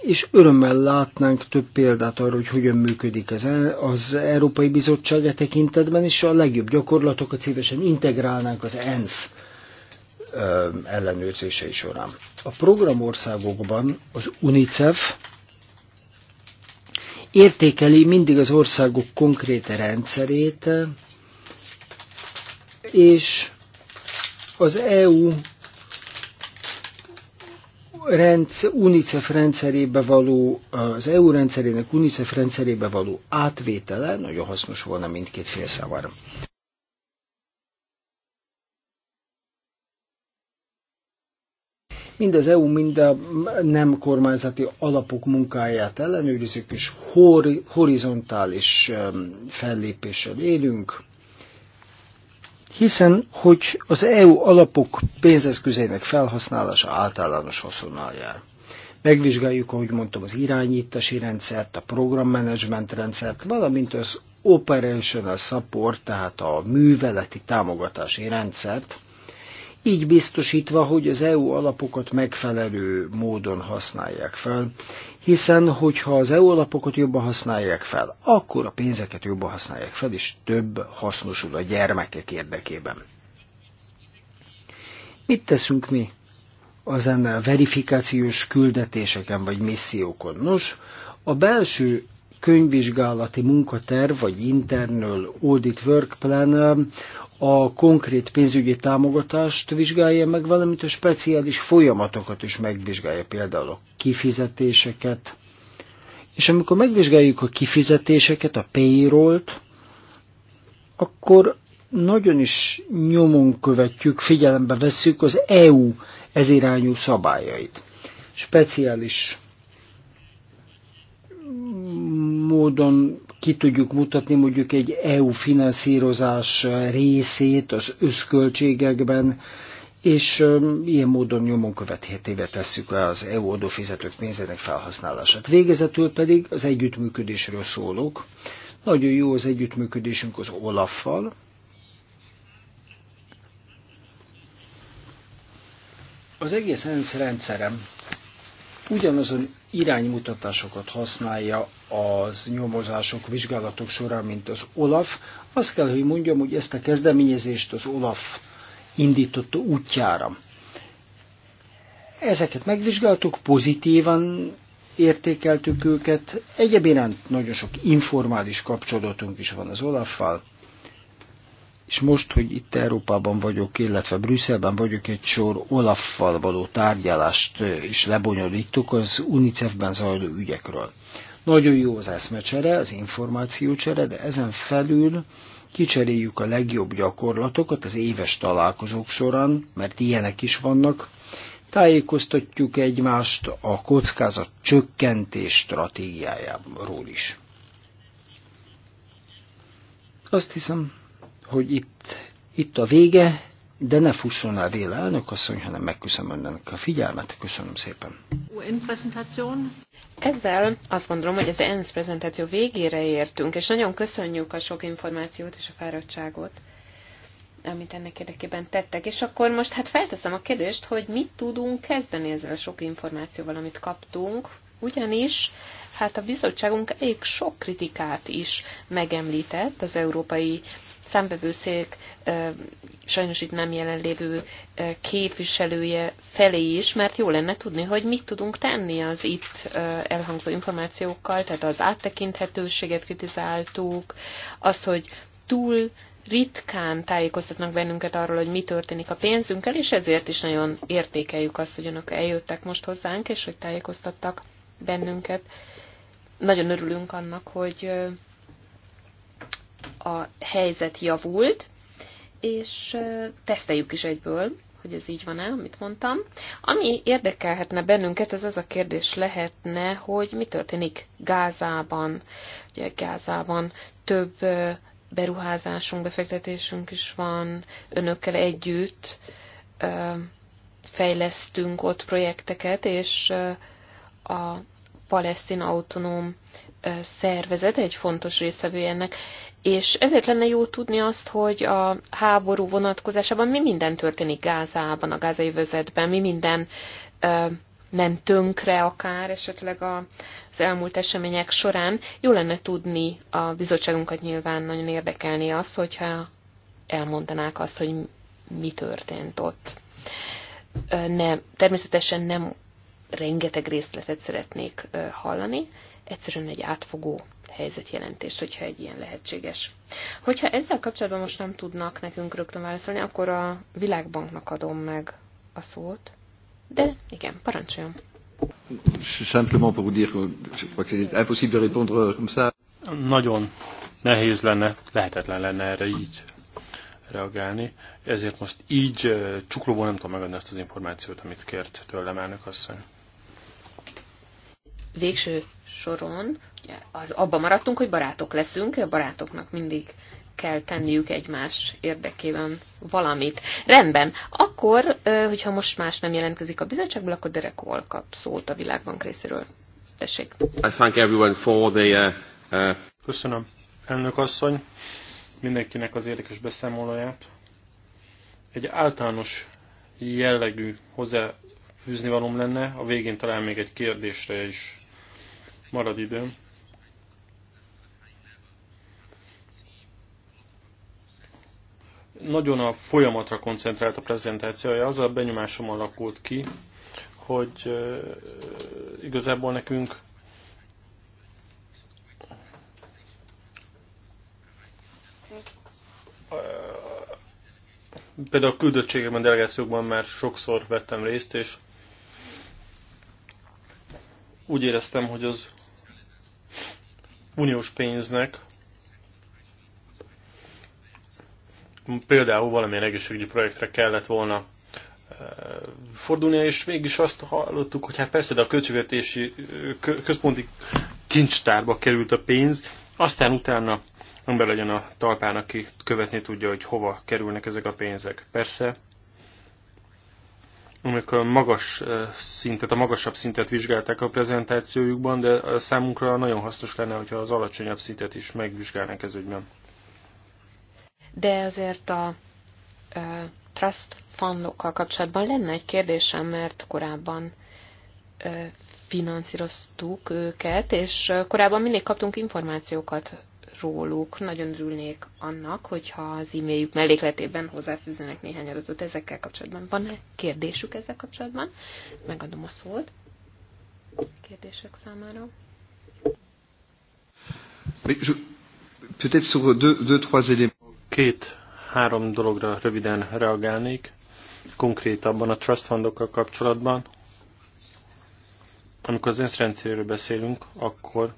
és örömmel látnánk több példát arra, hogy hogyan működik ez. E- az Európai Bizottság e tekintetben is a legjobb gyakorlatokat szívesen integrálnánk az ENSZ ellenőrzései során. A programországokban az UNICEF értékeli mindig az országok konkrét rendszerét, és az EU rendszer, UNICEF rendszerébe való, az EU rendszerének UNICEF rendszerébe való átvétele nagyon hasznos volna mindkét fél számára. mind az EU, mind a nem kormányzati alapok munkáját ellenőrizik, és hor, horizontális um, fellépéssel élünk hiszen hogy az EU alapok pénzeszközének felhasználása általános haszonnal jár. Megvizsgáljuk, ahogy mondtam, az irányítási rendszert, a programmenedzsment rendszert, valamint az operational support, tehát a műveleti támogatási rendszert, így biztosítva, hogy az EU alapokat megfelelő módon használják fel, hiszen hogyha az EU alapokat jobban használják fel, akkor a pénzeket jobban használják fel, és több hasznosul a gyermekek érdekében. Mit teszünk mi az ennél verifikációs küldetéseken vagy missziókon? Nos, a belső könyvvizsgálati munkaterv, vagy internal audit work plan a konkrét pénzügyi támogatást vizsgálja meg, valamint a speciális folyamatokat is megvizsgálja, például a kifizetéseket. És amikor megvizsgáljuk a kifizetéseket, a payrollt, akkor nagyon is nyomon követjük, figyelembe vesszük az EU ezirányú szabályait. Speciális módon ki tudjuk mutatni mondjuk egy EU finanszírozás részét az összköltségekben, és ilyen módon nyomon követhetővé tesszük az EU adófizetők pénzének felhasználását. Végezetül pedig az együttműködésről szólok. Nagyon jó az együttműködésünk az Olaffal, az egész ENSZ rendszerem ugyanazon iránymutatásokat használja az nyomozások, vizsgálatok során, mint az OLAF. Azt kell, hogy mondjam, hogy ezt a kezdeményezést az OLAF indította útjára. Ezeket megvizsgáltuk, pozitívan értékeltük őket. Egyéb iránt nagyon sok informális kapcsolatunk is van az Olaffal és most, hogy itt Európában vagyok, illetve Brüsszelben vagyok, egy sor Olaffal való tárgyalást is lebonyolítok az UNICEF-ben zajló ügyekről. Nagyon jó az eszmecsere, az információcsere, de ezen felül kicseréljük a legjobb gyakorlatokat az éves találkozók során, mert ilyenek is vannak, tájékoztatjuk egymást a kockázat csökkentés stratégiájáról is. Azt hiszem, hogy itt, itt a vége, de ne fusson el véle elnök asszony, hanem megköszönöm önnek a figyelmet. Köszönöm szépen. Ezzel azt gondolom, hogy az ENSZ prezentáció végére értünk, és nagyon köszönjük a sok információt és a fáradtságot, amit ennek érdekében tettek. És akkor most hát felteszem a kérdést, hogy mit tudunk kezdeni ezzel a sok információval, amit kaptunk, ugyanis hát a bizottságunk elég sok kritikát is megemlített az Európai számbevőszék sajnos itt nem jelenlévő képviselője felé is, mert jó lenne tudni, hogy mit tudunk tenni az itt elhangzó információkkal, tehát az áttekinthetőséget kritizáltuk, azt, hogy túl ritkán tájékoztatnak bennünket arról, hogy mi történik a pénzünkkel, és ezért is nagyon értékeljük azt, hogy önök eljöttek most hozzánk, és hogy tájékoztattak bennünket. Nagyon örülünk annak, hogy a helyzet javult, és teszteljük is egyből, hogy ez így van-e, amit mondtam. Ami érdekelhetne bennünket, ez az a kérdés lehetne, hogy mi történik Gázában. Ugye Gázában több beruházásunk, befektetésünk is van, önökkel együtt fejlesztünk ott projekteket, és a palesztin autonóm szervezet, egy fontos résztvevője ennek, és ezért lenne jó tudni azt, hogy a háború vonatkozásában mi minden történik Gázában, a gázai vezetben, mi minden nem tönkre akár esetleg a, az elmúlt események során. Jó lenne tudni, a bizottságunkat nyilván nagyon érdekelni azt, hogyha elmondanák azt, hogy mi történt ott. Ne, természetesen nem rengeteg részletet szeretnék hallani, egyszerűen egy átfogó helyzetjelentést, hogyha egy ilyen lehetséges. Hogyha ezzel kapcsolatban most nem tudnak nekünk rögtön válaszolni, akkor a Világbanknak adom meg a szót. De igen, parancsoljon. Simplement pour vous dire que je crois qu'il est impossible de répondre comme ça. Nagyon nehéz lenne, lehetetlen lenne erre így reagálni. Ezért most így csuklóban nem tudom megadni ezt az információt, amit kért tőlem elnök asszony végső soron az abban maradtunk, hogy barátok leszünk, a barátoknak mindig kell tenniük egymás érdekében valamit. Rendben, akkor, hogyha most más nem jelentkezik a bizottságból, akkor Derek Wall kap szót a világbank részéről. Tessék. I thank everyone for the, uh, uh... Köszönöm, elnök asszony, mindenkinek az érdekes beszámolóját. Egy általános jellegű hozzáfűzni valóm lenne, a végén talán még egy kérdésre is Marad időm. Nagyon a folyamatra koncentrált a prezentációja, az a benyomásom alakult ki, hogy igazából nekünk például a küldöttségekben, delegációkban már sokszor vettem részt, és úgy éreztem, hogy az uniós pénznek például valamilyen egészségügyi projektre kellett volna eh, fordulnia, és mégis azt hallottuk, hogy hát persze, de a költségvetési központi kincstárba került a pénz, aztán utána ember legyen a talpán, aki követni tudja, hogy hova kerülnek ezek a pénzek. Persze, amikor a magas eh, szintet, a magasabb szintet vizsgálták a prezentációjukban, de eh, számunkra nagyon hasznos lenne, hogyha az alacsonyabb szintet is megvizsgálnánk ez ügyben. De azért a a eh, trust fundokkal kapcsolatban lenne egy kérdésem, mert korábban finanszíroztuk őket, és korábban mindig kaptunk információkat róluk. Nagyon örülnék annak, hogyha az e-mailjük mellékletében hozzáfűznének néhány adatot ezekkel kapcsolatban. Van-e kérdésük ezzel kapcsolatban? Megadom a szót kérdések számára. Két-három dologra röviden reagálnék, konkrétabban a trust fundokkal kapcsolatban. Amikor az ENSZ rendszeréről beszélünk, akkor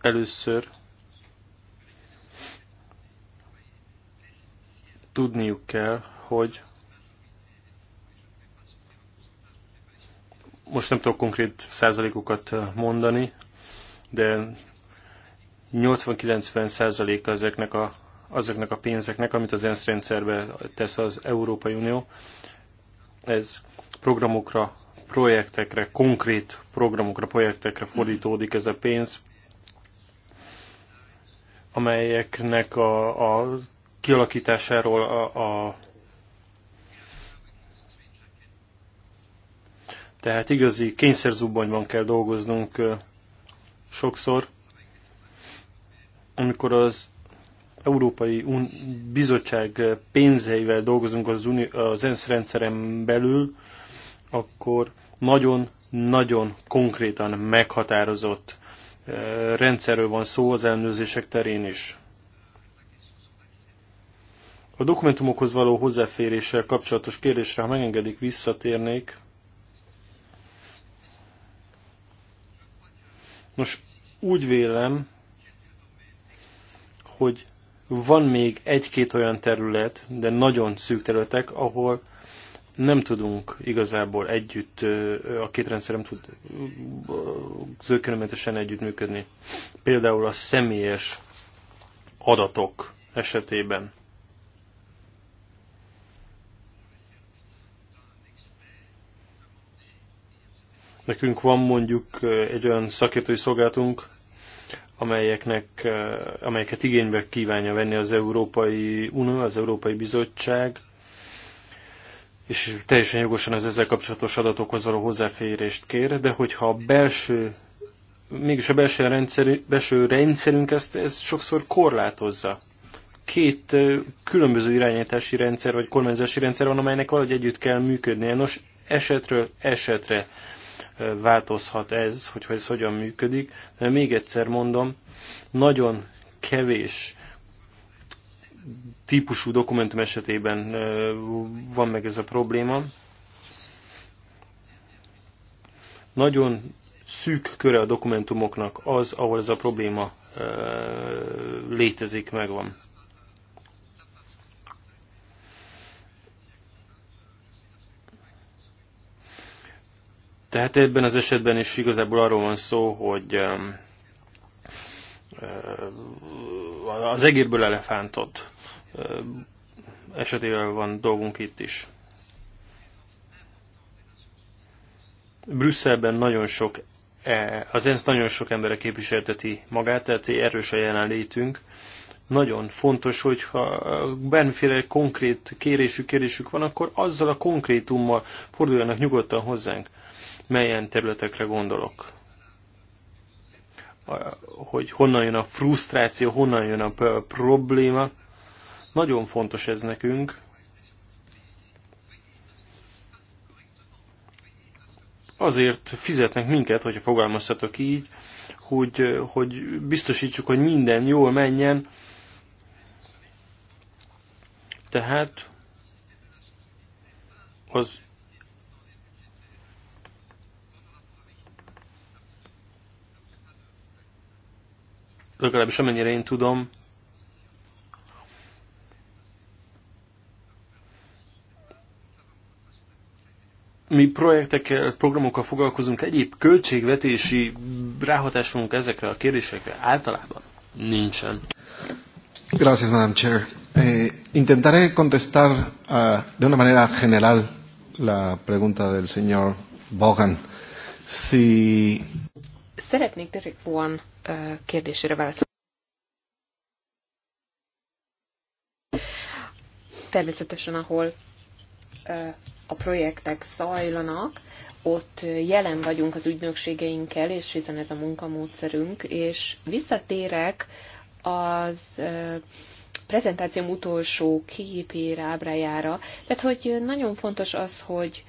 először tudniuk kell, hogy most nem tudok konkrét százalékokat eh, mondani, de 80-90 százaléka ezeknek a, azoknak a pénzeknek, amit az ENSZ rendszerbe tesz az Európai Unió, ez programokra, projektekre, konkrét programokra, projektekre fordítódik ez a pénz, amelyeknek a, a kialakításáról a, a Tehát igazi kényszerzubbonyban kell dolgoznunk sokszor, amikor az Európai Bizottság pénzeivel dolgozunk az, uni, az ENSZ rendszeren belül, akkor nagyon-nagyon konkrétan meghatározott rendszerről van szó az ellenőrzések terén is. A dokumentumokhoz való hozzáféréssel kapcsolatos kérdésre, ha megengedik, visszatérnék. Nos, úgy vélem, hogy van még egy-két olyan terület, de nagyon szűk területek, ahol nem tudunk igazából együtt, a két rendszer nem tud zöggenőmentesen együttműködni. Például a személyes adatok esetében. Nekünk van mondjuk egy olyan szakértői szolgálatunk, amelyeknek, amelyeket igénybe kívánja venni az Európai Unió, az Európai Bizottság, és teljesen jogosan az ezzel kapcsolatos adatokhoz való hozzáférést kér, de hogyha a belső, mégis a belső, rendszer, belső rendszerünk ezt, ezt sokszor korlátozza. Két különböző irányítási rendszer vagy kormányzási rendszer van, amelynek valahogy együtt kell működnie. Nos, esetről esetre változhat ez, hogy ez hogyan működik, de még egyszer mondom, nagyon kevés típusú dokumentum esetében van meg ez a probléma. Nagyon szűk köre a dokumentumoknak az, ahol ez a probléma létezik, megvan. Tehát ebben az esetben is igazából arról van szó, hogy az egérből elefántot esetével van dolgunk itt is. Brüsszelben nagyon sok, e, az ENSZ nagyon sok embere képviselteti magát, tehát erős a jelenlétünk. Nagyon fontos, hogyha bármiféle konkrét kérésük, kérésük van, akkor azzal a konkrétummal forduljanak nyugodtan hozzánk. Melyen területekre gondolok? Hogy honnan jön a frusztráció, honnan jön a probléma. Nagyon fontos ez nekünk. Azért fizetnek minket, hogyha fogalmazhatok így, hogy, hogy biztosítsuk, hogy minden jól menjen. Tehát az legalábbis amennyire én tudom, mi projektekkel, programokkal foglalkozunk, egyéb költségvetési ráhatásunk ezekre a kérdésekre általában nincsen. Gracias, Madam Chair. Eh, intentaré contestar uh, de una manera general la pregunta del señor Bogan. Si... Szeretnék Derek Bowen kérdésére válaszolni. Természetesen, ahol a projektek zajlanak, ott jelen vagyunk az ügynökségeinkkel, és hiszen ez a munkamódszerünk, és visszatérek az prezentációm utolsó képére, ábrájára. Tehát, hogy nagyon fontos az, hogy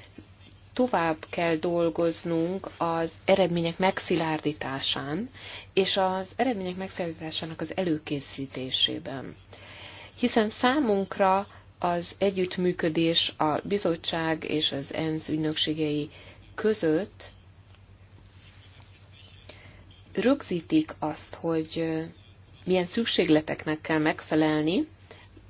tovább kell dolgoznunk az eredmények megszilárdításán, és az eredmények megszilárdításának az előkészítésében. Hiszen számunkra az együttműködés a bizottság és az ENSZ ügynökségei között rögzítik azt, hogy milyen szükségleteknek kell megfelelni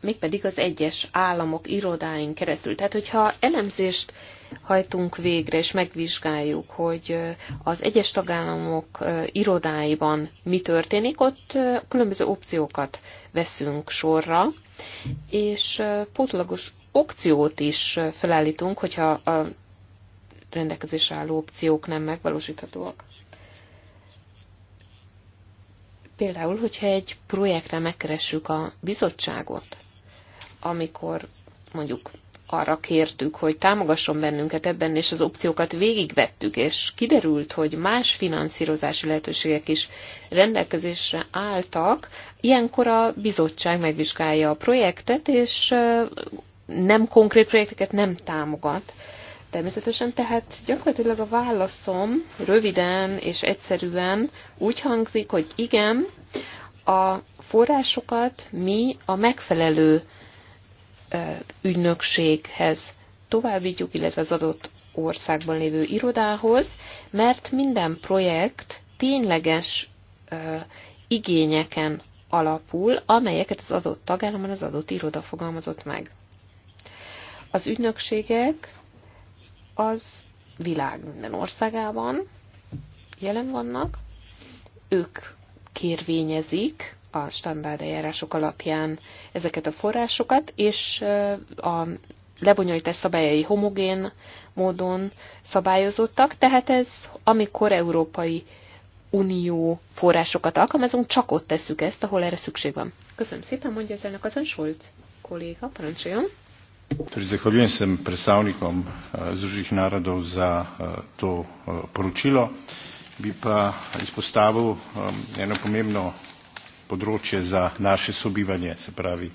mégpedig az egyes államok irodáin keresztül. Tehát, hogyha elemzést hajtunk végre, és megvizsgáljuk, hogy az egyes tagállamok irodáiban mi történik, ott különböző opciókat veszünk sorra, és pótlagos opciót is felállítunk, hogyha a rendelkezésre álló opciók nem megvalósíthatóak. Például, hogyha egy projektre megkeressük a bizottságot, amikor mondjuk arra kértük, hogy támogasson bennünket ebben, és az opciókat végigvettük, és kiderült, hogy más finanszírozási lehetőségek is rendelkezésre álltak, ilyenkor a bizottság megvizsgálja a projektet, és nem konkrét projekteket nem támogat. Természetesen tehát gyakorlatilag a válaszom röviden és egyszerűen úgy hangzik, hogy igen, a forrásokat mi a megfelelő ügynökséghez továbbítjuk, illetve az adott országban lévő irodához, mert minden projekt tényleges igényeken alapul, amelyeket az adott tagállamban az adott iroda fogalmazott meg. Az ügynökségek az világ minden országában jelen vannak, ők kérvényezik a standard eljárások alapján ezeket a forrásokat, és a lebonyolítás szabályai homogén módon szabályozottak, tehát ez, amikor Európai Unió forrásokat alkalmazunk, csak ott tesszük ezt, ahol erre szükség van. Köszönöm szépen, mondja az elnök azon Schulz kolléga, parancsoljon. Torej, zahvaljujem se predstavnikom eh, Združenih narodov za eh, to eh, poročilo. Bi pa izpostavil eno pomembno področje za naše sobivanje, se pravi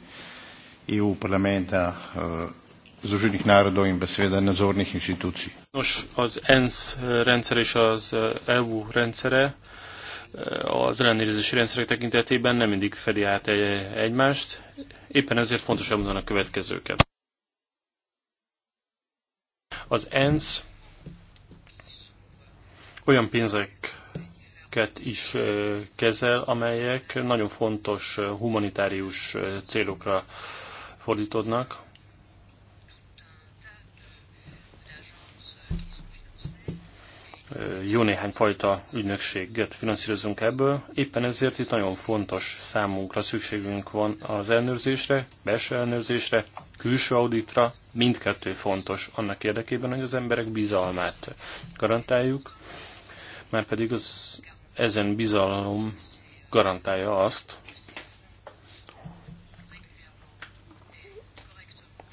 EU parlamenta, eh, Združenih Narodov in pa seveda nadzornih inštitucij. Nos, az ENSZ rendszer és az EU eh, e rendszere eh, az ellenőrzési rendszerek tekintetében nem mindig fedi át e, egymást, éppen ezért fontos elmondani a következőket. Az ENSZ olyan pénzek projekteket is kezel, amelyek nagyon fontos humanitárius célokra fordítodnak. Jó néhány fajta ügynökséget finanszírozunk ebből, éppen ezért itt nagyon fontos számunkra szükségünk van az ellenőrzésre, belső ellenőrzésre, külső auditra, mindkettő fontos annak érdekében, hogy az emberek bizalmát garantáljuk, már pedig az ezen bizalom garantálja azt,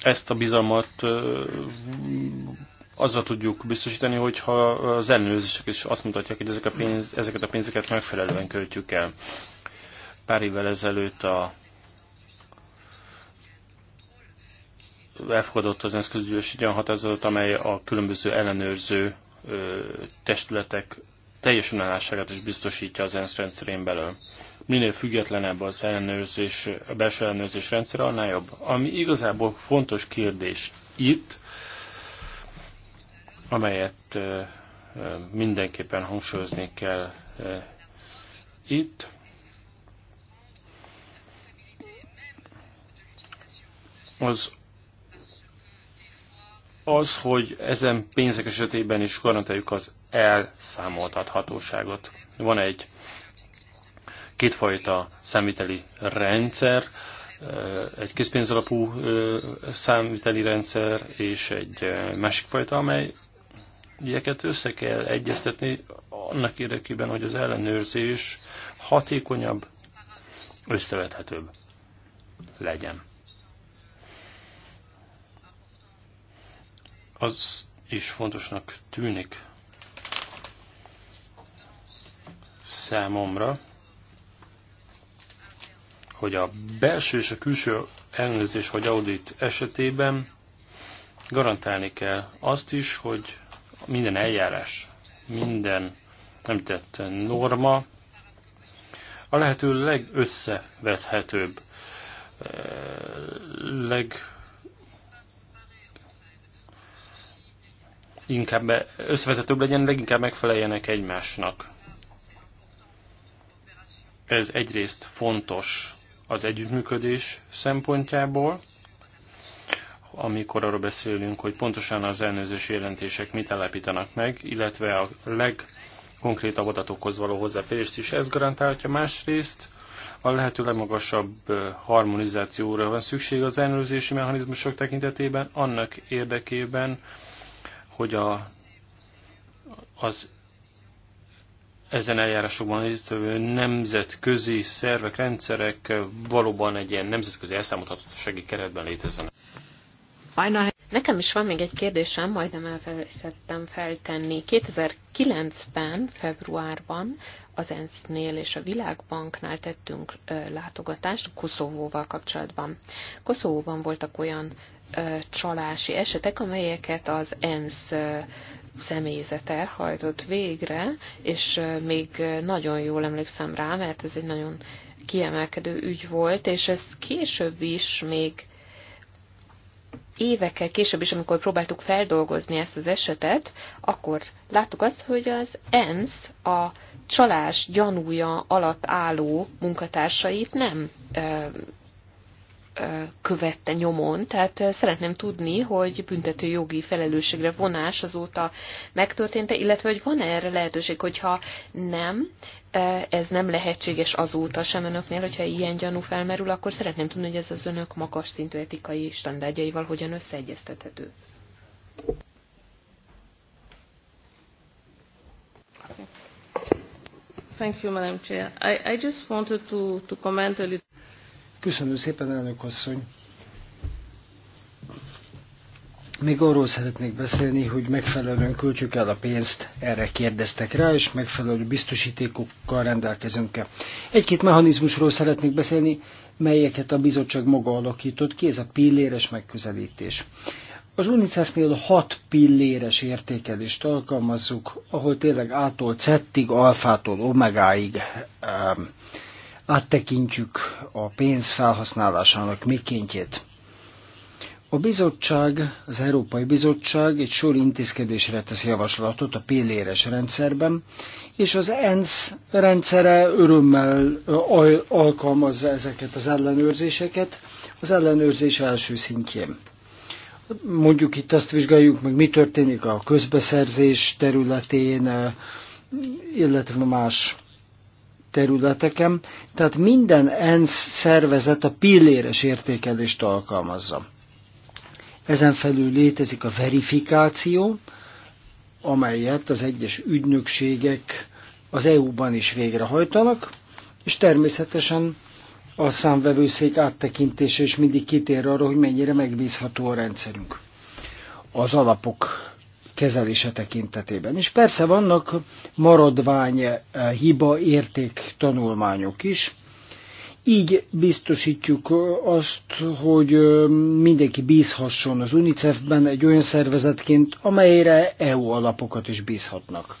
ezt a bizalmat azzal tudjuk biztosítani, hogyha az ellenőrzések is azt mutatják, hogy ezek a pénz, ezeket a pénzeket megfelelően költjük el. Pár évvel ezelőtt a elfogadott az eszközgyűlés egy olyan határozatot, amely a különböző ellenőrző testületek teljes önállásságát is biztosítja az ENSZ rendszerén belül. Minél függetlenebb az ellenőrzés, a belső ellenőrzés rendszer, annál jobb. Ami igazából fontos kérdés itt, amelyet mindenképpen hangsúlyozni kell itt, az az, hogy ezen pénzek esetében is garantáljuk az elszámoltathatóságot. Van egy kétfajta számviteli rendszer, egy készpénzalapú számviteli rendszer és egy másik fajta, amely ilyeket össze kell egyeztetni annak érdekében, hogy az ellenőrzés hatékonyabb, összevethetőbb legyen. Az is fontosnak tűnik számomra, hogy a belső és a külső ellenőrzés vagy audit esetében garantálni kell azt is, hogy minden eljárás, minden nem tett norma a lehető legösszevethetőbb, eh, leg inkább eh, összevezetőbb legyen, leginkább megfeleljenek egymásnak. Ez egyrészt fontos az együttműködés szempontjából, amikor arról beszélünk, hogy pontosan az elnőzős jelentések mit állapítanak meg, illetve a legkonkrétabb adatokhoz való hozzáférést is ez garantálhatja. Másrészt a lehető legmagasabb harmonizációra van szükség az ellenőrzési mechanizmusok tekintetében, annak érdekében, hogy a, az ezen eljárásokban résztvevő nemzetközi szervek, rendszerek valóban egy ilyen nemzetközi elszámolhatósági keretben létezzenek. Nekem is van még egy kérdésem, majdnem elfelejtettem feltenni. 2009-ben, februárban az ENSZ-nél és a Világbanknál tettünk látogatást Koszovóval kapcsolatban. Koszovóban voltak olyan csalási esetek, amelyeket az ENSZ személyzete hajtott végre, és még nagyon jól emlékszem rá, mert ez egy nagyon kiemelkedő ügy volt, és ez később is még évekkel később is, amikor próbáltuk feldolgozni ezt az esetet, akkor láttuk azt, hogy az ENSZ a csalás gyanúja alatt álló munkatársait nem követte nyomon, tehát szeretném tudni, hogy büntető jogi felelősségre vonás azóta megtörtént-e, illetve hogy van -e erre lehetőség, hogyha nem, ez nem lehetséges azóta sem önöknél, hogyha ilyen gyanú felmerül, akkor szeretném tudni, hogy ez az önök magas szintű etikai standardjaival hogyan összeegyeztethető. Thank you, Madam Chair. I, I just wanted to, to comment a little. Köszönöm szépen, elnök asszony. Még arról szeretnék beszélni, hogy megfelelően költjük el a pénzt, erre kérdeztek rá, és megfelelő biztosítékokkal rendelkezünk-e. Egy-két mechanizmusról szeretnék beszélni, melyeket a bizottság maga alakított ki, ez a pilléres megközelítés. Az UNICEF-nél hat pilléres értékelést alkalmazzuk, ahol tényleg Z-ig, alfától omegáig um, áttekintjük a pénz felhasználásának mikéntjét. A bizottság, az Európai Bizottság egy sor intézkedésre tesz javaslatot a pilléres rendszerben, és az ENSZ rendszere örömmel alkalmazza ezeket az ellenőrzéseket, az ellenőrzés első szintjén. Mondjuk itt azt vizsgáljuk meg, mi történik a közbeszerzés területén, illetve más területeken, tehát minden ENSZ szervezet a pilléres értékelést alkalmazza. Ezen felül létezik a verifikáció, amelyet az egyes ügynökségek az EU-ban is végrehajtanak, és természetesen a számvevőszék áttekintése is mindig kitér arra, hogy mennyire megbízható a rendszerünk. Az alapok kezelése tekintetében. És persze vannak maradvány eh, hiba érték tanulmányok is, így biztosítjuk eh, azt, hogy eh, mindenki bízhasson az UNICEF-ben egy olyan szervezetként, amelyre EU alapokat is bízhatnak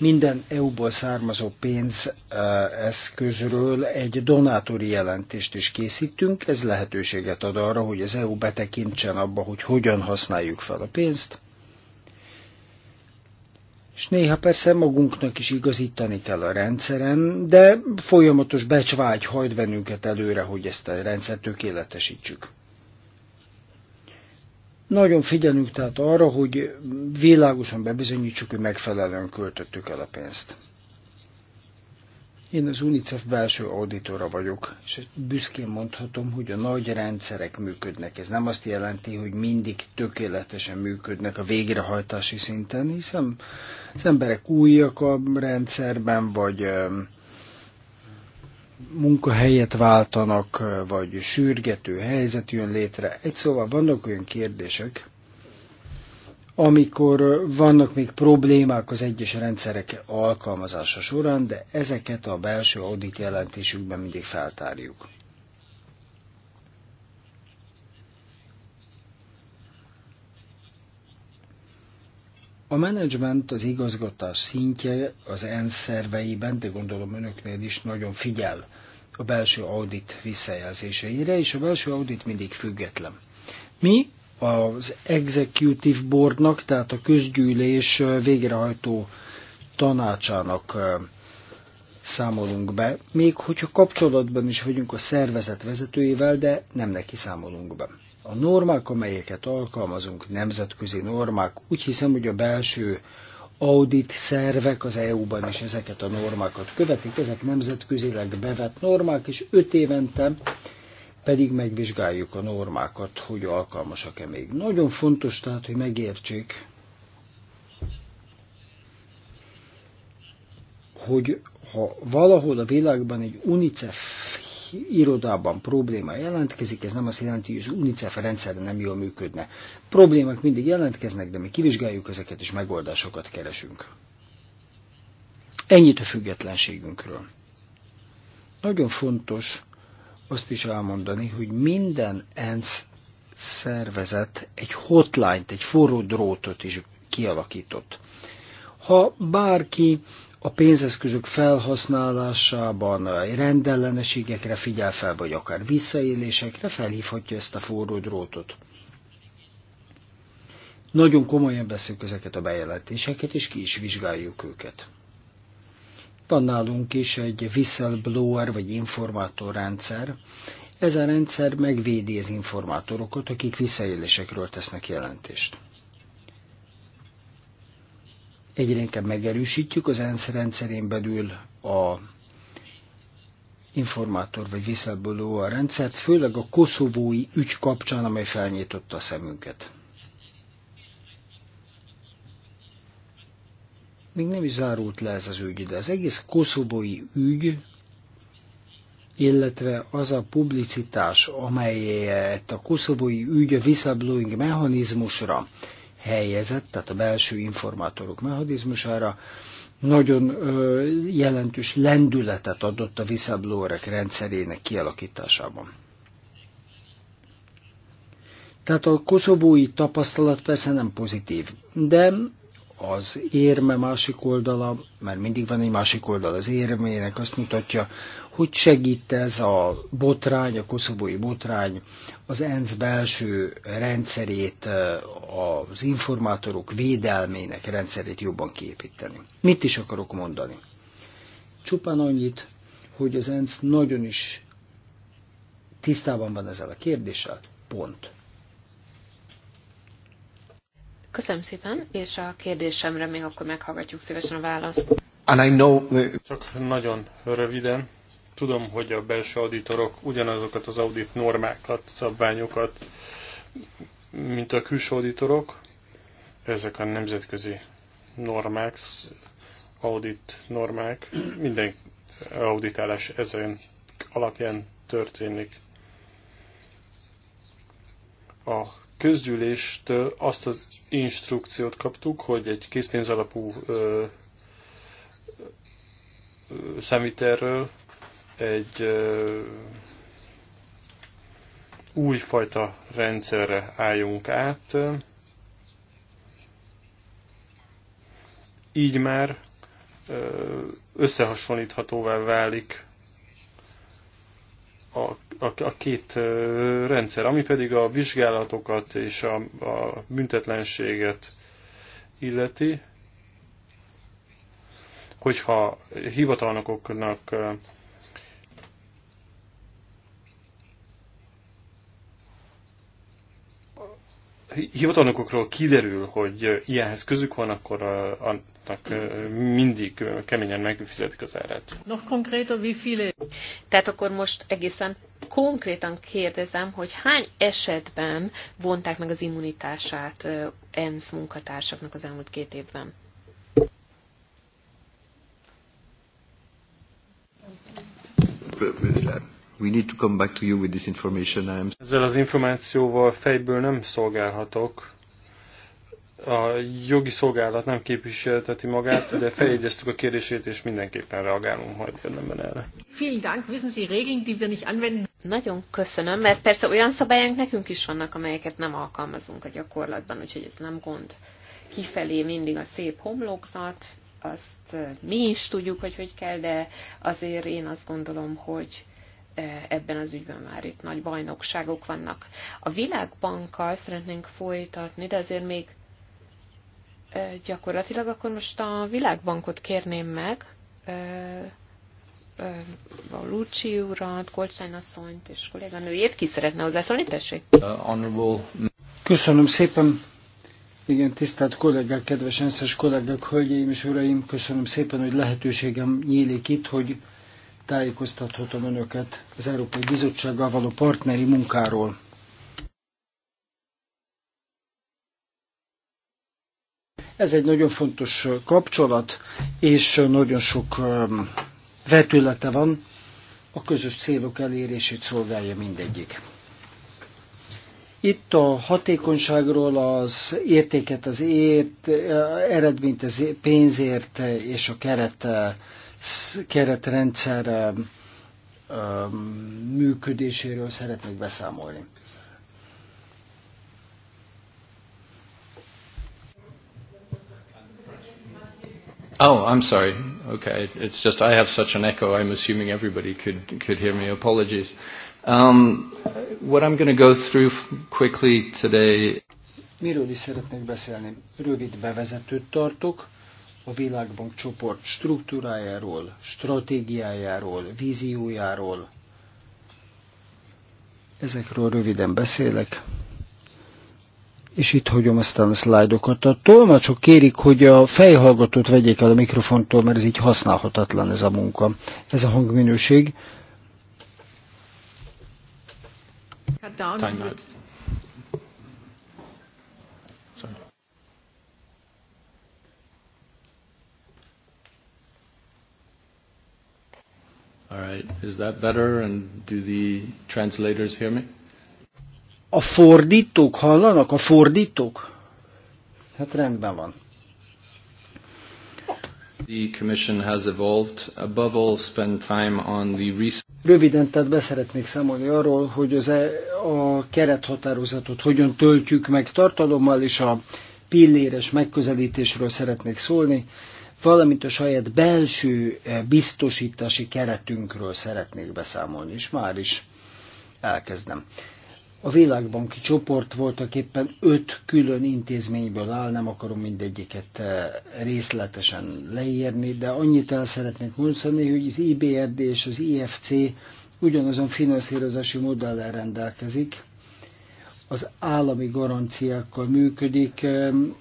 minden EU-ból származó pénzeszközről egy donátori jelentést is készítünk. Ez lehetőséget ad arra, hogy az EU betekintsen abba, hogy hogyan használjuk fel a pénzt. És néha persze magunknak is igazítani kell a rendszeren, de folyamatos becsvágy hajt bennünket előre, hogy ezt a rendszert tökéletesítsük. Nagyon figyelünk tehát arra, hogy világosan bebizonyítsuk, hogy megfelelően költöttük el a pénzt. Én az UNICEF belső auditora vagyok, és büszkén mondhatom, hogy a nagy rendszerek működnek. Ez nem azt jelenti, hogy mindig tökéletesen működnek a végrehajtási szinten, hiszen az emberek újak a rendszerben, vagy munkahelyet váltanak, vagy sürgető helyzet jön létre. Egy szóval vannak olyan kérdések, amikor vannak még problémák az egyes rendszerek alkalmazása során, de ezeket a belső audit jelentésükben mindig feltárjuk. A menedzsment, az igazgatás szintje az ENSZ szerveiben, de gondolom önöknél is nagyon figyel a belső audit visszajelzéseire, és a belső audit mindig független. Mi az Executive Boardnak, tehát a közgyűlés végrehajtó tanácsának számolunk be, még hogyha kapcsolatban is vagyunk a szervezet vezetőjével, de nem neki számolunk be. A normák, amelyeket alkalmazunk, nemzetközi normák, úgy hiszem, hogy a belső audit szervek az EU-ban is ezeket a normákat követik, ezek nemzetközileg bevett normák, és öt évente pedig megvizsgáljuk a normákat, hogy alkalmasak-e még. Nagyon fontos tehát, hogy megértsék, hogy ha valahol a világban egy UNICEF irodában probléma jelentkezik, ez nem azt jelenti, hogy az UNICEF rendszer nem jól működne. Problémák mindig jelentkeznek, de mi kivizsgáljuk ezeket, és megoldásokat keresünk. Ennyit a függetlenségünkről. Nagyon fontos azt is elmondani, hogy minden ENSZ szervezet egy hotline-t, egy forró drótot is kialakított. Ha bárki a pénzeszközök felhasználásában rendellenességekre figyel fel, vagy akár visszaélésekre felhívhatja ezt a forró drótot. Nagyon komolyan veszük ezeket a bejelentéseket, és ki is vizsgáljuk őket. Van nálunk is egy whistleblower vagy informátorrendszer. Ez a rendszer megvédi az informátorokat, akik visszaélésekről tesznek jelentést egyre inkább megerősítjük az ENSZ rendszerén belül a informátor vagy visszabuló a rendszert, főleg a koszovói ügy kapcsán, amely felnyitotta a szemünket. Még nem is zárult le ez az ügy, de az egész koszovói ügy, illetve az a publicitás, amelyet a koszovói ügy a whistleblowing mechanizmusra, helyezett, tehát a belső informátorok mechanizmusára, nagyon ö, jelentős lendületet adott a whistleblowerek rendszerének kialakításában. Tehát a koszovói tapasztalat persze nem pozitív, de az érme másik oldala, mert mindig van egy másik oldal az érmének, azt mutatja, hogy segít ez a botrány, a koszobói botrány az ENSZ belső rendszerét, eh, az informátorok védelmének rendszerét jobban kiépíteni. Mit is akarok mondani? Csupán annyit, hogy az ENSZ nagyon is tisztában van ezzel a kérdéssel, pont. Köszönöm szépen, és a kérdésemre még akkor meghallgatjuk szívesen a választ. And I know the... Csak nagyon röviden. Tudom, hogy a belső auditorok ugyanazokat az audit normákat, szabványokat, mint a külső auditorok. Ezek a nemzetközi normák, audit normák, minden auditálás ezen alapján történik. A közgyűléstől azt az instrukciót kaptuk, hogy egy készpénz alapú ö, ö, egy ö, újfajta rendszerre álljunk át. Így már összehasonlíthatóvá válik a a, a két rendszer, ami pedig a vizsgálatokat és a, a büntetlenséget illeti, hogyha hivatalnokoknak hivatalnokokról kiderül, hogy ilyenhez közük van, akkor annak mindig keményen megfizetik az árát. Noch konkrétan, wie viele? Tehát akkor most egészen konkrétan kérdezem, hogy hány esetben vonták meg az immunitását ENSZ munkatársaknak az elmúlt két évben? We need to come back to you with this information. I'm... Ezzel az információval fejből nem szolgálhatok. A jogi szolgálat nem képviselteti magát, de feljegyeztük a kérdését, és mindenképpen reagálunk majd érdemben erre. Vielen Dank. Wissen Sie, Regeln, die wir nicht anwenden. Nagyon köszönöm, mert persze olyan szabályánk nekünk is vannak, amelyeket nem alkalmazunk a gyakorlatban, úgyhogy ez nem gond. Kifelé mindig a szép homlokzat, azt mi is tudjuk, hogy hogy kell, de azért én azt gondolom, hogy ebben az ügyben már itt nagy bajnokságok vannak. A világbankkal szeretnénk folytatni, de azért még gyakorlatilag akkor most a világbankot kérném meg, Valucsi urat, Kolcsány asszonyt és kolléganőjét. Ki szeretne hozzászólni? Tessék! Uh, köszönöm szépen! Igen, tisztelt kollégák, kedves enszes kollégák, hölgyeim és uraim, köszönöm szépen, hogy lehetőségem nyílik itt, hogy tájékoztathatom Önöket az Európai Bizottsággal való partneri munkáról. Ez egy nagyon fontos kapcsolat, és nagyon sok vetülete van, a közös célok elérését szolgálja mindegyik. Itt a hatékonyságról az értéket, az ért, eredményt az pénzért és a keret, keretrendszer működéséről szeretnék beszámolni. Oh, I'm sorry okay. It's just I have such an echo. I'm assuming everybody could could hear me. Apologies. Um, what I'm going to go through quickly today. Miről is szeretnék beszélni? Rövid bevezetőt tartok a Világbank csoport struktúrájáról, stratégiájáról, víziójáról. Ezekről röviden beszélek és itt hagyom aztán a szlájdokat. A tolmácsok kérik, hogy a fejhallgatót vegyék el a mikrofontól, mert ez így használhatatlan ez a munka, ez a hangminőség. All right. Is that better? And do the translators hear me? A fordítók hallanak? A fordítók? Hát rendben van. The commission has evolved. Above all, spend time on the recent... Röviden, tehát beszeretnék számolni arról, hogy az e, a kerethatározatot hogyan töltjük meg tartalommal, és a pilléres megközelítésről szeretnék szólni, valamint a saját belső e, biztosítási keretünkről szeretnék beszámolni, és már is elkezdem. A világbanki csoport voltak éppen öt külön intézményből áll, nem akarom mindegyiket eh, részletesen leírni, de annyit el szeretnék mondani, hogy az IBRD és az IFC ugyanazon finanszírozási modellel rendelkezik, az állami garanciákkal működik,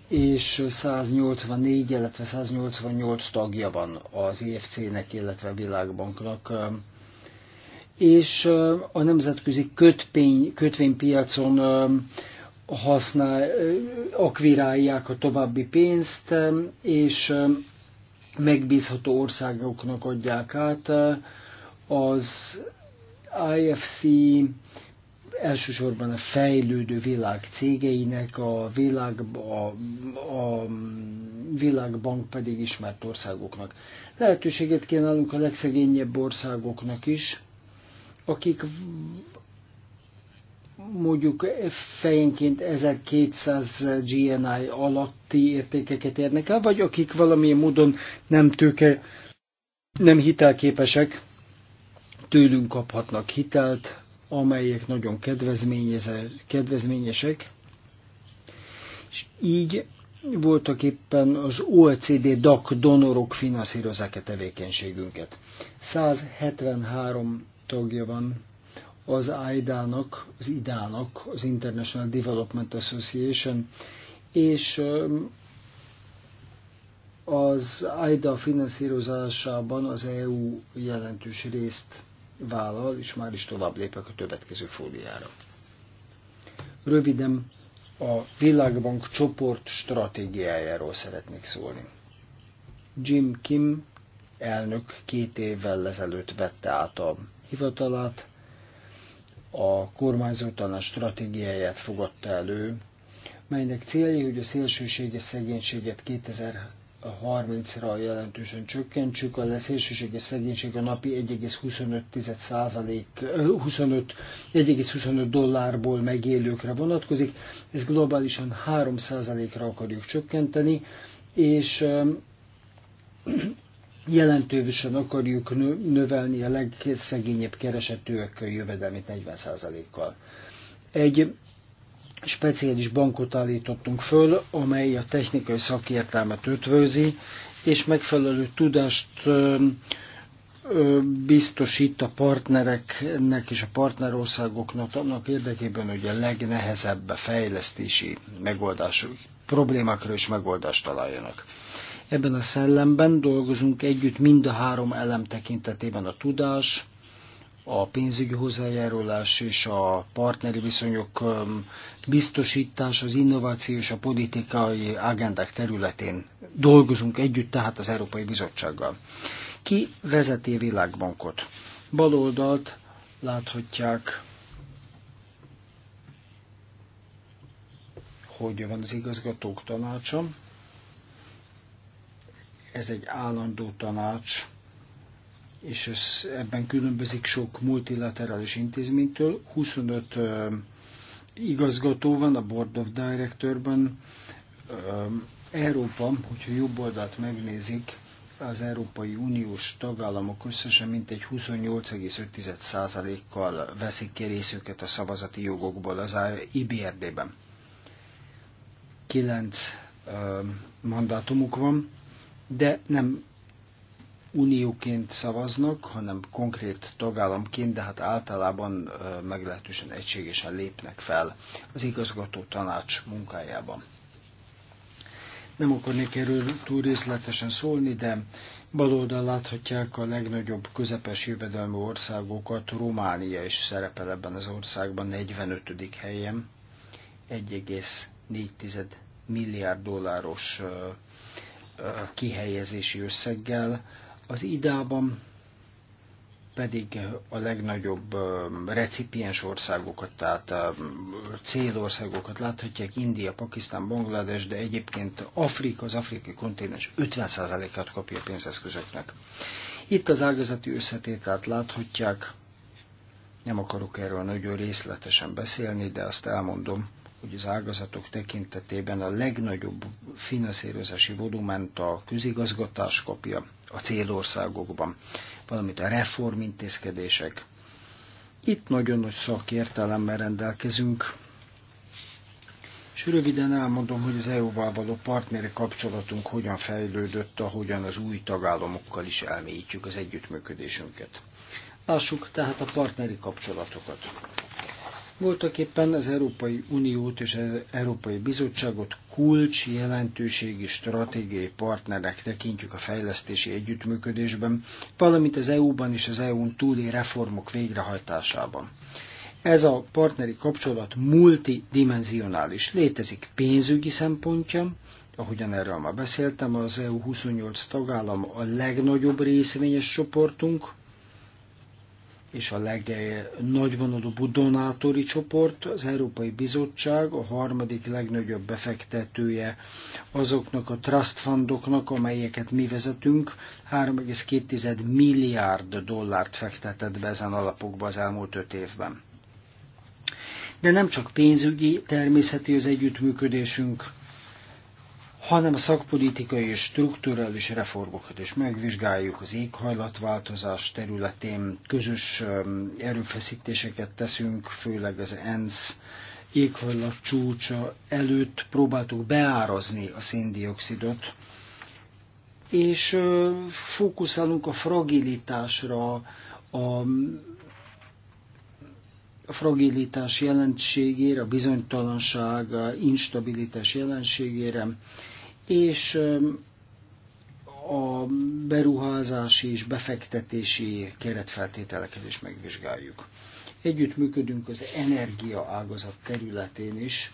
és 184, illetve 188 tagja van az IFC-nek, illetve a Világbanknak és a nemzetközi kötpény, kötvénypiacon használ, akvirálják a további pénzt, és megbízható országoknak adják át. Az IFC elsősorban a fejlődő világ cégeinek, a, világ, a, a világbank pedig ismert országoknak. Lehetőséget kínálunk a legszegényebb országoknak is, akik mondjuk fejenként 1200 GNI alatti értékeket érnek el, vagy akik valamilyen módon nem tőke, nem hitelképesek, tőlünk kaphatnak hitelt, amelyek nagyon kedvezményesek, és így voltak éppen az OECD DAC donorok finanszírozák a tevékenységünket. 173 tagja van az aida nak az IDA-nak, az International Development Association, és az AIDA finanszírozásában az EU jelentős részt vállal, és már is tovább lépek a következő fóliára. Röviden a Világbank csoport stratégiájáról szeretnék szólni. Jim Kim elnök két évvel ezelőtt vette át a hivatalát, a kormányzó a stratégiáját fogadta elő, melynek célja, hogy a szélsőséges szegénységet 2030-ra jelentősen csökkentsük. A szélsőséges szegénység a napi 1,25 25, 1,25 dollárból megélőkre vonatkozik. Ezt globálisan 3%-ra akarjuk csökkenteni, és jelentősen akarjuk növelni a legszegényebb keresetőek jövedelmét 40%-kal. Egy speciális bankot állítottunk föl, amely a technikai szakértelmet ötvözi, és megfelelő tudást biztosít a partnereknek és a partnerországoknak annak érdekében, hogy a legnehezebb fejlesztési megoldású problémákra is megoldást találjanak. Ebben a szellemben dolgozunk együtt mind a három elem tekintetében a tudás, a pénzügyi hozzájárulás és a partneri viszonyok biztosítás, az innováció és a politikai agendák területén dolgozunk együtt, tehát az Európai Bizottsággal. Ki vezeti a világbankot? Baloldalt láthatják, hogy van az igazgatók tanácsa, ez egy állandó tanács, és ez ebben különbözik sok multilaterális intézménytől. 25 igazgató van a Board of Directorban. Európa, hogyha jobb oldalt megnézik, az Európai Uniós tagállamok összesen mintegy 28,5%-kal veszik ki részüket a szavazati jogokból az IBRD-ben. Kilenc uh, mandátumuk van, de nem unióként szavaznak, hanem konkrét tagállamként, de hát általában meglehetősen egységesen lépnek fel az igazgató tanács munkájában. Nem akarnék erről túl részletesen szólni, de baloldal láthatják a legnagyobb közepes jövedelmi országokat, Románia is szerepel ebben az országban 45. helyen, 1,4 milliárd dolláros kihelyezési összeggel, az idában pedig a legnagyobb recipiens országokat, tehát célországokat láthatják, India, Pakisztán, Banglades, de egyébként Afrika, az afrikai kontinens 50%-át kapja a pénzeszközöknek. Itt az ágazati összetételt láthatják, nem akarok erről nagyon részletesen beszélni, de azt elmondom, hogy az ágazatok tekintetében a legnagyobb finanszírozási volument a közigazgatás kapja a célországokban, valamint a reformintézkedések. Itt nagyon nagy szakértelemmel rendelkezünk, és röviden elmondom, hogy az EU-val való partneri kapcsolatunk hogyan fejlődött, ahogyan az új tagállamokkal is elmélyítjük az együttműködésünket. Lássuk tehát a partneri kapcsolatokat. Voltak éppen az Európai Uniót és az Európai Bizottságot kulcs jelentőségi stratégiai partnerek tekintjük a fejlesztési együttműködésben, valamint az EU-ban és az EU-n túli reformok végrehajtásában. Ez a partneri kapcsolat multidimenzionális. Létezik pénzügyi szempontja, ahogyan erről már beszéltem, az EU 28 tagállam a legnagyobb részvényes csoportunk, és a legnagyvonalú donátori csoport, az Európai Bizottság a harmadik legnagyobb befektetője azoknak a trust fundoknak, amelyeket mi vezetünk, 3,2 milliárd dollárt fektetett be ezen alapokba az elmúlt öt évben. De nem csak pénzügyi természeti az együttműködésünk, hanem a szakpolitikai és strukturális reformokat is megvizsgáljuk, az éghajlatváltozás területén közös um, erőfeszítéseket teszünk, főleg az ENSZ éghajlat csúcsa előtt próbáltuk beárazni a széndiokszidot, és uh, fókuszálunk a fragilitásra, a a fragilitás jelenségére, a bizonytalanság, a instabilitás jelenségére, és a beruházási és befektetési keretfeltételeket is megvizsgáljuk. Együttműködünk az energia ágazat területén is.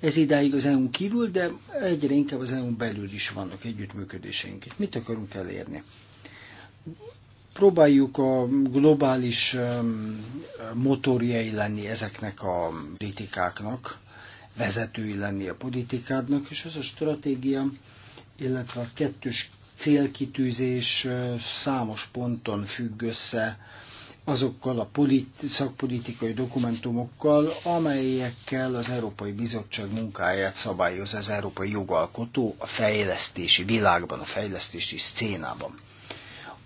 Ez idáig az EU-n kívül, de egyre inkább az EU-n belül is vannak együttműködéseink. Mit akarunk elérni? Próbáljuk a globális motorjai lenni ezeknek a kritikáknak, vezetői lenni a politikádnak, és ez a stratégia, illetve a kettős célkitűzés számos ponton függ össze azokkal a politi- szakpolitikai dokumentumokkal, amelyekkel az Európai Bizottság munkáját szabályoz az európai jogalkotó a fejlesztési világban, a fejlesztési szcénában.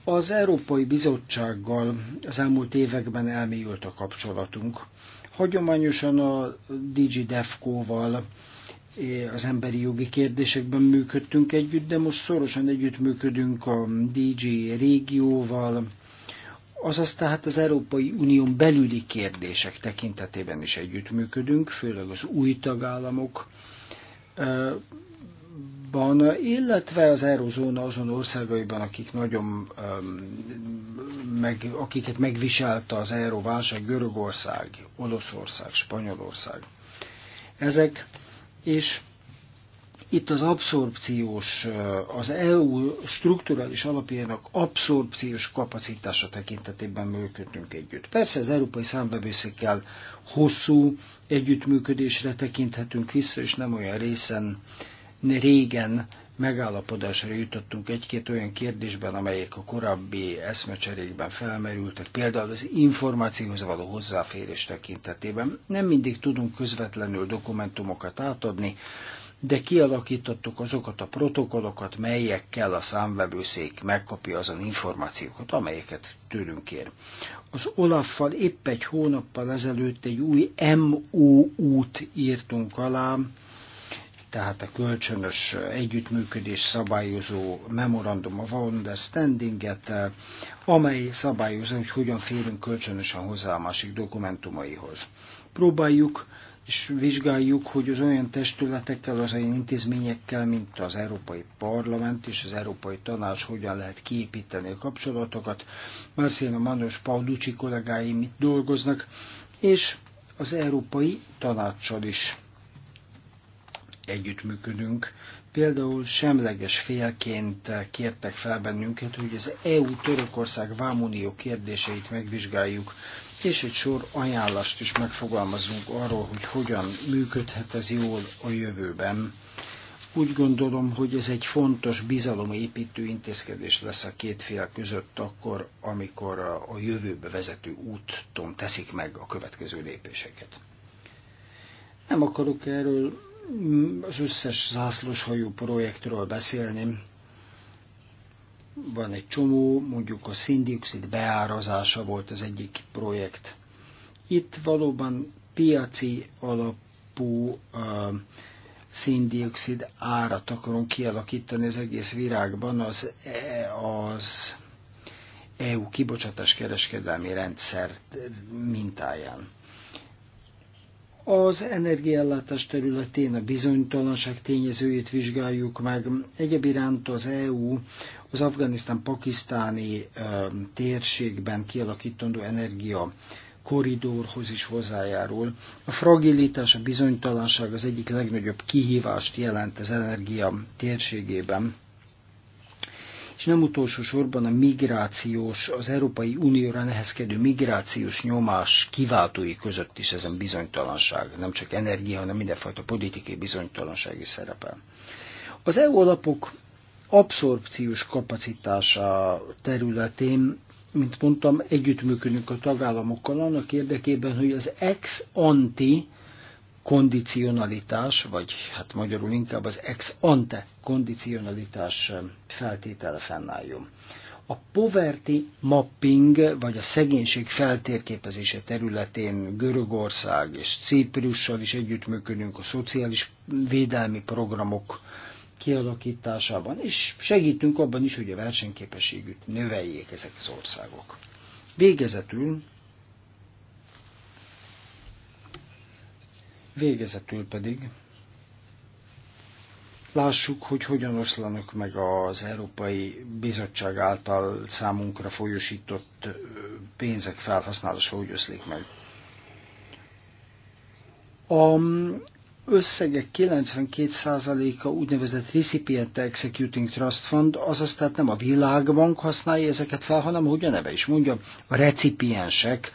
Az Európai Bizottsággal az elmúlt években elmélyült a kapcsolatunk. Hagyományosan a DG DEFCO-val az emberi jogi kérdésekben működtünk együtt, de most szorosan együttműködünk a DG régióval, azaz tehát az Európai Unión belüli kérdések tekintetében is együttműködünk, főleg az új tagállamok Európában, illetve az Eurózóna azon országaiban, akik nagyon, meg, akiket megviselte az Euróválság, Görögország, Olaszország, Spanyolország. Ezek, és itt az abszorpciós, az EU strukturális alapjának abszorpciós kapacitása tekintetében működtünk együtt. Persze az európai számbevőszékkel hosszú együttműködésre tekinthetünk vissza, és nem olyan részen régen megállapodásra jutottunk egy-két olyan kérdésben, amelyek a korábbi eszmecserékben felmerültek, például az információhoz való hozzáférés tekintetében. Nem mindig tudunk közvetlenül dokumentumokat átadni, de kialakítottuk azokat a protokollokat, melyekkel a számvevőszék megkapja azon információkat, amelyeket tőlünk kér. Az Olaffal épp egy hónappal ezelőtt egy új MOU-t írtunk alá, tehát a kölcsönös együttműködés szabályozó memorandum of understanding-et, eh, amely szabályozza, hogy hogyan férünk kölcsönösen hozzá a másik dokumentumaihoz. Próbáljuk és vizsgáljuk, hogy az olyan testületekkel, az olyan intézményekkel, mint az Európai Parlament és az Európai Tanács hogyan lehet kiépíteni a kapcsolatokat. Marcina Manos Paulucci kollégáim itt dolgoznak, és az Európai Tanácssal is együttműködünk. Például semleges félként kértek fel bennünket, hogy az EU-Törökország vámunió kérdéseit megvizsgáljuk, és egy sor ajánlást is megfogalmazunk arról, hogy hogyan működhet ez jól a jövőben. Úgy gondolom, hogy ez egy fontos bizalomépítő intézkedés lesz a két fél között akkor, amikor a jövőbe vezető úton teszik meg a következő lépéseket. Nem akarok erről az összes zászlós hajó projektről beszélni. Van egy csomó, mondjuk a szindioxid beárazása volt az egyik projekt. Itt valóban piaci alapú uh, széndiokszid árat akarunk kialakítani az egész virágban az, e, az EU kibocsátás kereskedelmi rendszer mintáján. Az energiállátás területén a bizonytalanság tényezőjét vizsgáljuk meg. Egyéb iránt az EU az afganisztán-pakisztáni térségben kialakítandó energia koridorhoz is hozzájárul. A fragilitás, a bizonytalanság az egyik legnagyobb kihívást jelent az energia térségében és nem utolsó sorban a migrációs, az Európai Unióra nehezkedő migrációs nyomás kiváltói között is ezen bizonytalanság, nem csak energia, hanem mindenfajta politikai bizonytalanság is szerepel. Az EU alapok abszorpciós kapacitása területén mint mondtam, együttműködünk a tagállamokkal annak érdekében, hogy az ex-anti kondicionalitás, vagy hát magyarul inkább az ex ante kondicionalitás feltétele fennálljon. A poverty mapping, vagy a szegénység feltérképezése területén Görögország és Ciprussal is együttműködünk a szociális védelmi programok kialakításában, és segítünk abban is, hogy a versenyképességük növeljék ezek az országok. Végezetül Végezetül pedig lássuk, hogy hogyan oszlanak meg az Európai Bizottság által számunkra folyosított pénzek felhasználása, hogy oszlik meg. A mm, összegek 92%-a úgynevezett Recipient Executing Trust Fund, azaz tehát nem a világbank használja ezeket fel, hanem, hogy a neve is mondja, a recipiensek,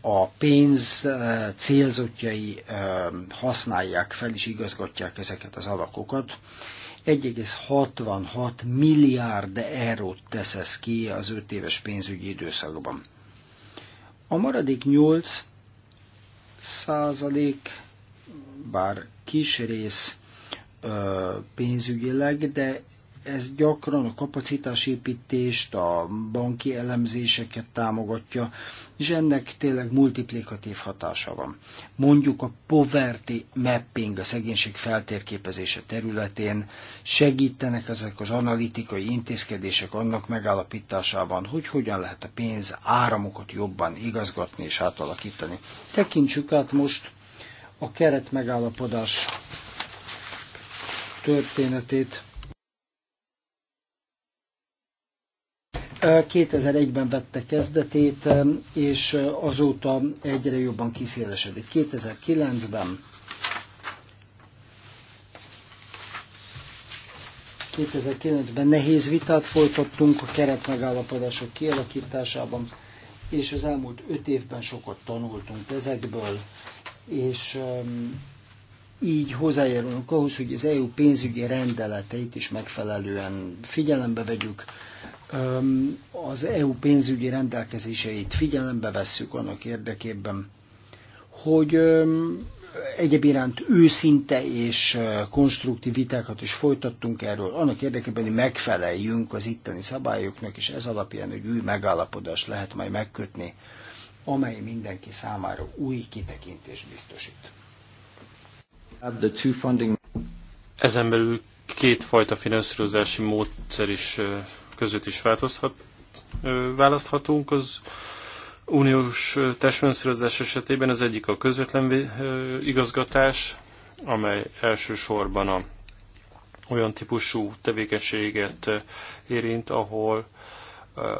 a pénz eh, célzottjai eh, használják fel és igazgatják ezeket az alakokat. 1,66 milliárd eurót tesz ez ki az 5 éves pénzügyi időszakban. A maradék 8 százalék, bár kis rész eh, pénzügyileg, de ez gyakran a kapacitásépítést, a banki elemzéseket támogatja, és ennek tényleg multiplikatív hatása van. Mondjuk a poverty mapping, a szegénység feltérképezése területén segítenek ezek az analitikai intézkedések annak megállapításában, hogy hogyan lehet a pénz áramokat jobban igazgatni és átalakítani. Tekintsük át most a keret megállapodás történetét. 2001-ben vette kezdetét, és azóta egyre jobban kiszélesedik. 2009-ben 2009-ben nehéz vitát folytattunk a keretmegállapodások kialakításában, és az elmúlt öt évben sokat tanultunk ezekből, és így hozzájárulunk ahhoz, hogy az EU pénzügyi rendeleteit is megfelelően figyelembe vegyük, az EU pénzügyi rendelkezéseit figyelembe vesszük annak érdekében, hogy egyéb iránt őszinte és konstruktív vitákat is folytattunk erről, annak érdekében, hogy megfeleljünk az itteni szabályoknak, és ez alapján egy új megállapodást lehet majd megkötni, amely mindenki számára új kitekintést biztosít. Ezen belül kétfajta finanszírozási módszer is között is változhat, választhatunk. Az uniós testfinanszírozás esetében az egyik a közvetlen igazgatás, amely elsősorban a olyan típusú tevékenységet érint, ahol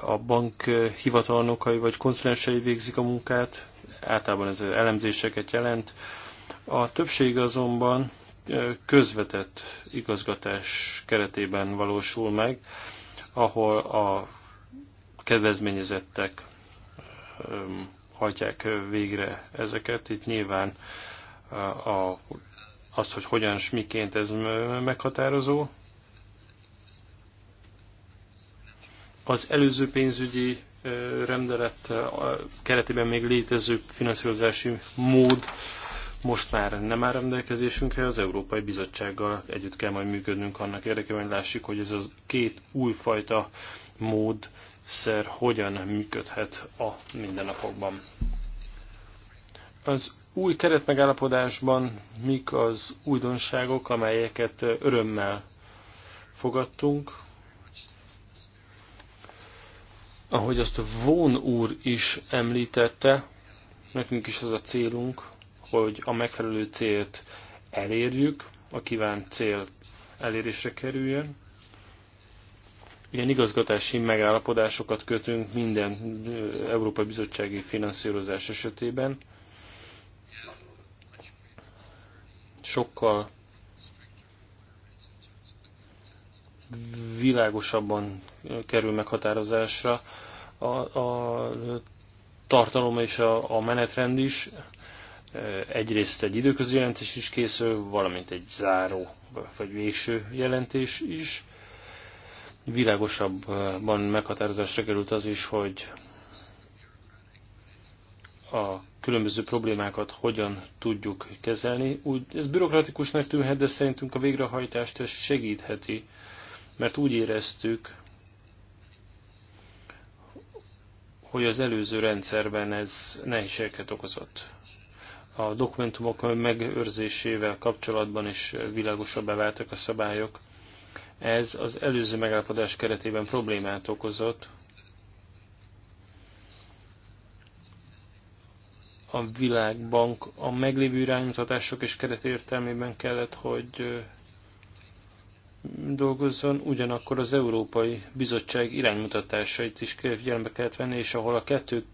a bank hivatalnokai vagy konszulensei végzik a munkát, általában ez elemzéseket jelent. A többség azonban közvetett igazgatás keretében valósul meg, ahol a kedvezményezettek hajtják végre ezeket. Itt nyilván a, az, hogy hogyan és miként ez meghatározó. Az előző pénzügyi rendelet keretében még létező finanszírozási mód most már nem áll rendelkezésünkre, az Európai Bizottsággal együtt kell majd működnünk annak érdekében, hogy lássuk, hogy ez a két újfajta módszer hogyan működhet a mindennapokban. Az új keretmegállapodásban mik az újdonságok, amelyeket örömmel fogadtunk, ahogy azt Vón úr is említette, nekünk is az a célunk, hogy a megfelelő célt elérjük, a kívánt cél elérésre kerüljön. Ilyen igazgatási megállapodásokat kötünk minden Európai Bizottsági finanszírozás esetében. Sokkal világosabban kerül meghatározásra a, a tartalom és a, a menetrend is, egyrészt egy időközi jelentés is készül, valamint egy záró vagy végső jelentés is. Világosabban meghatározásra került az is, hogy a különböző problémákat hogyan tudjuk kezelni. Úgy, ez bürokratikusnak tűnhet, de szerintünk a végrehajtást ez segítheti, mert úgy éreztük, hogy az előző rendszerben ez nehézségeket okozott a dokumentumok megőrzésével kapcsolatban is világosabbá váltak a szabályok. Ez az előző megállapodás keretében problémát okozott. A világbank a meglévő irányutatások és keretértelmében kellett, hogy dolgozzon, ugyanakkor az Európai Bizottság iránymutatásait is figyelembe kellett venni, és ahol a kettő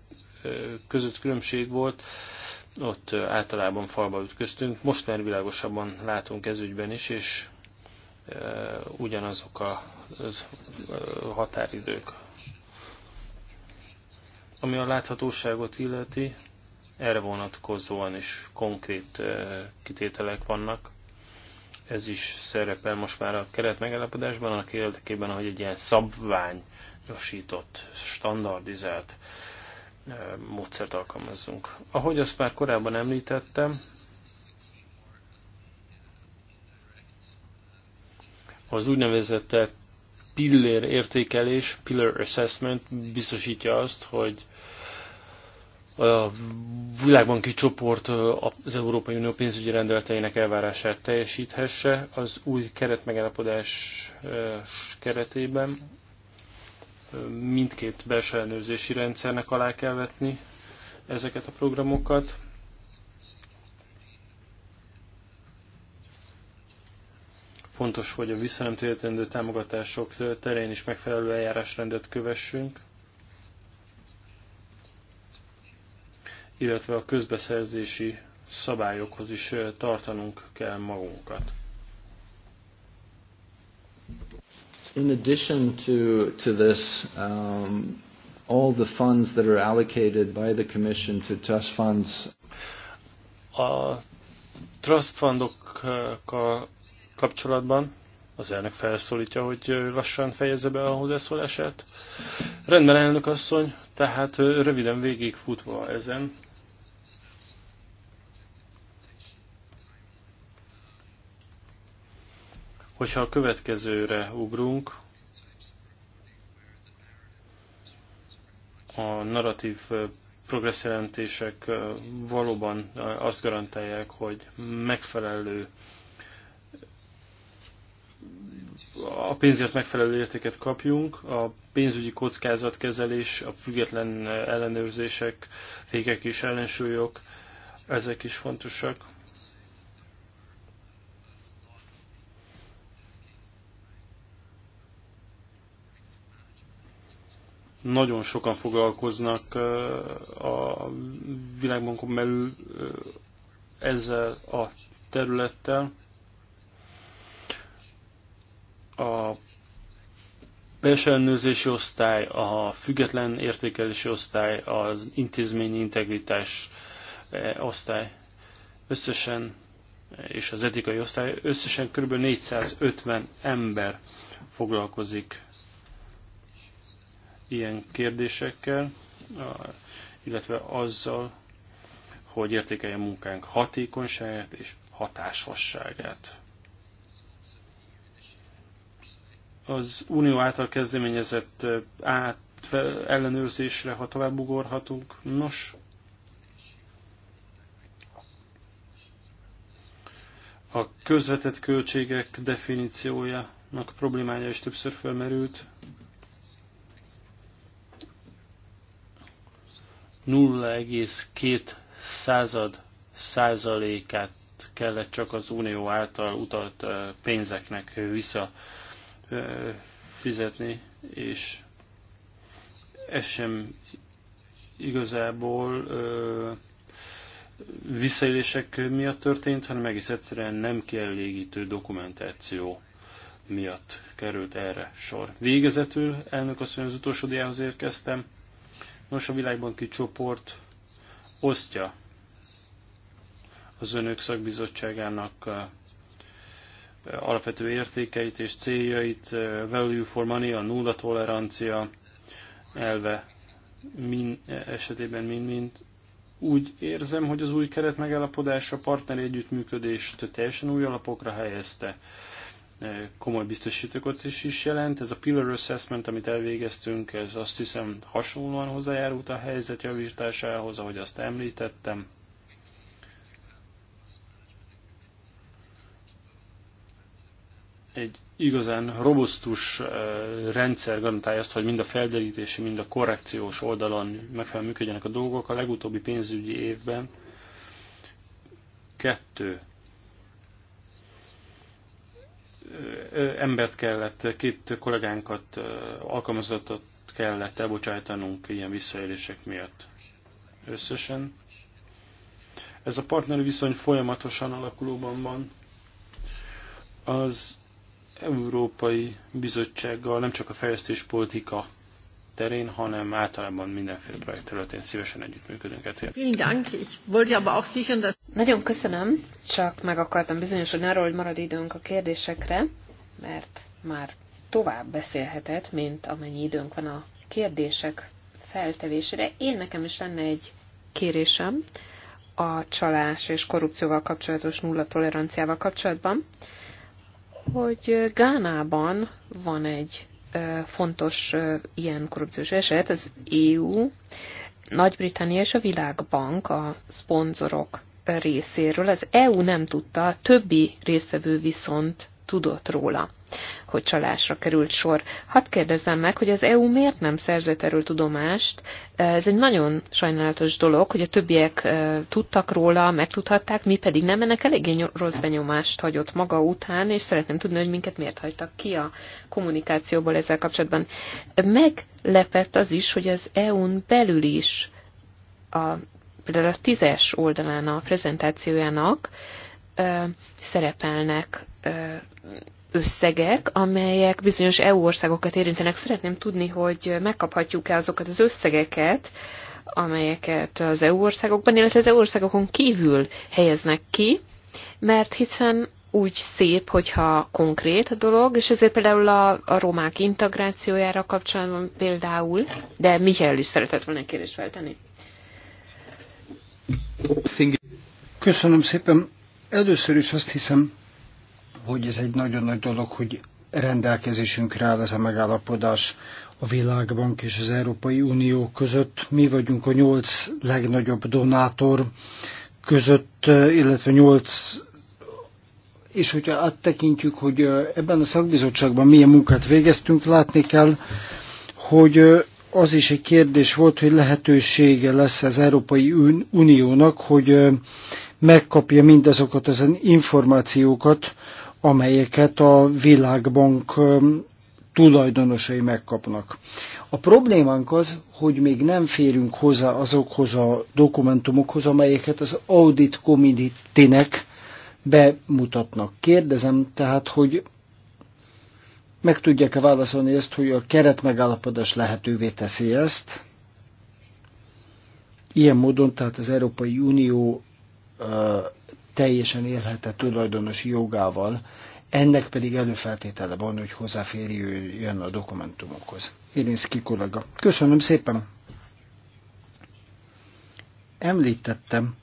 között különbség volt, ott általában falba ütköztünk. Most már világosabban látunk ezügyben is, és ugyanazok a határidők. Ami a láthatóságot illeti, erre vonatkozóan is konkrét kitételek vannak. Ez is szerepel most már a keret megállapodásban, annak érdekében, hogy egy ilyen szabványosított, standardizált módszert alkalmazzunk. Ahogy azt már korábban említettem, az úgynevezett pillér értékelés, pillar assessment biztosítja azt, hogy a világbanki csoport az Európai Unió pénzügyi rendeleteinek elvárását teljesíthesse az új keretmegállapodás keretében, mindkét belső ellenőrzési rendszernek alá kell vetni ezeket a programokat. Fontos, hogy a visszanemtérítendő támogatások terén is megfelelő eljárásrendet kövessünk, illetve a közbeszerzési szabályokhoz is tartanunk kell magunkat. in addition to, to this, um, all the funds that are allocated by the Commission to trust funds. A trust fundokkal kapcsolatban az elnök felszólítja, hogy lassan fejezze be a hozzászólását. Rendben, elnök asszony, tehát röviden végig futva ezen, Hogyha a következőre ugrunk, a narratív progressz jelentések valóban azt garantálják, hogy megfelelő a pénzért megfelelő értéket kapjunk, a pénzügyi kockázatkezelés, a független ellenőrzések, fékek és ellensúlyok, ezek is fontosak. Nagyon sokan foglalkoznak a világbankon belül ezzel a területtel. A belső osztály, a független értékelési osztály, az intézményi integritás osztály összesen, és az etikai osztály összesen kb. 450 ember foglalkozik ilyen kérdésekkel, illetve azzal, hogy értékelje munkánk hatékonyságát és hatásosságát. Az Unió által kezdeményezett át ellenőrzésre, ha tovább ugorhatunk, nos, a közvetett költségek definíciójának problémája is többször felmerült, 0,2 század százalékát kellett csak az unió által utalt pénzeknek visszafizetni, és ez sem igazából visszaélések miatt történt, hanem egész egyszerűen nem kielégítő dokumentáció miatt került erre sor. Végezetül, elnök asszony, az utolsó diához érkeztem, Nos, a világbanki csoport osztja az önök szakbizottságának alapvető értékeit és céljait, value for money, a nulla tolerancia elve min, e, esetében mind-mind. Úgy érzem, hogy az új keret megállapodása a partneri együttműködést teljesen új alapokra helyezte komoly biztosítókat is, is jelent. Ez a pillar assessment, amit elvégeztünk, ez azt hiszem hasonlóan hozzájárult a helyzet javításához, ahogy azt említettem. Egy igazán robusztus rendszer garantálja azt, hogy mind a felderítési, mind a korrekciós oldalon megfelelően működjenek a dolgok. A legutóbbi pénzügyi évben kettő embert kellett, két kollégánkat, alkalmazottat kellett elbocsájtanunk ilyen visszaélések miatt összesen. Ez a partneri viszony folyamatosan alakulóban van. Az Európai Bizottsággal nem csak a fejlesztéspolitika terén, hanem általában mindenféle projekt területén szívesen együttműködünk. Nagyon köszönöm, csak meg akartam bizonyosodni arról, hogy marad időnk a kérdésekre, mert már tovább beszélhetett, mint amennyi időnk van a kérdések feltevésére. Én nekem is lenne egy kérésem a csalás és korrupcióval kapcsolatos nulla toleranciával kapcsolatban, hogy Gánában van egy fontos ilyen korrupciós eset, az EU, Nagy-Britannia és a Világbank a szponzorok részéről. Az EU nem tudta, a többi részvevő viszont tudott róla hogy csalásra került sor. Hadd kérdezzem meg, hogy az EU miért nem szerzett erről tudomást? Ez egy nagyon sajnálatos dolog, hogy a többiek tudtak róla, megtudhatták, mi pedig nem, ennek eléggé rossz benyomást hagyott maga után, és szeretném tudni, hogy minket miért hagytak ki a kommunikációból ezzel kapcsolatban. Meglepett az is, hogy az EU-n belül is a, például a tízes oldalán a prezentációjának ö, szerepelnek ö, összegek, amelyek bizonyos EU országokat érintenek. Szeretném tudni, hogy megkaphatjuk-e azokat az összegeket, amelyeket az EU országokban, illetve az EU országokon kívül helyeznek ki, mert hiszen úgy szép, hogyha konkrét a dolog, és ezért például a, a romák integrációjára kapcsolatban például, de Michael is szeretett volna kérdést feltenni. Köszönöm szépen. Először is azt hiszem, hogy ez egy nagyon nagy dolog, hogy rendelkezésünkre áll ez a megállapodás a Világbank és az Európai Unió között. Mi vagyunk a nyolc legnagyobb donátor között, illetve nyolc és hogyha áttekintjük, hogy ebben a szakbizottságban milyen munkát végeztünk, látni kell, hogy az is egy kérdés volt, hogy lehetősége lesz az Európai Uniónak, hogy megkapja mindazokat az információkat, amelyeket a Világbank tulajdonosai megkapnak. A problémánk az, hogy még nem férünk hozzá azokhoz a dokumentumokhoz, amelyeket az audit committee-nek bemutatnak. Kérdezem tehát, hogy meg tudják-e válaszolni ezt, hogy a keretmegállapodás lehetővé teszi ezt. Ilyen módon tehát az Európai Unió teljesen élhetett tulajdonosi jogával, ennek pedig előfeltétele van, hogy hozzáférjön a dokumentumokhoz. Irinszki kollega. Köszönöm szépen! Említettem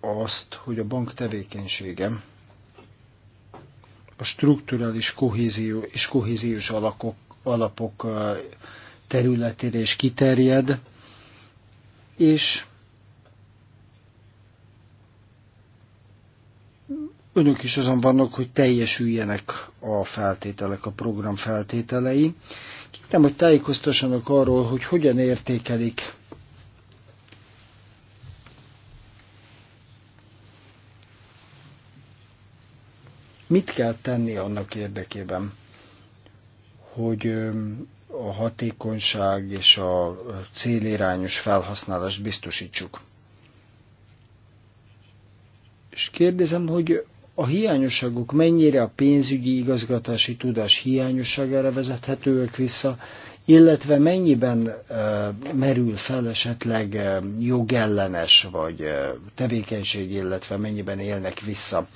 azt, hogy a bank tevékenysége, a strukturális kohézió és kohéziós alakok, alapok területére is kiterjed, és Önök is azon vannak, hogy teljesüljenek a feltételek, a program feltételei. Kérem, hogy tájékoztassanak arról, hogy hogyan értékelik Mit kell tenni annak érdekében, hogy a hatékonyság és a célirányos felhasználást biztosítsuk? És kérdezem, hogy a hiányosságok mennyire a pénzügyi igazgatási tudás hiányosságára vezethetőek vissza, illetve mennyiben e, merül fel esetleg e, jogellenes vagy e, tevékenység, illetve mennyiben élnek vissza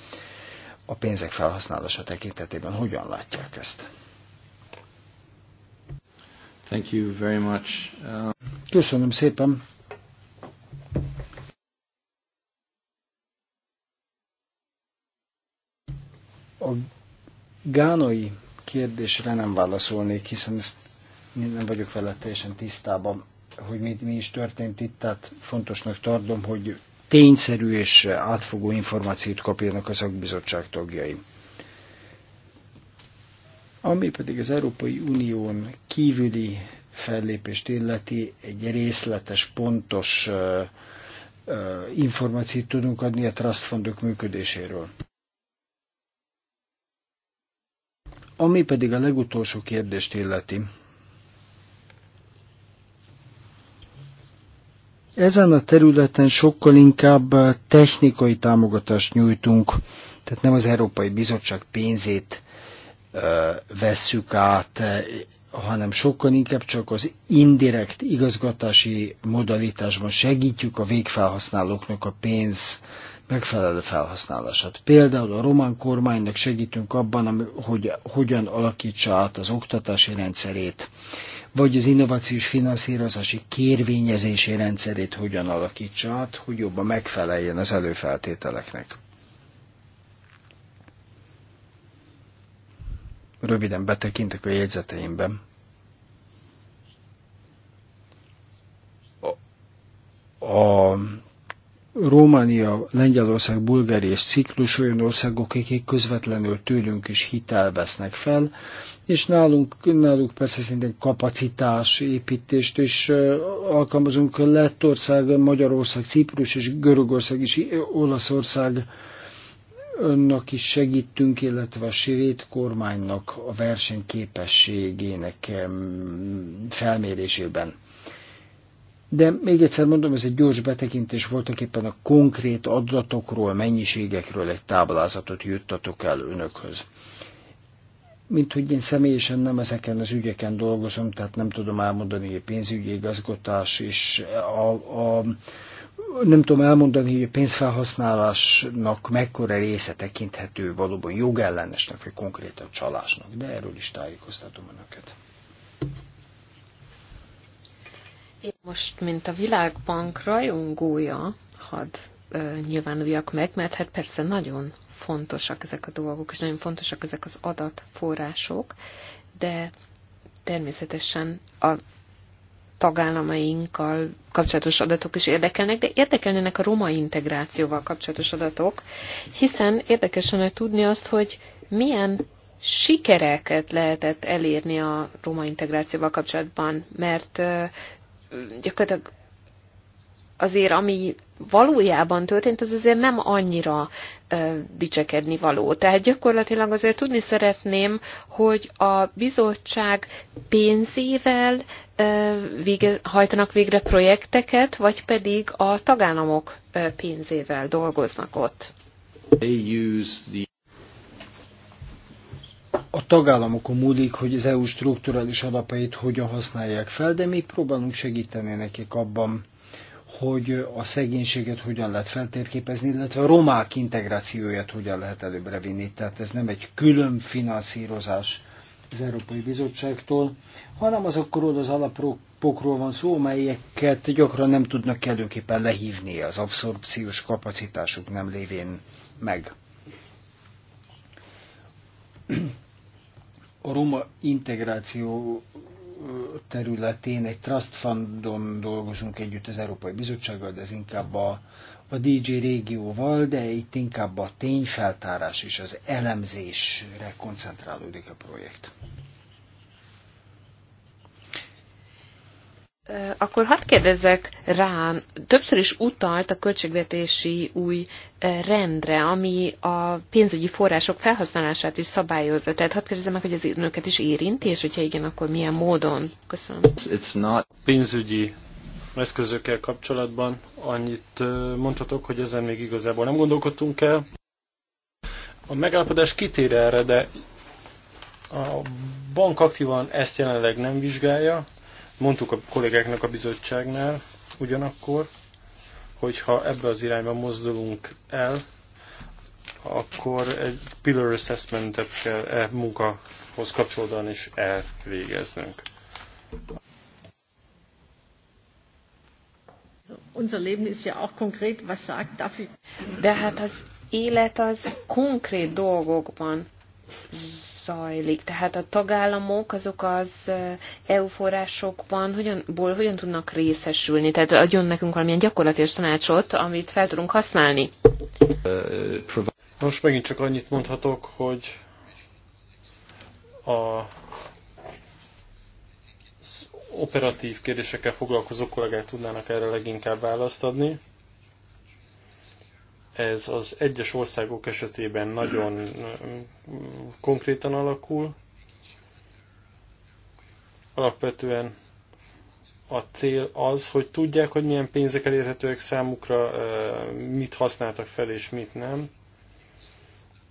a pénzek felhasználása tekintetében. Hogyan látják ezt? Thank you very much. Uh... Köszönöm szépen. A gánoi kérdésre nem válaszolnék, hiszen ezt nem vagyok vele teljesen tisztában, hogy mi, mi is történt itt, tehát fontosnak tartom, hogy tényszerű és átfogó információt kapjanak a szakbizottság tagjai. Ami pedig az Európai Unión kívüli fellépést illeti, egy részletes, pontos uh, uh, információt tudunk adni a trust működéséről. Ami pedig a legutolsó kérdést illeti. Ezen a területen sokkal inkább technikai támogatást nyújtunk, tehát nem az Európai Bizottság pénzét vesszük át, hanem sokkal inkább csak az indirekt igazgatási modalitásban segítjük a végfelhasználóknak a pénz megfelelő felhasználását. Például a román kormánynak segítünk abban, hogy hogyan alakítsa át az oktatási rendszerét, vagy az innovációs finanszírozási kérvényezési rendszerét hogyan alakítsa át, hogy jobban megfeleljen az előfeltételeknek. Röviden betekintek a jegyzeteimben. A, a Románia, Lengyelország, Bulgária és Ciklus olyan országok, akik közvetlenül tőlünk is hitel vesznek fel, és nálunk, náluk persze szintén kapacitás építést is alkalmazunk. Lettország, Magyarország, Ciprus és Görögország és Olaszország önnek is segítünk, illetve a svéd kormánynak a versenyképességének felmérésében. De még egyszer mondom, ez egy gyors betekintés voltak éppen a konkrét adatokról, mennyiségekről egy táblázatot juttatok el önökhöz. Mint hogy én személyesen nem ezeken az ügyeken dolgozom, tehát nem tudom elmondani, hogy pénzügyi igazgatás és a, a, nem tudom elmondani, hogy a pénzfelhasználásnak mekkora része tekinthető valóban jogellenesnek, vagy konkrétan csalásnak, de erről is tájékoztatom önöket. Én most, mint a Világbank rajongója, hadd ö, nyilvánuljak meg, mert hát persze nagyon fontosak ezek a dolgok, és nagyon fontosak ezek az adatforrások, de természetesen a tagállamainkkal kapcsolatos adatok is érdekelnek, de érdekelnének a roma integrációval kapcsolatos adatok, hiszen érdekes lenne tudni azt, hogy milyen sikereket lehetett elérni a roma integrációval kapcsolatban, mert gyakorlatilag azért, ami valójában történt, az azért nem annyira ö, dicsekedni való. Tehát gyakorlatilag azért tudni szeretném, hogy a bizottság pénzével ö, vége, hajtanak végre projekteket, vagy pedig a tagállamok ö, pénzével dolgoznak ott a tagállamokon múlik, hogy az EU strukturális alapait hogyan használják fel, de mi próbálunk segíteni nekik abban, hogy a szegénységet hogyan lehet feltérképezni, illetve a romák integrációját hogyan lehet előbbre vinni. Tehát ez nem egy külön finanszírozás az Európai Bizottságtól, hanem azokról az alapokról van szó, melyeket gyakran nem tudnak kellőképpen lehívni az abszorpciós kapacitásuk nem lévén meg a roma integráció területén egy trust fundon dolgozunk együtt az Európai Bizottsággal, de ez inkább a, a DJ régióval, de itt inkább a tényfeltárás és az elemzésre koncentrálódik a projekt. Akkor hadd kérdezzek rá, többször is utalt a költségvetési új rendre, ami a pénzügyi források felhasználását is szabályozza. Tehát hadd kérdezzem meg, hogy az önöket is érinti, és hogyha igen, akkor milyen módon? Köszönöm. It's not... Pénzügyi eszközökkel kapcsolatban annyit mondhatok, hogy ezen még igazából nem gondolkodtunk el. A megállapodás kitér erre, de a bank aktívan ezt jelenleg nem vizsgálja, mondtuk a kollégáknak a bizottságnál, ugyanakkor, hogyha ebbe az irányba mozdulunk el, akkor egy pillar assessment-et kell e munkahoz kapcsolódóan is elvégeznünk. Unser Leben ist ja auch konkret, was sagt dafür. De hát az élet az konkrét dolgokban zajlik? Tehát a tagállamok azok az EU forrásokban hogyan, ból hogyan tudnak részesülni? Tehát adjon nekünk valamilyen gyakorlatilag tanácsot, amit fel tudunk használni. Most megint csak annyit mondhatok, hogy a operatív kérdésekkel foglalkozó kollégák tudnának erre leginkább választ adni ez az egyes országok esetében nagyon mm, konkrétan alakul. Alapvetően a cél az, hogy tudják, hogy milyen pénzek elérhetőek számukra, mit használtak fel és mit nem,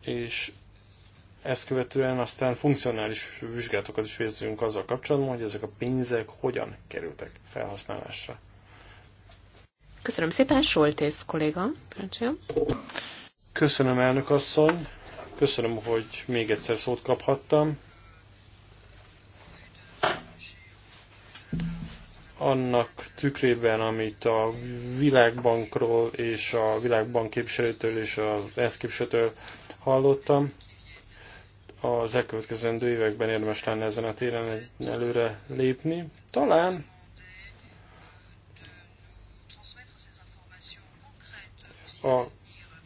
és ezt követően aztán funkcionális vizsgálatokat is végzünk azzal kapcsolatban, hogy ezek a pénzek hogyan kerültek felhasználásra. Köszönöm szépen, Soltész kolléga. Parancsoljon. Köszönöm, elnök asszony. Köszönöm, hogy még egyszer szót kaphattam. Annak tükrében, amit a Világbankról és a Világbank képviselőtől és az ENSZ képviselőtől hallottam, az elkövetkezendő években érdemes lenne ezen a téren előre lépni. Talán a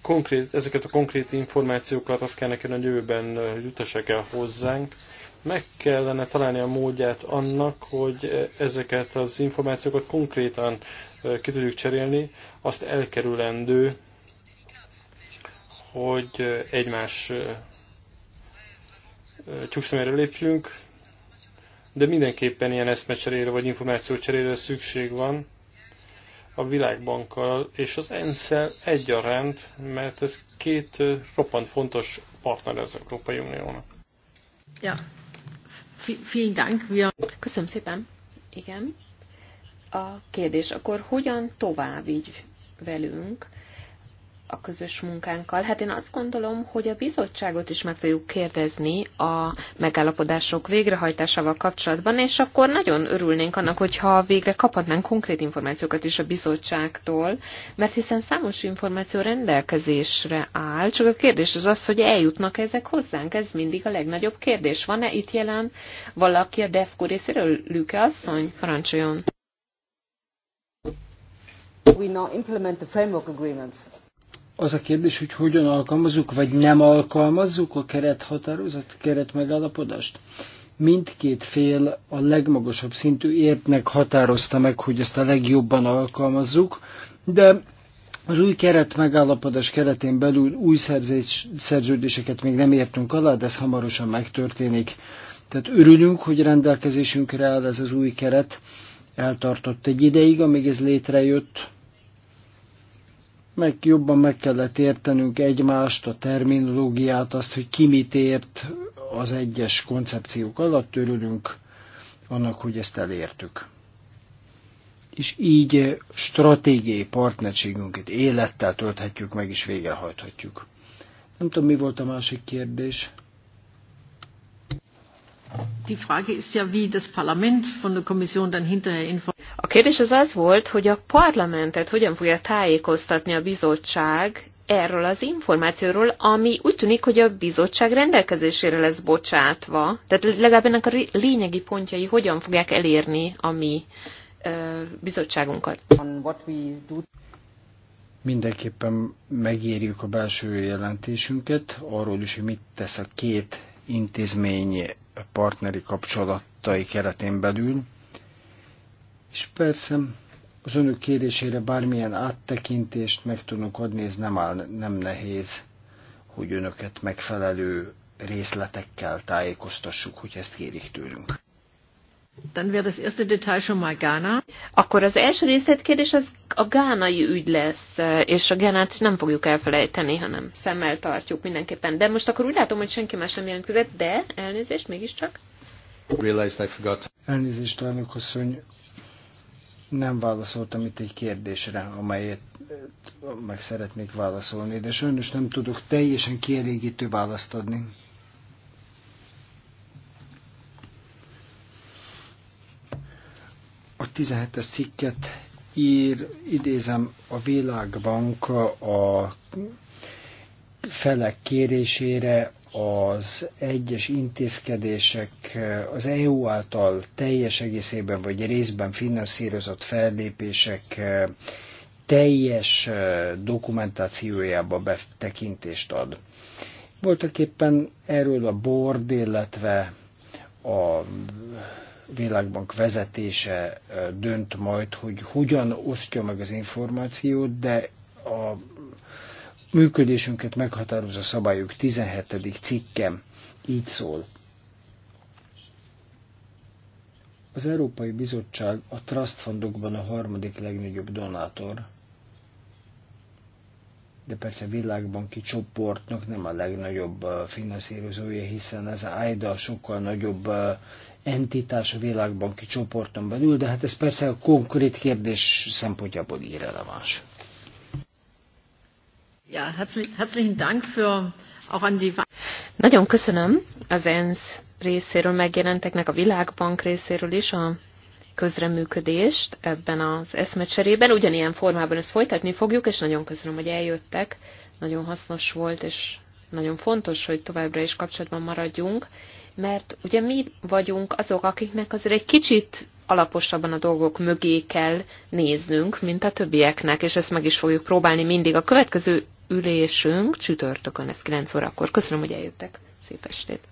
konkrét, ezeket a konkrét információkat azt kellene kellene, a jövőben jutassák el hozzánk. Meg kellene találni a módját annak, hogy ezeket az információkat konkrétan ki tudjuk cserélni, azt elkerülendő, hogy egymás tyúkszemére lépjünk, de mindenképpen ilyen eszmecserére vagy információcserére szükség van, a Világbankkal és az ensz egyaránt, mert ez két roppant fontos partner az Európai Uniónak. Ja, vielen Dank. Köszönöm szépen. Igen. A kérdés akkor hogyan tovább így velünk? a közös munkánkkal. Hát én azt gondolom, hogy a bizottságot is meg fogjuk kérdezni a megállapodások végrehajtásával kapcsolatban, és akkor nagyon örülnénk annak, hogyha végre kaphatnánk konkrét információkat is a bizottságtól, mert hiszen számos információ rendelkezésre áll, csak a kérdés az az, hogy eljutnak ezek hozzánk. Ez mindig a legnagyobb kérdés. Van-e itt jelen valaki a DEFCO részéről? Lüke asszony, parancsoljon! We now implement the framework agreements az a kérdés, hogy hogyan alkalmazzuk, vagy nem alkalmazzuk a kerethatározat, keretmegállapodást. Mindkét fél a legmagasabb szintű értnek határozta meg, hogy ezt a legjobban alkalmazzuk, de az új keret megállapodás keretén belül új szerződéseket még nem értünk alá, de ez hamarosan megtörténik. Tehát örülünk, hogy rendelkezésünkre áll ez az új keret. Eltartott egy ideig, amíg ez létrejött, meg jobban meg kellett értenünk egymást, a terminológiát, azt, hogy ki mit ért az egyes koncepciók alatt, örülünk annak, hogy ezt elértük. És így stratégiai partnerségünket élettel tölthetjük meg és végrehajthatjuk. Nem tudom, mi volt a másik kérdés. Die Frage ist ja, wie das Parlament von der Kommission dann hinterher informiert. A kérdés az az volt, hogy a parlamentet hogyan fogja tájékoztatni a bizottság erről az információról, ami úgy tűnik, hogy a bizottság rendelkezésére lesz bocsátva. Tehát legalább ennek a lényegi pontjai hogyan fogják elérni a mi bizottságunkat. Mindenképpen megírjuk a belső jelentésünket, arról is, hogy mit tesz a két intézmény partneri kapcsolatai keretén belül, és persze az önök kérésére bármilyen áttekintést meg tudunk adni, ez nem, áll, nem nehéz, hogy önöket megfelelő részletekkel tájékoztassuk, hogy ezt kérik tőlünk. Dann wäre das erste Detail schon mal Ghana. Akkor az első részletkérdés az a gánai ügy lesz, és a Gánát nem fogjuk elfelejteni, hanem szemmel tartjuk mindenképpen. De most akkor úgy látom, hogy senki más nem jelentkezett, de elnézést mégiscsak. Elnézést, elnök asszony, nem válaszoltam itt egy kérdésre, amelyet meg szeretnék válaszolni, de sajnos nem tudok teljesen kielégítő választ adni. A 17-es cikket ír, idézem, a Világbank a felek kérésére az egyes intézkedések az EU által teljes egészében vagy részben finanszírozott fellépések eh, teljes eh, dokumentációjába betekintést ad. Voltak éppen erről a board, illetve a világbank vezetése eh, dönt majd, hogy hogyan osztja meg az információt, de a működésünket meghatároz a szabályok 17. cikkem. Így szól. Az Európai Bizottság a Trust Fundokban a harmadik legnagyobb donátor, de persze világbanki csoportnak nem a legnagyobb finanszírozója, hiszen ez a AIDA sokkal nagyobb entitás a világbanki csoporton belül, de hát ez persze a konkrét kérdés szempontjából irreleváns. Ja, herzlichen Dank für auch an die... Nagyon köszönöm az ENSZ részéről megjelenteknek, a Világbank részéről is a közreműködést ebben az eszmecserében. Ugyanilyen formában ezt folytatni fogjuk, és nagyon köszönöm, hogy eljöttek. Nagyon hasznos volt, és nagyon fontos, hogy továbbra is kapcsolatban maradjunk, mert ugye mi vagyunk azok, akiknek azért egy kicsit alaposabban a dolgok mögé kell néznünk, mint a többieknek, és ezt meg is fogjuk próbálni mindig. A következő ülésünk csütörtökön, ez 9 órakor. Köszönöm, hogy eljöttek. Szép estét!